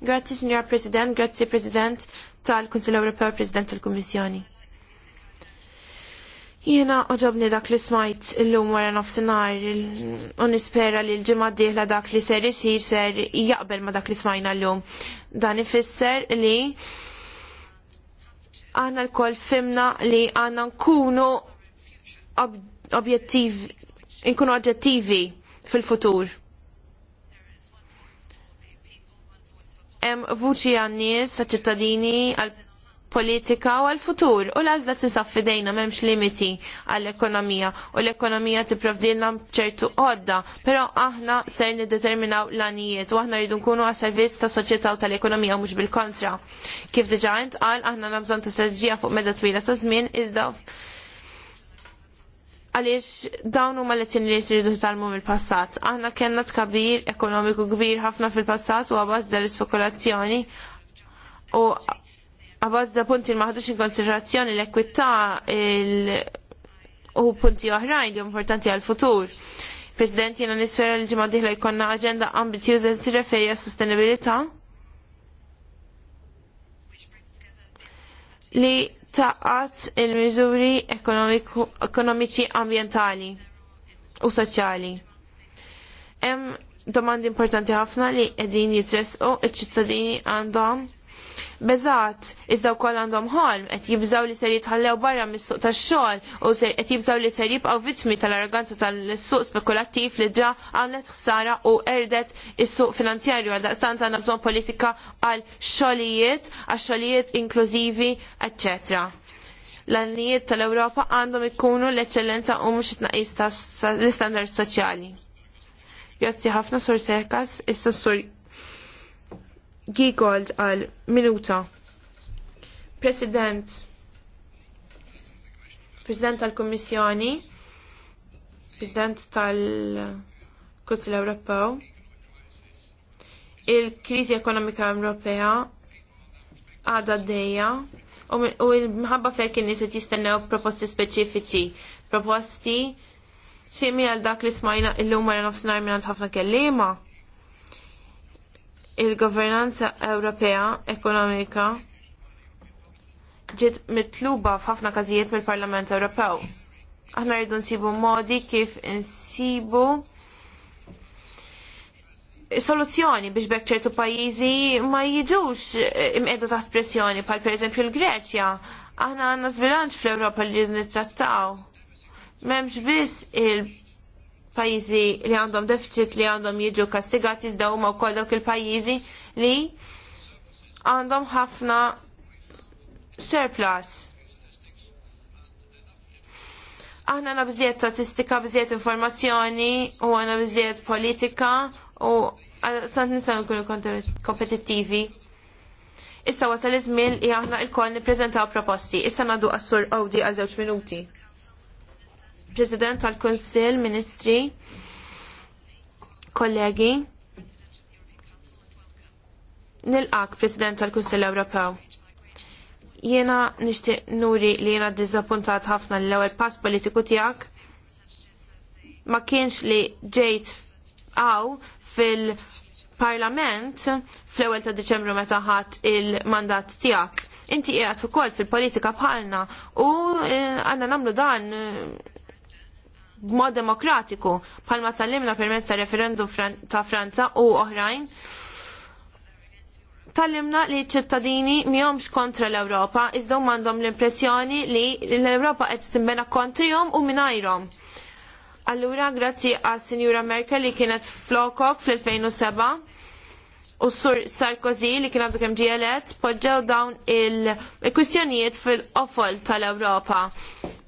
Grazzi, Signor President, grazzi President tal-Kunsil Ewropew, President tal-Kummissjoni. Jena oġobni dak li smajt l-lum wara nofsinar, nispera li l-ġimma diħla dak li ser jisir ser jaqbel ma dak li smajna l-lum. Dan ifisser li għanna l-kol fimna li għanna nkunu objettivi, nkunu oġġettivi fil-futur. Em vuċi għannis, ċittadini, għal politika u għal-futur u lażda tisaf fidejna memx limiti għall-ekonomija u l-ekonomija tipprovdilna ċertu għodda, pero aħna ser determinaw l-anijiet u aħna rridu nkunu għas-servizz ta' soċjetà u tal-ekonomija mhux bil-kontra. Kif diġa għant għal aħna nabżon ta' strategija fuq medda twila ta' żmien iżda għaliex dawn huma lezzjoni li jtridu talmu mill-passat. Aħna kellna tkabir ekonomiku kbir ħafna fil-passat u għabbaż dal-ispekulazzjoni u Għabaz da punti l-maħdux in konsiderazzjoni l-ekwità u punti oħrajn li importanti għal-futur. President, jena nisfera li ġimma diħla jkonna agenda ambizjuża li tirreferi għas sostenibilità. li taqqat il-miżuri ekonomiċi ambientali u soċjali. Hemm domandi importanti ħafna li qegħdin jitresqu iċ-ċittadini għandhom Bezat, iżda wkoll għandhom ħolm qed jibżaw li ser jitħallew barra mis-suq tax-xogħol u qed jibżaw li ser jibqgħu vittmi tal-arroganza tal-suq spekulattiv li ġa għamlet ħsara u erdet is-suq finanzjarju għal daqstant għandna bżonn politika għal xogħlijiet, għal xogħlijiet inklużivi, eċċetera l-għannijiet tal-Europa għandhom ikkunu l-eccellenza u mux it ta' l-standard soċjali. Grazzi ħafna sur Serkas, issa sur Giegold għal minuta. President, President tal-Kommissjoni, President tal-Kunsil Ewropew, il-krizi ekonomika Ewropea għada d-dejja u il-mħabba fejk n-nis jistennew proposti speċifiċi, proposti simi għal dak li smajna il-lum nofsinar minn ħafna kellima il-governanza Ewropea ekonomika ġiet mitluba f'ħafna każijiet mill-Parlament Ewropew. Aħna rridu nsibu modi kif insibu soluzzjoni biex bekk ċertu pajjiżi ma jiġux imqedu taħt pressjoni bħal pereżempju l-Greċja. Aħna għandna żbilanċ fl-Ewropa li nittrattaw. M'hemmx biss il- pajjiżi li għandhom deficit li għandhom jiġu kastigati iżda huma wkoll dawk il-pajjiżi li għandhom ħafna surplus. Aħna għandna bżiet statistika, bżiet informazzjoni u għana bżiet politika u sant nisan kunu kompetittivi. Issa wasal iż-żmien li aħna il koll nippreżentaw proposti. Issa nagħdu qassur Audi għal żewġ minuti. President tal-Konsil, Ministri, kollegi, nil-ak President tal-Kunsill Ewropew. Jiena nixtieq nuri li jiena dizappuntat ħafna l ewwel pass politiku tiegħek ma kienx li ġejt għaw fil-parlament fl ewwel ta' Deċembru meta ħadd il-mandat tiegħek. Inti qiegħed ukoll fil-politika bħalna u eh, għandna nagħmlu dan eh, b'mod demokratiku bħalma tallimna permezz ta' referendum ta' Franza u oħrajn. Tallimna li ċittadini miħomx kontra l-Europa, iżda mandom l-impressjoni li l-Europa qed timbena kontrihom u minajrom. Allura, grazzi għas Sinjura Merkel li kienet flokok fl-2007 u sur Sarkozy li kien għandu kemm ġielet poġġew dawn il-kwistjonijiet fil-qofol tal-Ewropa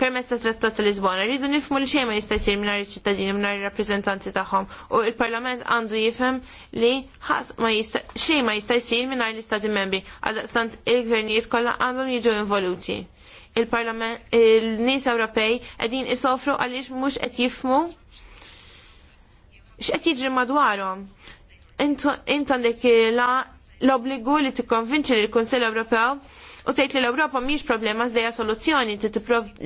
permezz ta' Trattat ta' Lisbona. Rridu nifmu li xejn ma jista' jsir mingħajr iċ-ċittadini mingħajr ir-rappreżentanti tagħhom u l-Parlament għandu jifhem li ħadd ma jista' xejn ma jista' jsir mingħajr l-Istati Membri għaldaqstant il-gvernijiet kollha għandhom jiġu involuti. Il-Parlament il-nies Ewropej qegħdin isofru għaliex mhux qed jifmu x'qed jiġri madwarhom inta għandek l-obbligu li tikkonvinċi lill kunsell Ewropew u tgħid li l-Ewropa mhijiex problema żdejja soluzzjoni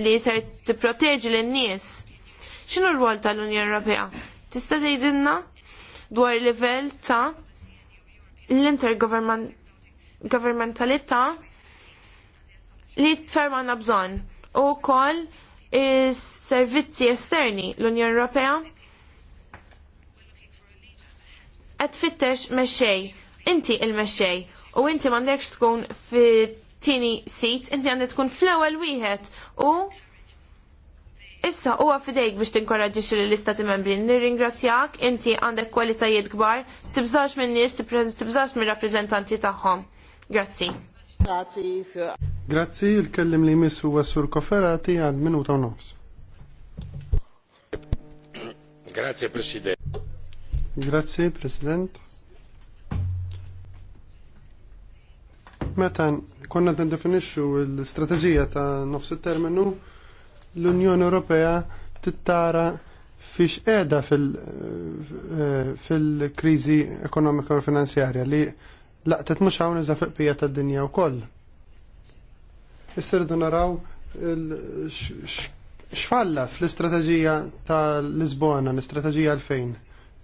li se tipproteġi lin-nies. X'inhu r-rwol tal-Unjoni Ewropea? Tista' tgħidilna dwar livell ta' l-intergovernmentalità li tferma bżonn u wkoll is-servizzi esterni l-Unjoni Ewropea qed fittex mexxej, inti il-mexxej u inti m'għandekx tkun fit-tieni sit, inti għandek tkun fl-ewwel wieħed u Issa huwa fidejk biex li lill-istati membri. Nirringrazzjak, inti għandek kwalitajiet kbar, tibżax minn nies, tibżax minn rappreżentanti tagħhom. Grazzi. Grazzi, il-kellim li jmiss huwa Sur Koferati għal minuta u nofs. Grazie Presidente. Grazzi, President. Meta konna t-definixxu l-strategija ta' nofs terminu l-Unjoni Ewropea tittara fiex qiegħda eh, fil-kriżi ekonomika u finanzjarja li laqtet mhux hawn iżda pija tad-dinja wkoll. Issirdu naraw x'falla fl-istrateġija tal-Lisbona, l-istrateġija għalfejn.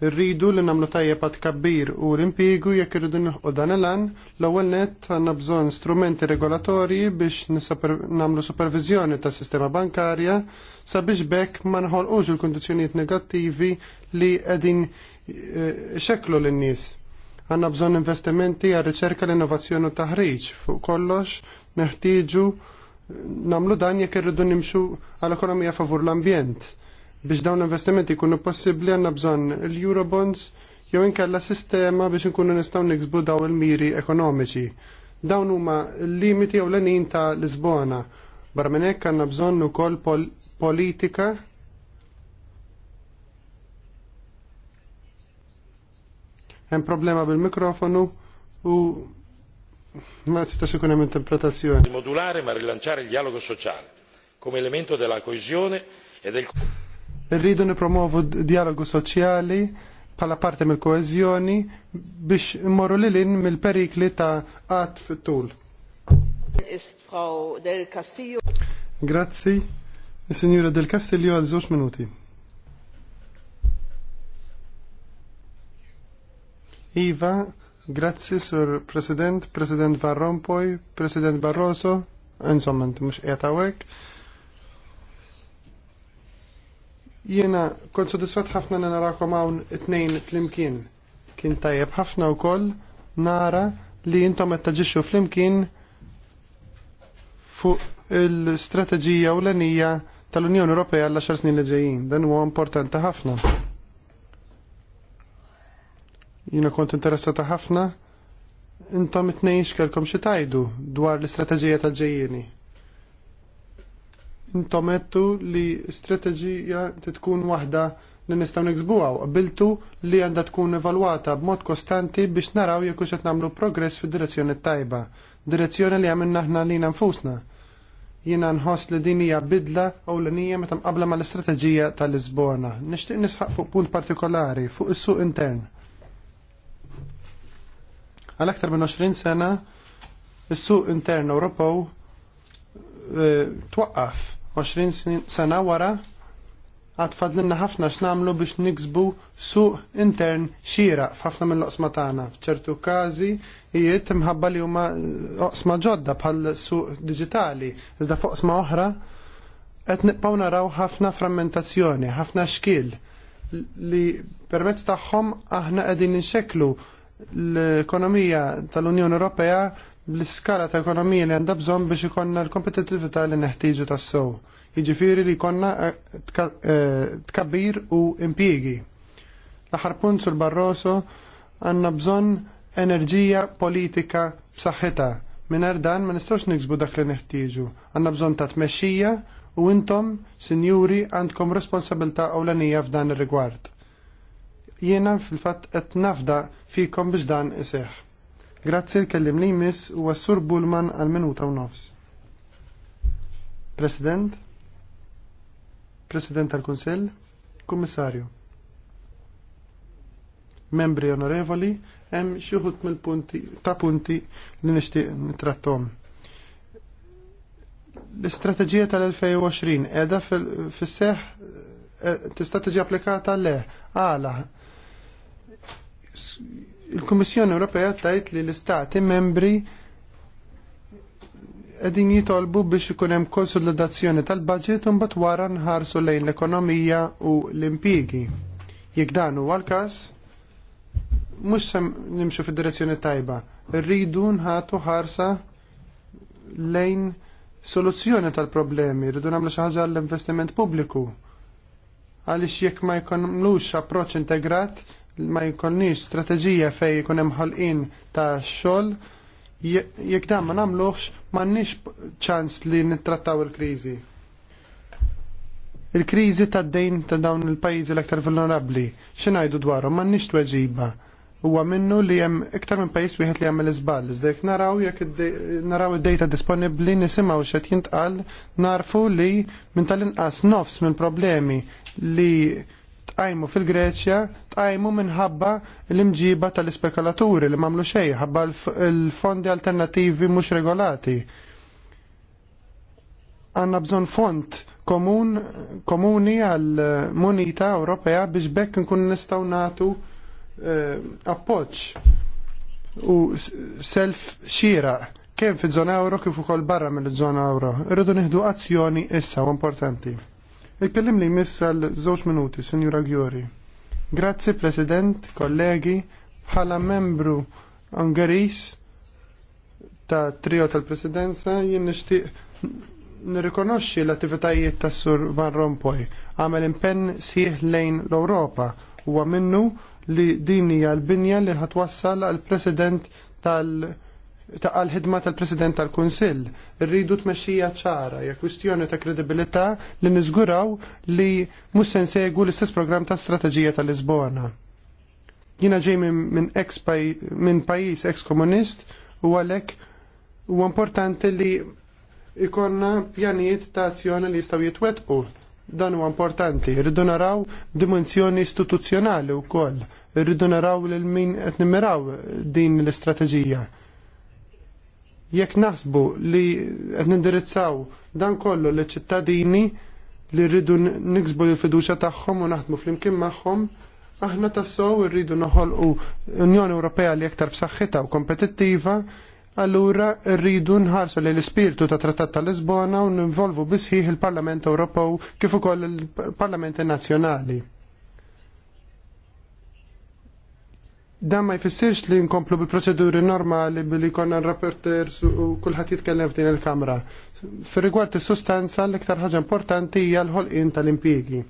Rridu li namlu tajjeb għat kabbir u l-impiegu jekk irridu nħu dan l an l-ewwel net għandna bżonn strumenti regolatorji biex namlu supervizjoni tas sistema bankarja sabiex bekk ma uġu il kondizjoniet negattivi li qegħdin eh, xeklu lin-nies għanna bżon investimenti għal riċerka l-innovazzjoni u taħriġ. Fuq kollox, neħtieġu eh, namlu dan jekk irridu nimxu għal ekonomija favur l-ambjent. Biex dawn investimenti kunu possibli għanna bżon l-Eurobonds jew inkella sistema biex nkunu nistaw niksbu daw il-miri ekonomiċi. Dawn huma l-limiti jew l-għanin ta' Lisbona. Barra minn hekk għandna bżonn ukoll pol politika hemm problema bil-mikrofonu u ma tistax ikun hemm interpretazzjoni. Modulare ma rilanciare il dialogo sociale come elemento della coesione e del Rridu nipromovu dialogu soċjali bħala parte mill-koezjoni biex immorru lilin mill-perikli ta' qatt fit-tul. Grazzi, Signora Del Castillo għal żewġ minuti. Iva, grazzi sur President, President Van Rompuy, President Barroso, insomma, mux qiegħed hawnhekk Jiena kon sodisfat ħafna li narakom hawn it-tnejn flimkien. Kien tajjeb ħafna koll nara li intom qed taġixxu flimkien fuq il-strateġija u l-enija tal-Unjoni Ewropea għall xar snin li ġejjin. Dan huwa importanti ħafna. Jiena kont interessata ħafna intom it-tnejn x'kelkom xi tajdu dwar l-istrateġija tal-ġejjieni intomettu li strateġija tkun waħda li nistgħu niksbuha u qbiltu li għandha tkun evalwata b'mod kostanti biex naraw jekk hux qed nagħmlu progress fid-direzzjoni tajba, direzzjoni li għamilna aħna lina nfusna. Jiena nħoss li din hija bidla hija meta ma mal-istrateġija tal-Lisbona. Nixtieq nisħaq fuq punt partikolari fuq is-suq intern. Għal aktar minn 20 sena is-suq intern Ewropew eh, twaqqaf 20 sena wara għad fadlinna ħafna x'namlu biex niksbu suq intern xira f'ħafna mill-oqsma tagħna. F'ċertu każi jiet imħabba li huma eh, oqsma ġodda bħal suq diġitali, iżda foqsma oqsma oħra qed nibqgħu naraw ħafna frammentazzjoni, ħafna xkil li permezz tagħhom aħna qegħdin inxeklu l-ekonomija tal-Unjoni Ewropea l-iskala ta' ekonomija li għandha bżonn biex ikonna l-kompetitività li neħtieġu tas sew Jiġifieri li jkollna eh, eh, tkabbir u impjiegi. L-aħħar punt sur Barroso għandna bżonn enerġija politika b'saħħitha. Mingħajr dan ma nistgħux niksbu dak li neħtieġu. Għandna bżonn ta' tmexxija u intom, sinjuri, għandkom responsabilità ewlenija f'dan ir-rigward. Jiena fil-fatt qed nafda fikom biex dan iseħħ. Grazzi l-kellim li jmiss u għassur Bullman għal-minuta u nofs. President, President tal-Kunsell, Kummissarju. Membri onorevoli, hemm xi mill-punti ta' punti li nixtieq nitrattom. L-istrateġija tal-2020 qiegħda fis-seħ eh, tista' tiġi applikata le għala Il-Kummissjoni Ewropea tajt li l-Istati membri edin jitolbu biex ikun hemm konsolidazzjoni tal-budget un mbagħad wara nħarsu lejn l-ekonomija u l-impjiegi. Jekk dan huwa l-każ, mhux sem nimxu fid-direzzjoni tajba. Rridu nħatu ħarsa lejn soluzzjoni tal-problemi, rridu nagħmlu xi ħaġa l-investiment pubbliku. Għaliex jekk ma jkollux approċċ integrat, ma jkollniex strateġija fej jkun hemm ħolqien ta' xogħol jekk dan ma nagħmluhx m'għandniex ċans li nittrattaw il-kriżi. Il-kriżi tad-dejn ta' dawn il-pajjiżi l-aktar vulnerabbli, x'ingħidu dwarhom m'għandniex tweġiba huwa minnu li hemm iktar minn pajjiż wieħed li jagħmel iżball. Iżda jekk naraw jekk naraw id-data disponibbli nisimgħu x'qed jintqal narfu li minn tal-inqas nofs minn problemi li tajmu fil-Greċja tqajmu minħabba l-imġiba tal-ispekulaturi li mamlu xej, ħabba l-fondi alternattivi mhux regolati. Għanna bżonn fond komun, komuni għal munita Ewropea biex bekk nkun nistgħu nagħtu eh, appoġġ u self xira kemm fi zona euro kif ukoll barra mill-żona euro. Irridu nieħdu azzjoni issa u importanti. Ikkellim li jmiss għal żewġ minuti, Signora Gjori. Grazzi, President, kollegi, bħala membru Ungaris ta' trio tal-Presidenza jien nixtieq nirrikonoxxi l-attivitajiet tas Sur Van Rompuy. Għamel impenn sħiħ lejn l-Ewropa huwa minnu li din hija l-binja li ħatwassal għal President tal-Presidenza ta' għal ħidma tal-President tal-Kunsill. t tmexxija ċara, hija kwistjoni ta' kredibilità li niżguraw li mhux se l-istess programm ta' strateġija tal-Lisbona. Jiena ġej minn min pajis pajjiż ex komunist u għalhekk huwa importanti li ikonna pjaniet ta' azzjoni li jistgħu jitwettqu. Dan huwa importanti. Irridu naraw dimensjoni istituzzjonali wkoll. rridu naraw lil min qed nimmiraw din l-istrateġija Jekk naħsbu li qed nindirizzaw dan kollu li ċittadini li rridu niksbu l-fiduċa tagħhom u naħdmu flimkien magħhom, aħna tassew irridu noħolqu Unjoni Ewropea li aktar b'saħħitha u kompetittiva, allura rridu nħarsu li l-ispirtu ta' Trattat ta' Lisbona u ninvolvu bisħiħ il-Parlament Ewropew kif ukoll il-Parlamenti Nazzjonali. Dan ma jfissirx li nkomplu bil-proċeduri normali billi konna rapporter u kullħat jitkellem f'din il-kamra. Fir rigward is-sustanza l-iktar ħaġa importanti hija l-ħolqien tal-impjiegi.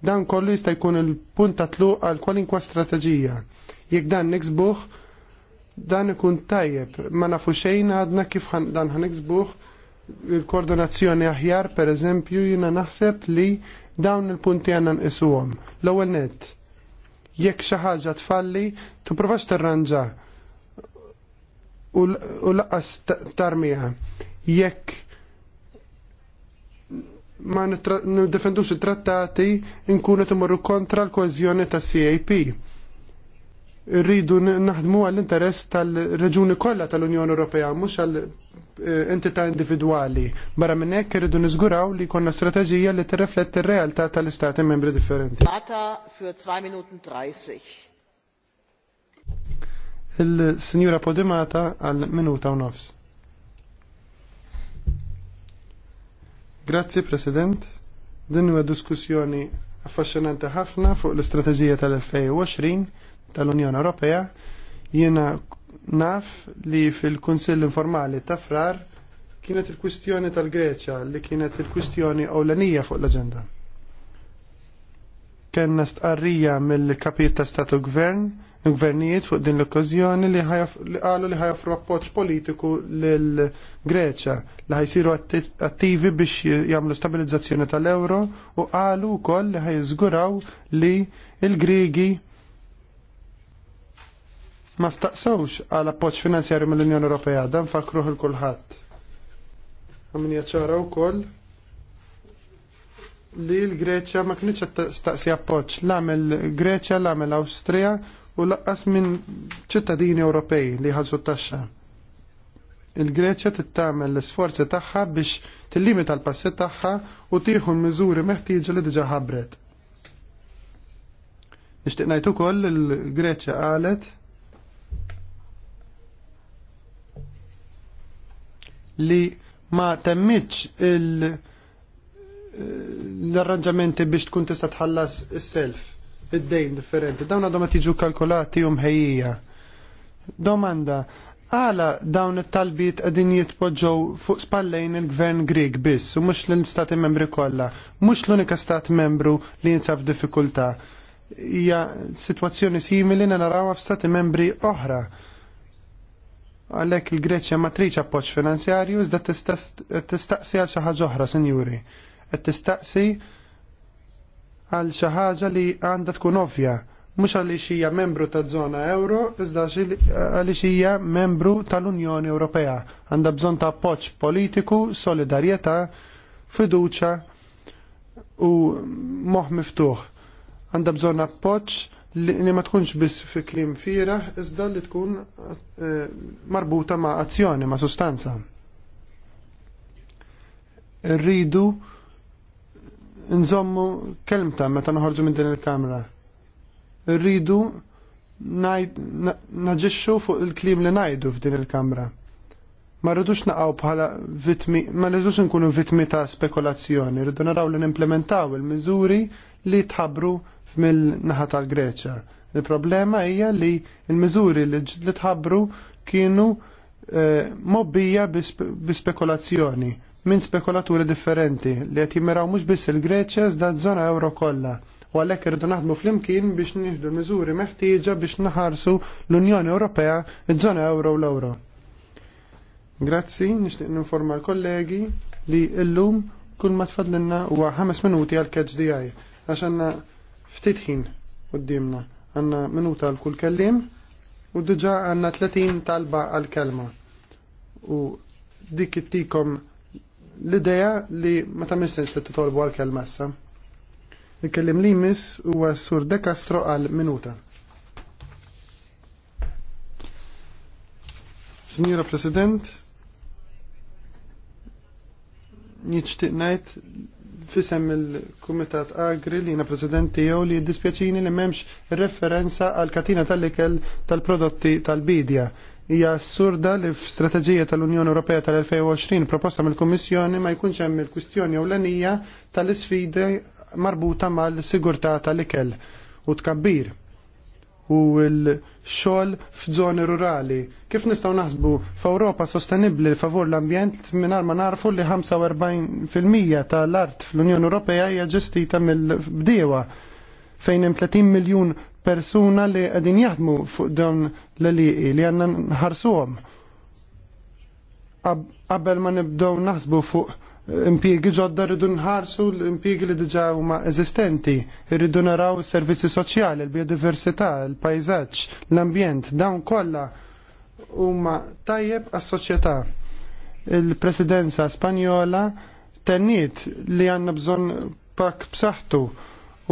Dan kollu jista' jkun il-punt ta' tluq għal kwalinkwa strateġija. Jekk dan niksbuh, dan ikun tajjeb, ma nafu xejn għadna kif dan ħaniksbuh, il-koordinazzjoni aħjar, per eżempju, jina naħseb li dawn il-punti għanna nqisuhom. L-ewwel nett jekk xi ħaġa tfalli, tipprovax tirranġa u laqas tarmiha. Jekk ma nidefendux it-trattati nkunu timorru kontra l-koeżjoni tas CAP. Irridu naħdmu għall-interess tal-reġuni kollha tal-Unjoni Ewropea mhux għall Eh, entità individwali. Barra minn hekk irridu niżguraw li jkollna strateġija li tirrifletti r-realtà tal-istati membri differenti. Data 2 minuten 30. Il-Sinjura Podimata għal minuta u nofs. Grazzi President. Din huwa diskussjoni affaxxinanti ħafna fuq l-istrateġija tal-2020 tal-Unjoni Ewropea. Jiena naf li fil-Kunsill Informali ta' Frar kienet il-kwistjoni tal-Greċja li kienet il-kwistjoni ewlenija fuq l-aġenda. Kenna stqarrija mill-kapit ta' statu gvern, gvernijiet fuq din l-okkazjoni li qalu li ħajafru appoġġ politiku lill-Greċja li ħajsiru attivi biex jagħmlu stabilizzazzjoni tal-euro u qalu wkoll li ħajżguraw li l-Griegi ma staqsawx għal appoġġ finanzjarju mill-Unjoni Ewropea dan fakruh il kulħadd. Għamin jaċara wkoll li l-Greċja ma kienx staqsi appoġġ la mill-Greċja la mill-Awstrija u laqqas minn ċittadini Ewropej li ħalsu taxxa. Il-Greċja tittamel l-isforzi tagħha biex tillimita l-passi tagħha u tieħu l-miżuri meħtieġa li diġà ħabbret. Nixtieq ngħid ukoll il-Greċja qalet li ma temmitx eh, l-arranġamenti biex tkun tista' tħallas is-self id-dejn differenti. Dawn għadhom qed jiġu kalkulati u mħejjija. Domanda, għala dawn it-talbiet qegħdin jitpoġġew fuq spallejn il-gvern Grieg biss u mhux l-istati membri kollha, mhux l-unika stat membru li jinsab diffikultà. Hija sitwazzjoni simili narawha f'stati membri oħra għalhekk il-Greċja ma triċ appoġġ finanzjarju iżda tistaqsi għal xi ħaġa oħra, senjuri. t tistaqsi għal xi ħaġa li għandha tkun ovvja mux għalli xija membru ta' zona euro, iżda għalli xija membru tal-Unjoni Ewropea. Għanda bżon ta' appoċ politiku, solidarieta, fiduċa u moħ miftuħ. Għanda bżon appoċ li ma tkunx biss fi klim fiera iżda li tkun eh, marbuta ma' azzjoni, ma' sustanza. Rridu nżommu kelmta meta noħorġu minn din il-kamra. Rridu naġixxu fuq il-klim li najdu f'din il-kamra. Ma rridux naqgħu bħala vitmi, ma rridux nkunu vitmi ta' spekulazzjoni, rridu naraw li nimplementaw il-miżuri il miżuri li tħabru mill-naħa tal-Greċja. Il-problema hija li l-miżuri li tħabru kienu eh, mobbija bi spekulazzjoni minn spekulaturi differenti li qed jimmiraw mhux biss il-Greċja iżda żona euro kollha. U għalhekk irridu naħdmu flimkien biex nieħdu miżuri meħtieġa biex naħarsu l-Unjoni Ewropea, iż-żona euro l-euro. Grazzi, nixtieq ninforma l-kollegi li llum kull ma tfadlinna huwa ħames minuti għal catch DI għax għanna u d-dimna, Għanna minuta għal kull kellim u d-dġa għanna 30 talba għal kelma. U dik it-tikom l-ideja li ma tamil sens li t-tolbu għal kelma issa. Il-kellim li mis u għassur dekastro għal minuta. Signora President, nitxtiq najt fisem il-Kumitat Agri li jina President jew li dispjaċini li m'hemmx referenza għal katina tal-ikel tal-prodotti tal-bidja. Hija assurda li f'strateġija tal-Unjoni Ewropea tal-2020 proposta mill-Kummissjoni ma jkunx hemm il-kwistjoni ewlenija tal-isfidi marbuta mal-sigurtà tal-ikel u tkabbir u l-xogħol f'żoni rurali. Kif nistgħu naħsbu f'Ewropa sostenibbli favur l-ambjent mingħajr ma narfu li 45% tal-art fl-Unjoni Ewropea hija ġestita mill-bdiewa fejn hemm 30 miljun persuna li qegħdin jaħdmu fuq dawn l-liqi li għandna nħarsuhom. Qabel ma nibdew naħsbu fuq impiegi ġodda rridu nħarsu l impiegi li diġa' huma eżistenti, rridu naraw is-servizzi soċjali, l-biodiversità, l-pajżaġġ, l-ambjent, dawn kollha huma tajjeb għas-soċjetà. Il-Presidenza Spanjola tenniet li għandna bżonn pak b'saħħtu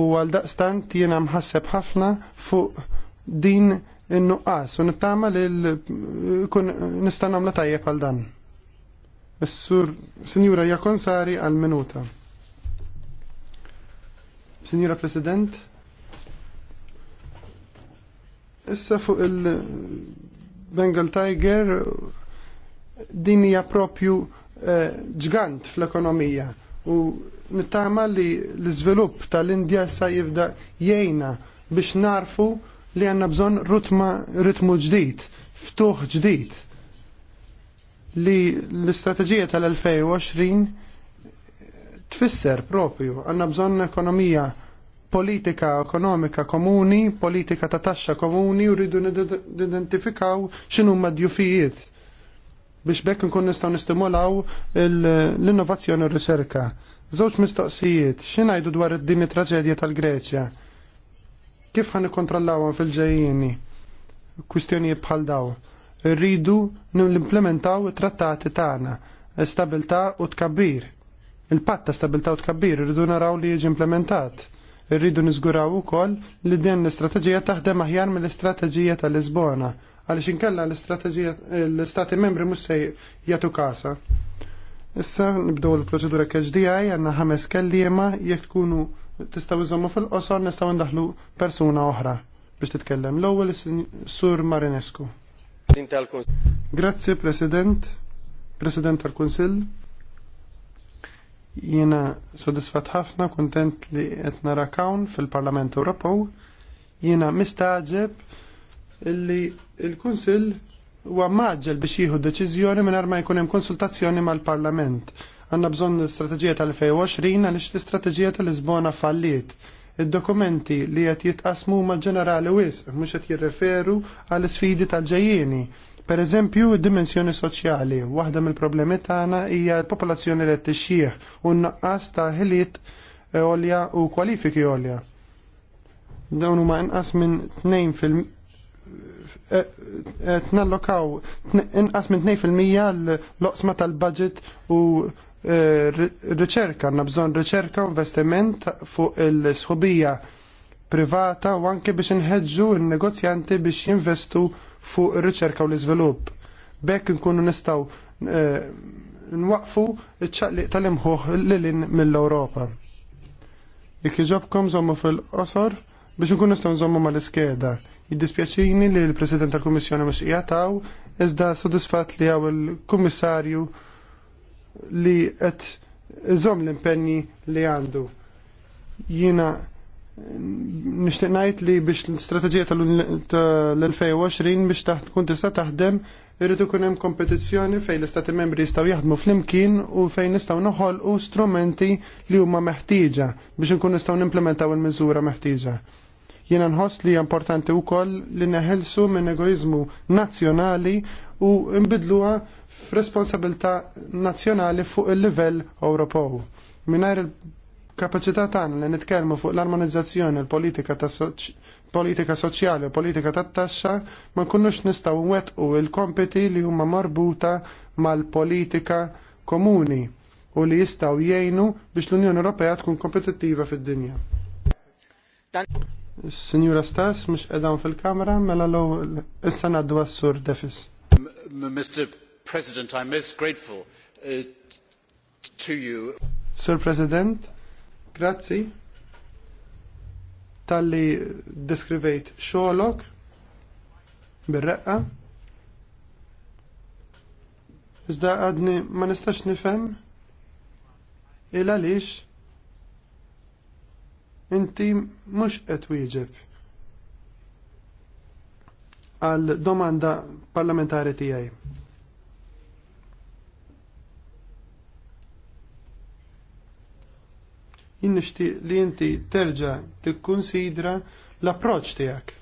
u għal daqstant jiena mħasseb ħafna fuq din in-nuqqas u nittama li kun nista' nagħmlu tajjeb għal dan. Is-sur Sinjura Jakonsari għal minuta. Sinjura President, issa fuq il-Bengal Tiger din hija propju eh, ġgant fl-ekonomija u nittama li l-iżvilupp tal-Indja sa jibda jgħina biex narfu li għanna bżon ritmu ġdid, ftuħ ġdid li l-istrateġija tal-2020 tfisser propju għanna bżonn ekonomija politika ekonomika komuni, politika ta' taxxa komuni u rridu identifikaw x'inhu madjufijiet biex bekk nkun nistgħu nistimulaw l-innovazzjoni u r-riċerka. Żewġ mistoqsijiet, x'ingħidu dwar id-din traġedja tal-Greċja? Kif ħan ikkontrollawhom fil-ġejjieni? Kwistjonijiet bħal dawn rridu nimplementaw it-trattati tagħna, stabilità u tkabbir. Il-patt ta' stabilità u tkabbir rridu naraw li jiġi implementat. Irridu niżguraw ukoll li din l-istrateġija taħdem aħjar mill-istrateġija tal-Lisbona għaliex inkella l-istrateġija l-istati membri mhux se jagħtu kasa. Issa nibdew il-proċedura KHDI għandna ħames kelliema jekk tkunu tistgħu iżommu fil-qosor nistgħu ndaħlu persuna oħra biex titkellem. L-ewwel Sur Marinescu. Presidente Grazie President, President tal Kunsill. Jiena sodisfat ħafna, kontent li qed nara kawn fil-Parlament Ewropew. Jiena mistaġeb li l-Kunsill huwa maġġel biex jieħu deċiżjoni mingħajr ma jkun hemm konsultazzjoni mal-Parlament. Għandna bżonn l-istrateġija tal-2020 għaliex l-istrateġija tal-Lisbona falliet id-dokumenti li qed jitqasmu ma' ġenerali wisq mhux qed jirreferu għal sfidi tal-ġejjieni. Per eżempju, dimensjoni soċjali, waħda mill-problemi tagħna hija l-popolazzjoni li qed tixjih u n-naqqas ta' ħiliet eh, olja u kwalifiki olja. Dawn huma inqas minn tnallokaw inqas minn 2% l-loqsma tal-budget u eh, riċerka, nabżon bżonn riċerka u investiment fuq il-sħubija privata u anke biex inħeġġu n-negozjanti biex jinvestu fuq riċerka u l-iżvilupp. Bekk nkunu nistgħu eh, nwaqfu ċaqliq tal-imħuħ lilin mill-Ewropa. Jekk iġobkom żommu fil-qosor biex nkunu nistgħu nżommu mal-iskeda. Jiddispjaċini li l-President tal-Kummissjoni mux jgħataw, iżda sodisfatt li għaw il-Kummissarju li qed iżom l-impenni li għandu. Jiena nixtieq ngħid li biex l strategija tal-2020 biex taħt tkun tista' taħdem irrid ikun hemm kompetizzjoni fejn l-istati membri jistgħu jaħdmu flimkien u fejn nistgħu noħolqu strumenti li huma meħtieġa biex nkun nistgħu nimplementaw il-miżura meħtieġa. Jiena nħoss li importanti wkoll li neħelsu minn egoizmu nazzjonali u nbidluha f'responsabilità nazzjonali fuq il-livell Ewropew. Mingħajr il-kapaċità tagħna li nitkellmu fuq l-armonizzazzjoni l-politika ta' politika soċjali u politika tat-taxxa ma nkunux nistgħu nwettqu il-kompiti li huma marbuta mal-politika komuni u li jistgħu jgħinu biex l-Unjoni Ewropea tkun kompetittiva fid-dinja. Signora Stas, mux edan fil-kamera, mela l issa naddu għassur defis. Mr. President, I'm most grateful uh, to you. Sir President, grazzi tal-li deskrivejt xoħlok, bil-reqqa. Iżda għadni ma nistax nifhem il għaliex inti mhux qed wieġeb għal domanda parlamentari tiegħi. Jien nixtieq li inti terġa' tikkunsidra l-approċċ tiegħek.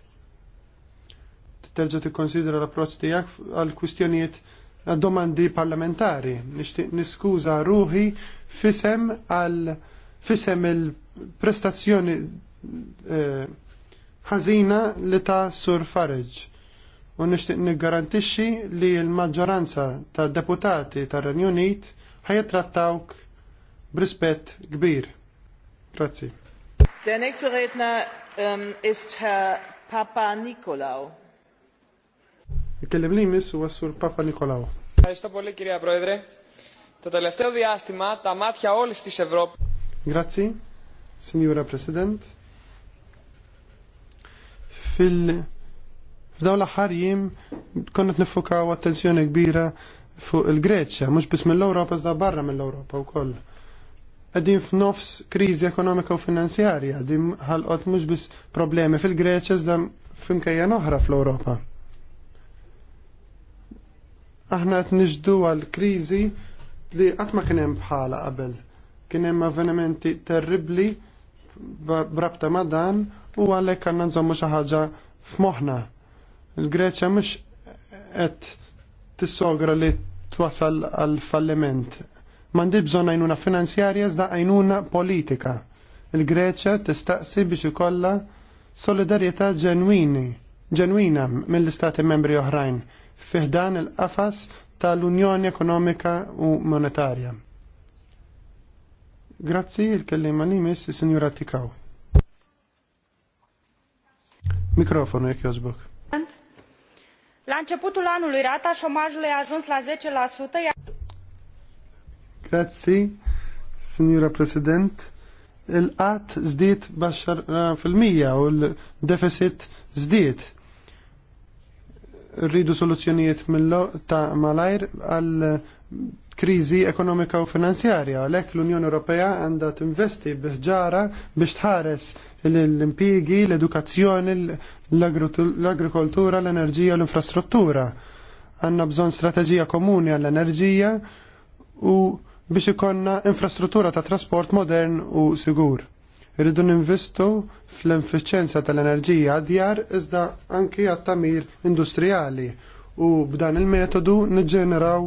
Terġa' tikkonsidra l-approċċ tiegħek għal kwistjonijiet domandi parlamentari. Nixtieq niskuża ruħi fisem għal fisem il prestazzjoni eh, ħażina li ta' Sur Farage u nixtieq niggarantixxi li l-maġġoranza ta' deputati tar Renjunit Unit ħajitrattawk b'rispett kbir. Grazzi. Der nächste Redner um, ist Herr Papa Nikolau. Ikellem li jmiss huwa Sur Papa Nikolaou. Ευχαριστώ πολύ κυρία Πρόεδρε. Το τελευταίο διάστημα τα μάτια όλης της Ευρώπης... Grazie. Signora President, fil- f'daw l-aħħar jiem konna nifukaw attenzjoni kbira fuq il-Greċja, mhux biss mill europa iżda barra mill-Ewropa wkoll. Qegħdin f'nofs kriżi ekonomika u finanzjarja, din ħalqot mhux biss problemi fil-Greċja iżda fimkajja oħra fl-Ewropa. Aħna qed niġdu għal kriżi li qatt ma kien hemm bħala qabel. Kien hemm avvenimenti terribli brabta ma' dan u għalhekk għandna nżommu xi ħaġa f'moħħna. Il-Greċja mhux qed tissogra li twasal għal falliment. Mandi bżonn għajnuna finanzjarja zda għajnuna politika. Il-Greċja tistaqsi biex ikolla solidarieta ġenwini, ġenwina mill-istati membri oħrajn, fiħdan il-qafas tal-Unjoni Ekonomika u Monetarja. Grazzi, il-kellima li miss signora Tikaw. Mikrofonu, jek jozbok. La începutul anului rata șomajului a ajuns la 10%. Iar... Grazzi, signora President. Il-qat zdiet baxar fil-mija u l-deficit zdiet rridu soluzzjonijiet mill-loq ta' malajr għal kriżi ekonomika u finanzjarja. Għalhekk l-Unjoni Ewropea għandha tinvesti biħġara biex tħares l impjiegi l-edukazzjoni, l-agrikoltura, l-enerġija u l-infrastruttura. Għandna bżonn strateġija komuni għall-enerġija u biex ikonna infrastruttura ta' trasport modern u sigur. Irridu ninvestu fl-efficienza tal-enerġija djar iżda anki għat-tamir industrijali u b'dan il-metodu niġġeneraw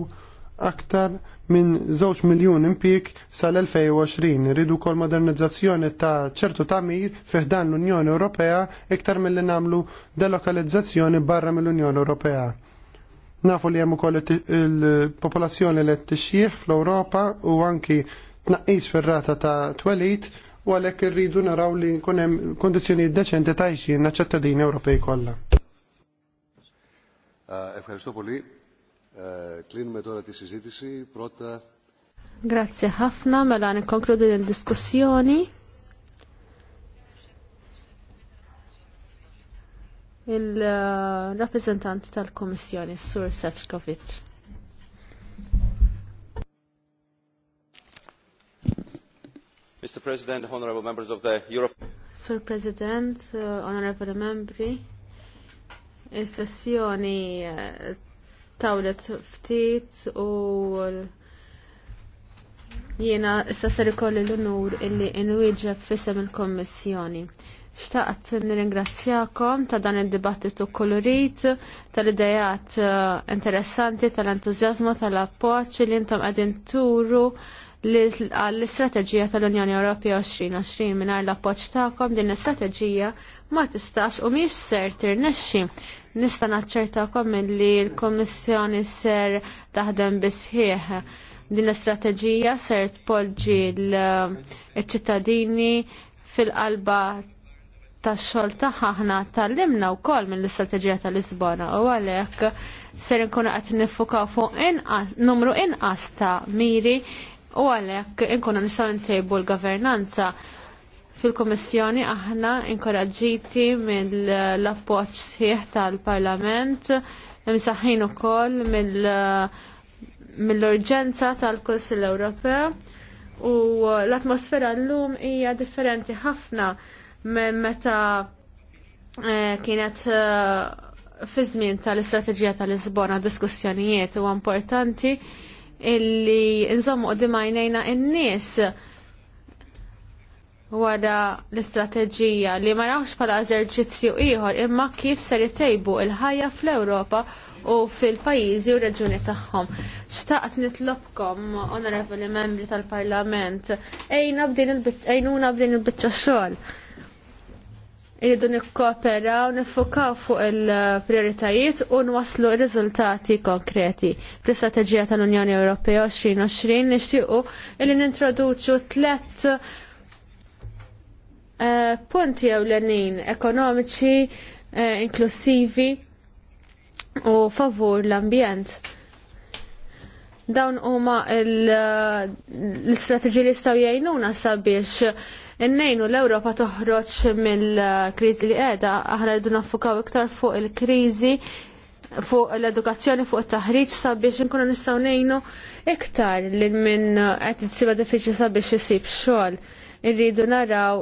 aktar minn 2 miljun impik sal-2020. Ridu kol modernizzazzjoni ta' ċertu tamir fiħdan l-Unjoni Ewropea iktar mill-li namlu delokalizzazzjoni barra mill-Unjoni Ewropea. Nafu li hemm ukoll il-popolazzjoni li t-tixieħ fl-Ewropa u anki tnaqqis fir-rata ta' twelit u għalhekk irridu naraw li jkun hemm kondizzjonijiet deċenti ta' ċittadini Ewropej kollha. Uh, Klin tora ti sizitisi, prota. Grazie ħafna, mela nikkonkludi l-diskussjoni. il-rappresentant tal-Komissjoni, Sur Sefskovic. Mr. President, honorable members of the Europe. Sir President, uh, honorable membri, il sessjoni eh, tawlet ftit u jiena issa ser ikolli l-unur illi inwieġeb fisem il-Kommissjoni. Xtaqt nirringrazzjakom ta' dan id-dibattitu kolorit, tal-idejat eh, interessanti, tal-entużjażmu, tal-appoġġ li intom qegħdin turu l-istrateġija tal-Unjoni Ewropea 2020 mingħajr l-appoġġ tagħkom din l istrategija ma tistax u miex ser tirnexxi Nista' naċċertakom li l-Kommissjoni ser taħdem bisħieħ din l-istrateġija ser tpoġġi l-ċittadini fil-qalba tax-xogħol tagħha aħna tallimna wkoll mill-istrateġija tal-Lisbona u għalhekk ser nkunu qed niffukaw fuq inqas numru inqas ta' miri u għalhekk inkunu nistgħu ntejbu l-governanza Fil-Komissjoni aħna inkoraġġiti mill-appoġġ sħiħ tal-Parlament, msaħħin ukoll mill-urġenza tal-Kunsill Ewropew u l-atmosfera llum hija differenti ħafna minn meta eh, kienet eh, fi żmien tal-istrateġija tal-Lisbona diskussjonijiet u importanti illi nżommu qudiem għajnejna n-nies wara l-istrateġija li ma nafx bħala eżerċizzju ieħor imma kif ser itejbu il-ħajja fl-Ewropa u fil-pajjiżi u reġuni tagħhom. Xtaqt nitlobkom, onorevoli membri tal-Parlament, ejna b'din il-biċċa xogħol. Iridu nikkooperaw, nifukaw fuq il-prioritajiet u nwaslu riżultati konkreti. Fl-istrateġija tal-Unjoni Ewropea 2020 nixtiequ illi nintroduċu tlett Eh, punti jew l-għanin ekonomiċi, eh, inklusivi u favur l-ambjent dawn huma eh, l-istrateġi li jistgħu jgħinuna sabiex innejnu l-Ewropa toħroġ mill-kriżi li qiegħda aħna rridu naffukaw iktar fuq il-kriżi fuq l-edukazzjoni fuq it-taħriġ sabiex inkunu nistgħu ngħinu iktar lil min qed tsiba diffiċli sabiex isib xogħol irridu naraw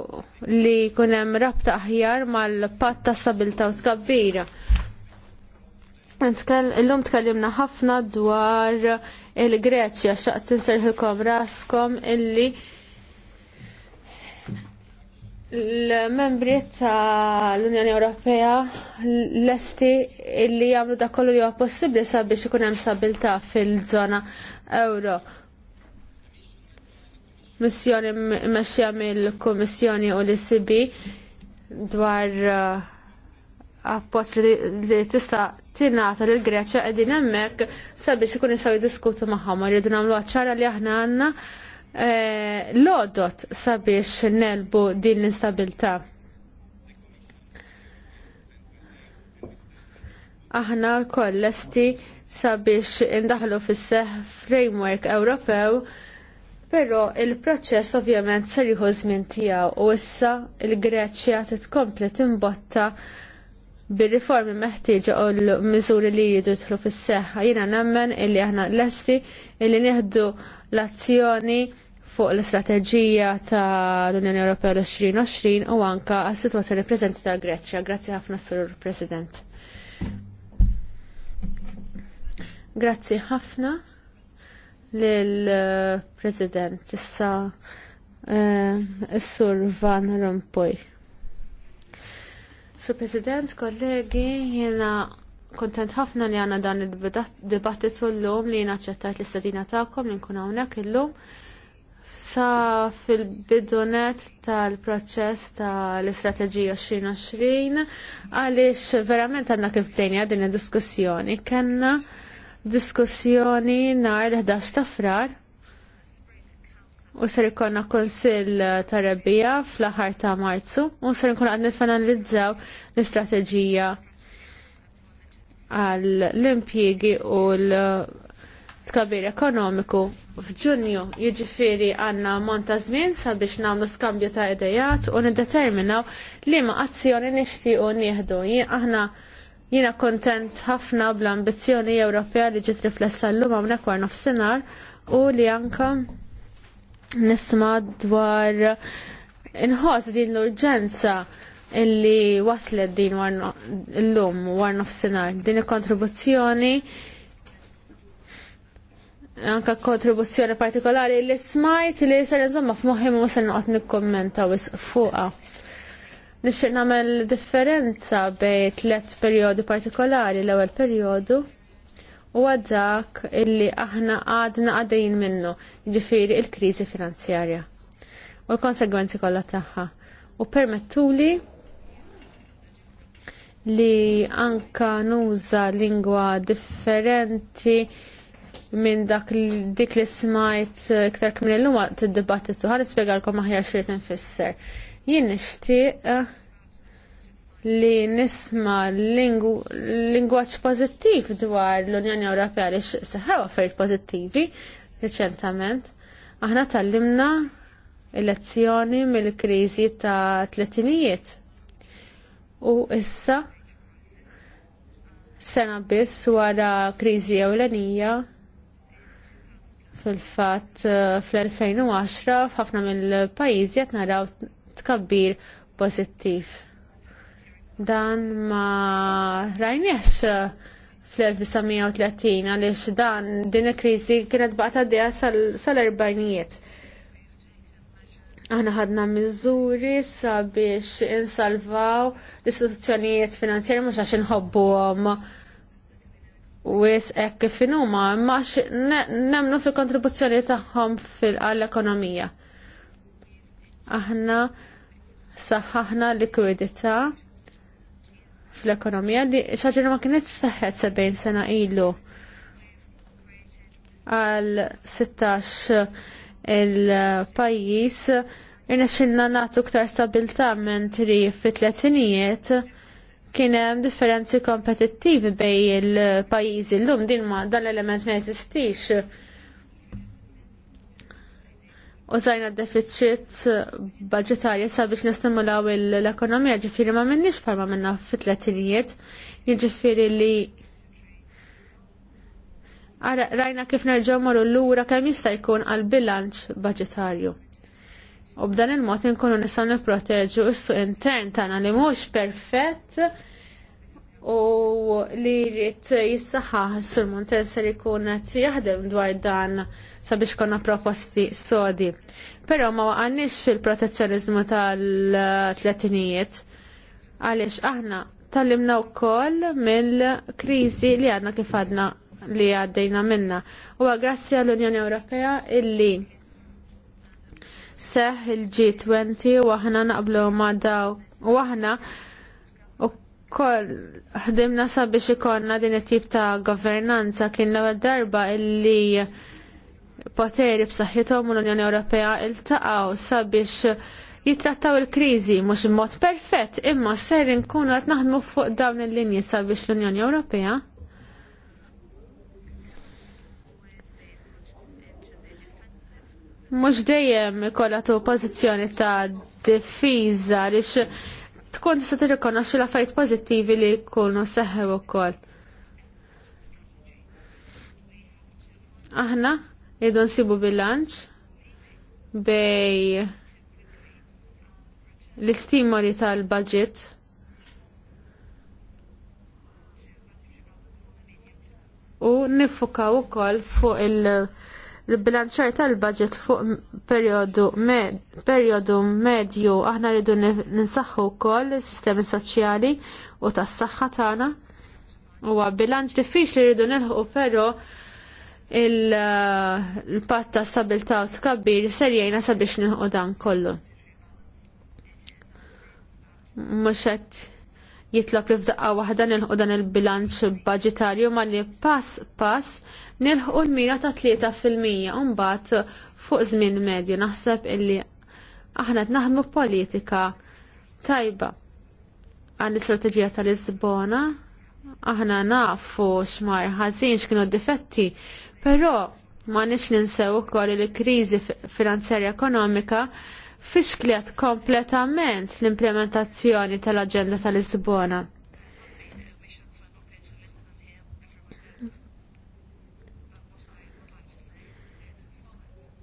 li jkun hemm rabta aħjar mal-patt ta' stabilta u tkabbira. Illum tkellimna ħafna dwar il-Greċja, xaqt tinserħilkom raskom illi l-membri ta' l-Unjoni Ewropea l-esti illi jagħmlu dak kollu li huwa possibbli sabiex ikun hemm stabilità fil-żona euro missjoni mmexxija mill-Kummissjoni u l-ICB dwar uh, appost li tista' tingħata lill Greċja qegħdin hemmhekk sabiex ikun jistgħu jiddiskutu magħhom rridu nagħmlu ċara li aħna għandna eh, lodot sabiex nelbu din l-instabilità. Aħna kollesti sabiex indaħlu fis-seħ framework Ewropew Però il-proċess ovvjament ser jieħu żmien tiegħu u issa il-Greċja titkompli timbotta bir-riformi meħtieġa u l-miżuri li jidħlu fis-seħħa. Jiena nemmen illi aħna lesti illi nieħdu l-azzjoni fuq l-istrateġija ta' l-Unjoni Ewropea l-2020 u anka għas situazzjoni preżenti tal-Greċja. Grazzi ħafna, Sur President. Grazzi ħafna lill-President issa eh, s-Sur Van Rompuy. Sur President, kollegi, jena kontent ħafna li għana dan il-dibattitu l-lum li jena ċettajt l-istadina ta'kom li nkun hawnhekk illum sa fil-bidunet tal-proċess tal-istrateġija 2020 għaliex verament għandna kif bdejna din id-diskussjoni kellna diskussjoni nar l-11 ta' frar u ser ikonna konsil ta' rebbija fl ħar ta' marzu u ser ikonna għadni nifanalizzaw l-istrateġija għal l u l-tkabir ekonomiku f'ġunju jiġifieri għandna monta żmien sabiex nagħmlu skambju ta' idejat u niddeterminaw liema azzjoni nixtiequ nieħdu. Aħna Jiena kontent ħafna bl-ambizzjoni Ewropea li ġiet riflessa llum hawnhekk war nofsinhar u li anka nisma' dwar inħoss din l-urġenza illi waslet din l-lum war nofsinhar din il-kontribuzzjoni anka kontribuzzjoni partikolari li smajt li ser nżomma f'moħħi ma se noqgħod nikkommenta wisq fuqha nixtieq nagħmel differenza bejn tliet perjodi partikolari l-ewwel perjodu u dak illi aħna għadna għaddejjin minnu, ġifiri il-kriżi finanzjarja u l-konsegwenzi kollha tagħha. U permettuli li anka nuża lingwa differenti minn dak dik li smajt iktar kmin l-lum waqt id-dibattitu. Ħan nispjegalkom aħjar xi infisser. Jien nixtieq eh, li nisma lingwaġġ pożittiv dwar l-Unjoni Ewropea li seħħew affarijiet pożittivi riċentament. Aħna tallimna elezzjoni mill-kriżi ta' tletinijiet u issa sena biss wara kriżi ewlenija fil fatt eh, fl-2010 f'ħafna mill-pajjiżi qed naraw tkabbir pozittiv. Dan ma rajniex fl-1930 għaliex dan din il-kriżi kienet baqta dija sal-erbanijiet. Aħna ħadna miżuri sabiex insalvaw l-istituzzjonijiet finanzjari mhux għax inħobbuhom U jess kif inhuma, ma nemnu fil-kontribuzzjoni tagħhom fil-ekonomija aħna saħħaħna likwidità fl-ekonomija li xaġa ma kienet saħħet 70 sena ilu għal 16 il-pajis xinna nagħtu ktar stabilta mentri fit-tletinijiet kien hemm differenzi kompetittivi bejn il-pajjiżi llum din ma dan l-element ma jeżistix użajna d-deficit budgetarja sabiex nistimulaw l-ekonomija ġifiri ma minnix parma minna fit-tletinijiet ġifiri li rajna kif nerġaw marru l-lura kemm jista' jkun għal bilanċ budgetarju. U b'dan il-mod inkunu nistgħu nipproteġu s-suq intern tagħna li mhux perfett u li jrid jissaħħaħ sur Montel ser ikun qed jaħdem dwar dan sabiex konna proposti sodi. Però ma waqgħanniex fil-protezzjonizmu tal-tletinijiet għaliex aħna tallimna wkoll mill-kriżi li għadna kif għadna li għaddejna minna. U grazzi għall-Unjoni Ewropea illi seħ il-G20 u aħna naqblu ma daw u aħna ukoll ħdimna sabiex ikonna din it-tip ta' governanza kien l-ewwel darba illi poteri b'saħħithom u l-Unjoni Ewropea iltaqgħu sabiex jitrattaw il-kriżi mhux mod perfett imma ser inkunu qed naħdmu fuq dawn il-linji sabiex l-Unjoni Ewropea mhux dejjem ikollha tu pożizzjoni ta' diffiża għaliex tkun tista' tirrikonoxxi l-affarijiet pożittivi li jkunu seħħew ukoll. Aħna jridu nsibu bilanċ bej l-istimoli tal-budget u nifukaw ukoll fuq il- l-bilanċar tal-budget fuq periodu, med, periodu medju aħna rridu ninsaħħu wkoll is-sistemi soċjali u tas-saħħa tagħna. Huwa bilanċ diffiċli rridu nilħu però eh, il-patt ta' stabilta' u tkabbir ser sabiex nilħu dan kollu. Mhux qed jitlob li f'daqqa waħda nilħu dan il-bilanċ budgetarju ma li pass pass nilħu l-mira ta' 3% unbat fuq żmien medju naħseb illi aħna naħdmu politika tajba għall-istrateġija tal-Lisbona aħna nafu xmar ħażin x'kienu difetti, però ma nix ninsew ukoll il-kriżi finanzjarja ekonomika fixklet kompletament l-implementazzjoni tal-Aġenda tal-Lisbona.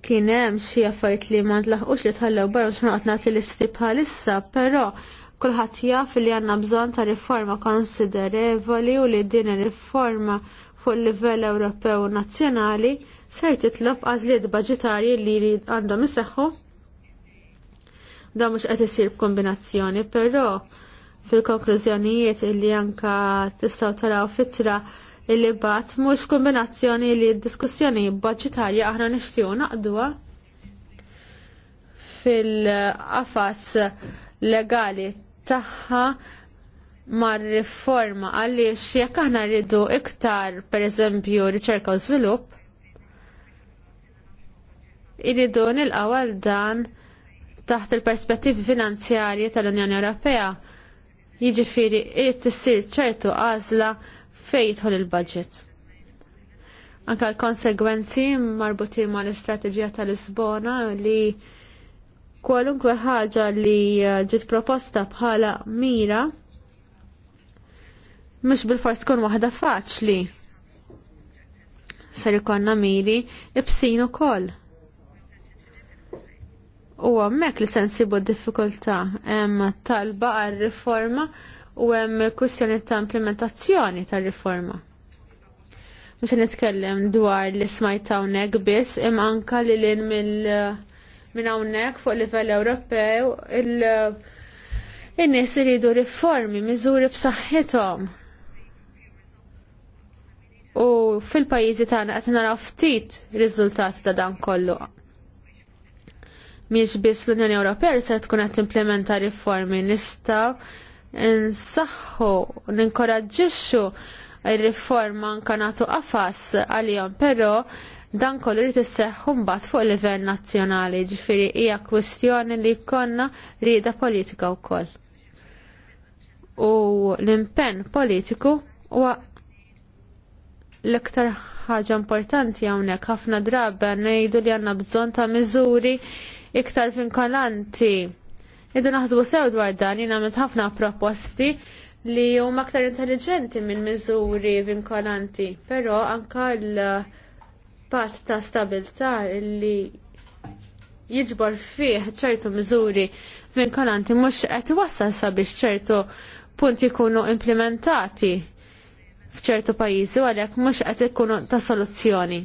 kien hemm xi affarijiet li ma ntlaħqux li tħallew barra x'ma qed l listi bħalissa, però kulħadd jaf li għandna bżonn ta' riforma konsiderevoli u li din ir-riforma fuq livell Ewropew u nazzjonali ser titlob għażliet baġitarji li għandhom iseħħu da mhux qed isir b'kombinazzjoni, però fil-konklużjonijiet li anka tistgħu taraw fitra illi bat mhux kombinazzjoni li d-diskussjoni budġetarja aħna nishtiju naqduha fil-qafas legali tagħha mar riforma għaliex jekk aħna rridu iktar pereżempju riċerka u żvilupp irridu nilqaw għal dan taħt il-perspettivi finanzjarji tal-Unjoni Ewropea. Jiġifieri irid tissir ċertu għażla fej jitħol il-budget. Anka l-konsegwenzi marbuti ma l-istrateġija tal-Lisbona li kwalunkwe ħaġa li eh, ġiet proposta bħala mira mhux bil-fors tkun waħda faċli. Ser ikonna miri ibsin ukoll. U hemmhekk li sensibu d-diffikultà hemm talba għal riforma u hemm kwistjoni ta' implementazzjoni tar-riforma. Mhux nitkellem dwar li smajt hawnhekk biss imma anka li l-in minn hawnhekk fuq livell Ewropew il in-nies iridu riformi, miżuri b'saħħithom. U fil-pajjiżi tagħna qed naraw ftit riżultati ta' dan kollu miex biss l-Unjoni Ewropea se tkun qed timplementa riformi nista' nsaħħu, ninkoraġġixxu ir-riforma anka nagħtu qafas għalihom, però dan kollu li tisseħħu mbagħad fuq livell nazzjonali, ġifieri hija kwistjoni li jkollna rieda politika wkoll. U l-impenn politiku huwa l-iktar ħaġa importanti hawnhekk ħafna drabi ngħidu li għandna bżonn ta' miżuri iktar vinkolanti Idu naħsbu sew dwar dan jina għamilt ħafna proposti li huma aktar intelligenti minn miżuri vinkolanti, però anka l pat ta' stabilta li jiġbor fih ċertu miżuri vinkolanti mhux qed iwassal sabiex ċertu punti jkunu implementati f'ċertu pajjiżi u għalhekk mhux qed ikunu ta' soluzzjoni.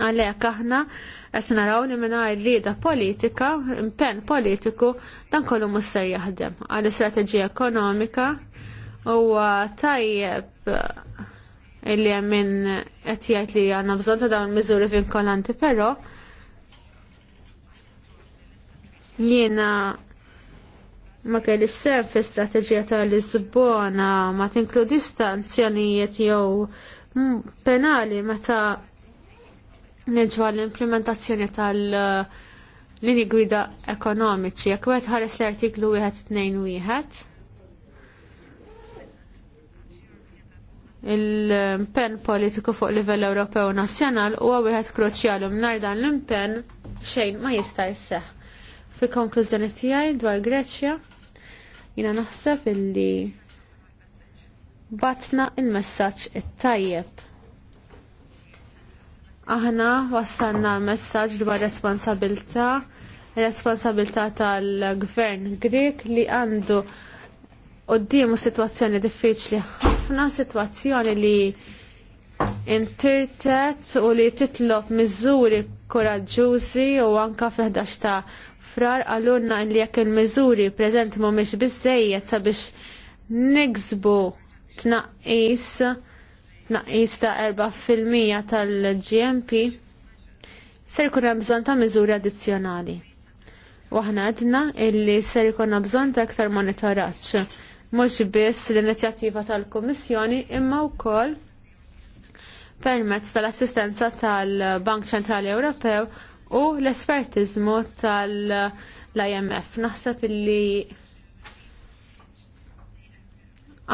Għalhekk aħna qed naraw li mingħajr rieda politika, impenn politiku, dan kollu mhux jahdem. jaħdem għal istrateġija ekonomika u tajjeb illi hemm min qed jgħid li għandna bżonn ta' dawn miżuri vinkolanti, però jiena ma kelli sem fi strategija ta' Lisbona ma tinkludi stanzjonijiet jew penali meta neġwa l-implementazzjoni tal-lini gwida ekonomiċi. jek wieħed ħares l-artiklu wieħed tnejn wieħed. Il-pen politiku fuq livell Ewropew nazzjonal huwa wieħed kruċjali mingħajr dan l-impen xejn ma jista' seħ. Fi konklużjoni tiegħi dwar Greċja, jiena naħseb illi batna il-messaġġ it-tajjeb Aħna wassalna messaġġ dwar responsabilità, responsabilità tal-gvern Grek li għandu qoddimu situazzjoni diffiċli ħafna, situazzjoni li intirtet u li titlob miżuri koraġġużi u anka fl-11 ta' frar għalunna li jekk il-miżuri preżenti mhumiex biżejjed sabiex niksbu tnaqqis naqis ta' 4% tal-GMP ser jkun hemm bżonn ta' miżuri addizzjonali. Waħna għedna illi ser jkun bżonn ta' aktar monitoraġġ mhux biss l-inizjattiva tal-Kummissjoni imma wkoll permezz tal-assistenza tal-Bank Ċentrali Ewropew u l-espertiżmu tal-IMF. Naħseb illi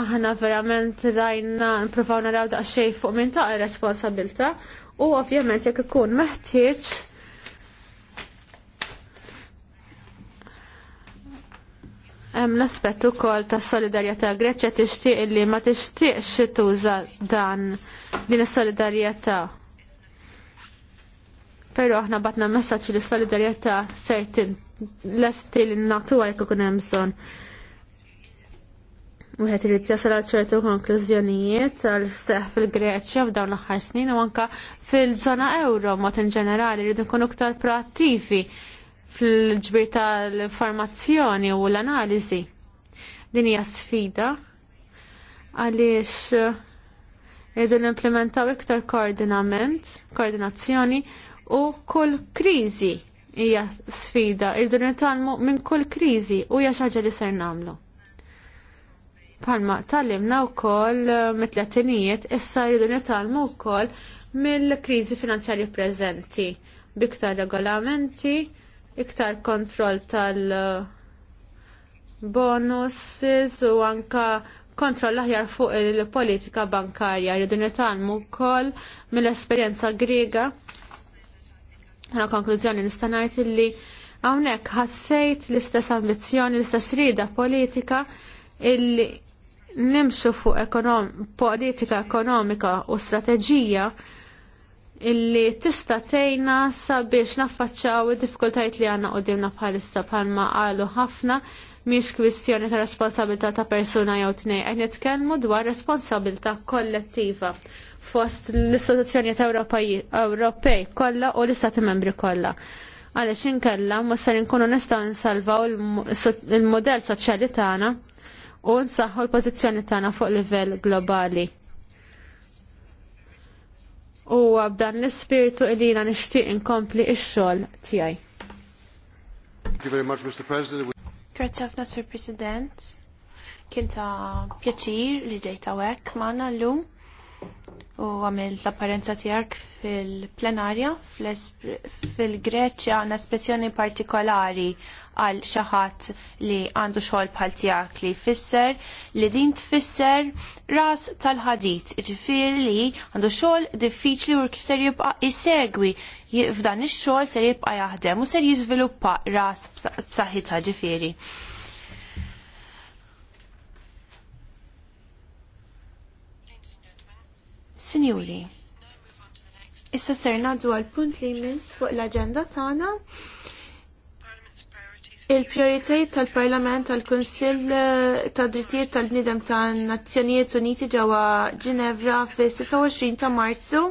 aħna verament rajna nprofaw naraw xej fuq minn ta' responsabilta u ovvjament jekk ikun meħtieġ Hemm l-aspett ukoll tas solidarjetà Greċja tixtieq li ma tixtieqx tuża dan din is-solidarjetà. Però aħna batna messaġġ li s-solidarjetà ser lesti li natuha jekk ikun hemm bżonn u għet li t-jasal ċertu konklużjonijiet għal steħ fil-Greċja f'dawn l-axar snin u anka fil-zona euro mot in ġenerali rridu nkunu ktar proattivi fil-ġbir tal-informazzjoni u l-analizi. Din hija sfida għaliex rridu nimplementaw iktar koordinament, koordinazzjoni u kull kriżi hija sfida, rridu nitalmu minn kull kriżi u hija xi ħaġa li ser nagħmlu. Palma tallimna wkoll mit eh, mitlatinijiet issa jridu nitalmu wkoll mill-kriżi finanzjarji preżenti biktar regolamenti, iktar kontroll tal-bonuses u anka kontroll aħjar fuq il-politika bankarja jridu nitalmu wkoll mill-esperjenza griega. Għal konklużjoni nista' ngħid li hawnhekk ħassejt l-istess ambizzjoni, l-istess rida politika illi nimxu fuq ekonom politika ekonomika u strateġija illi tista' tgħinna sabiex naffaċċaw id-diffikultajiet li għandna qudiemna bħalissa bħalma qalu ħafna mhix kwistjoni ta' responsabilità ta' persuna jew tnej qed nitkellmu dwar responsabilità kollettiva fost l-istituzzjonijiet Ewropej kollha u l-Istati Membri kollha. Għaliex inkella ma se nkunu nistgħu nsalvaw il-modell soċjali tagħna u nsaħħu l-pożizzjoni tagħna fuq livell globali. U b'dan l-ispirtu ilina nixtieq inkompli x-xogħol tiegħi. Thank you very much, Mr. President. Grazie ħafna, Sir President. Kien ta' pjaċir li ġejt hawnhekk magħna llum u għamil l-apparenza tijak fil-plenarja fil-Greċja għandna spezzjoni partikolari għal xi ħadd li għandu xogħol bħal tiegħek li jfisser li din tfisser ras tal-ħadit, jiġifieri li għandu xogħol diffiċli u ser jibqa' jisegwi f'dan ix-xogħol ser jibqa' jaħdem u ser jiżviluppa ras b'saħħitha ġifieri. Sinjuri, issa ser naddu għal punt li jmins fuq l-agenda tagħna Il-prioritajiet tal-Parlament tal-Kunsill eh, ta' drittijiet tal-bnidem ta' Nazzjonijiet Uniti ġewwa Ginevra fis-26 ta' Marzu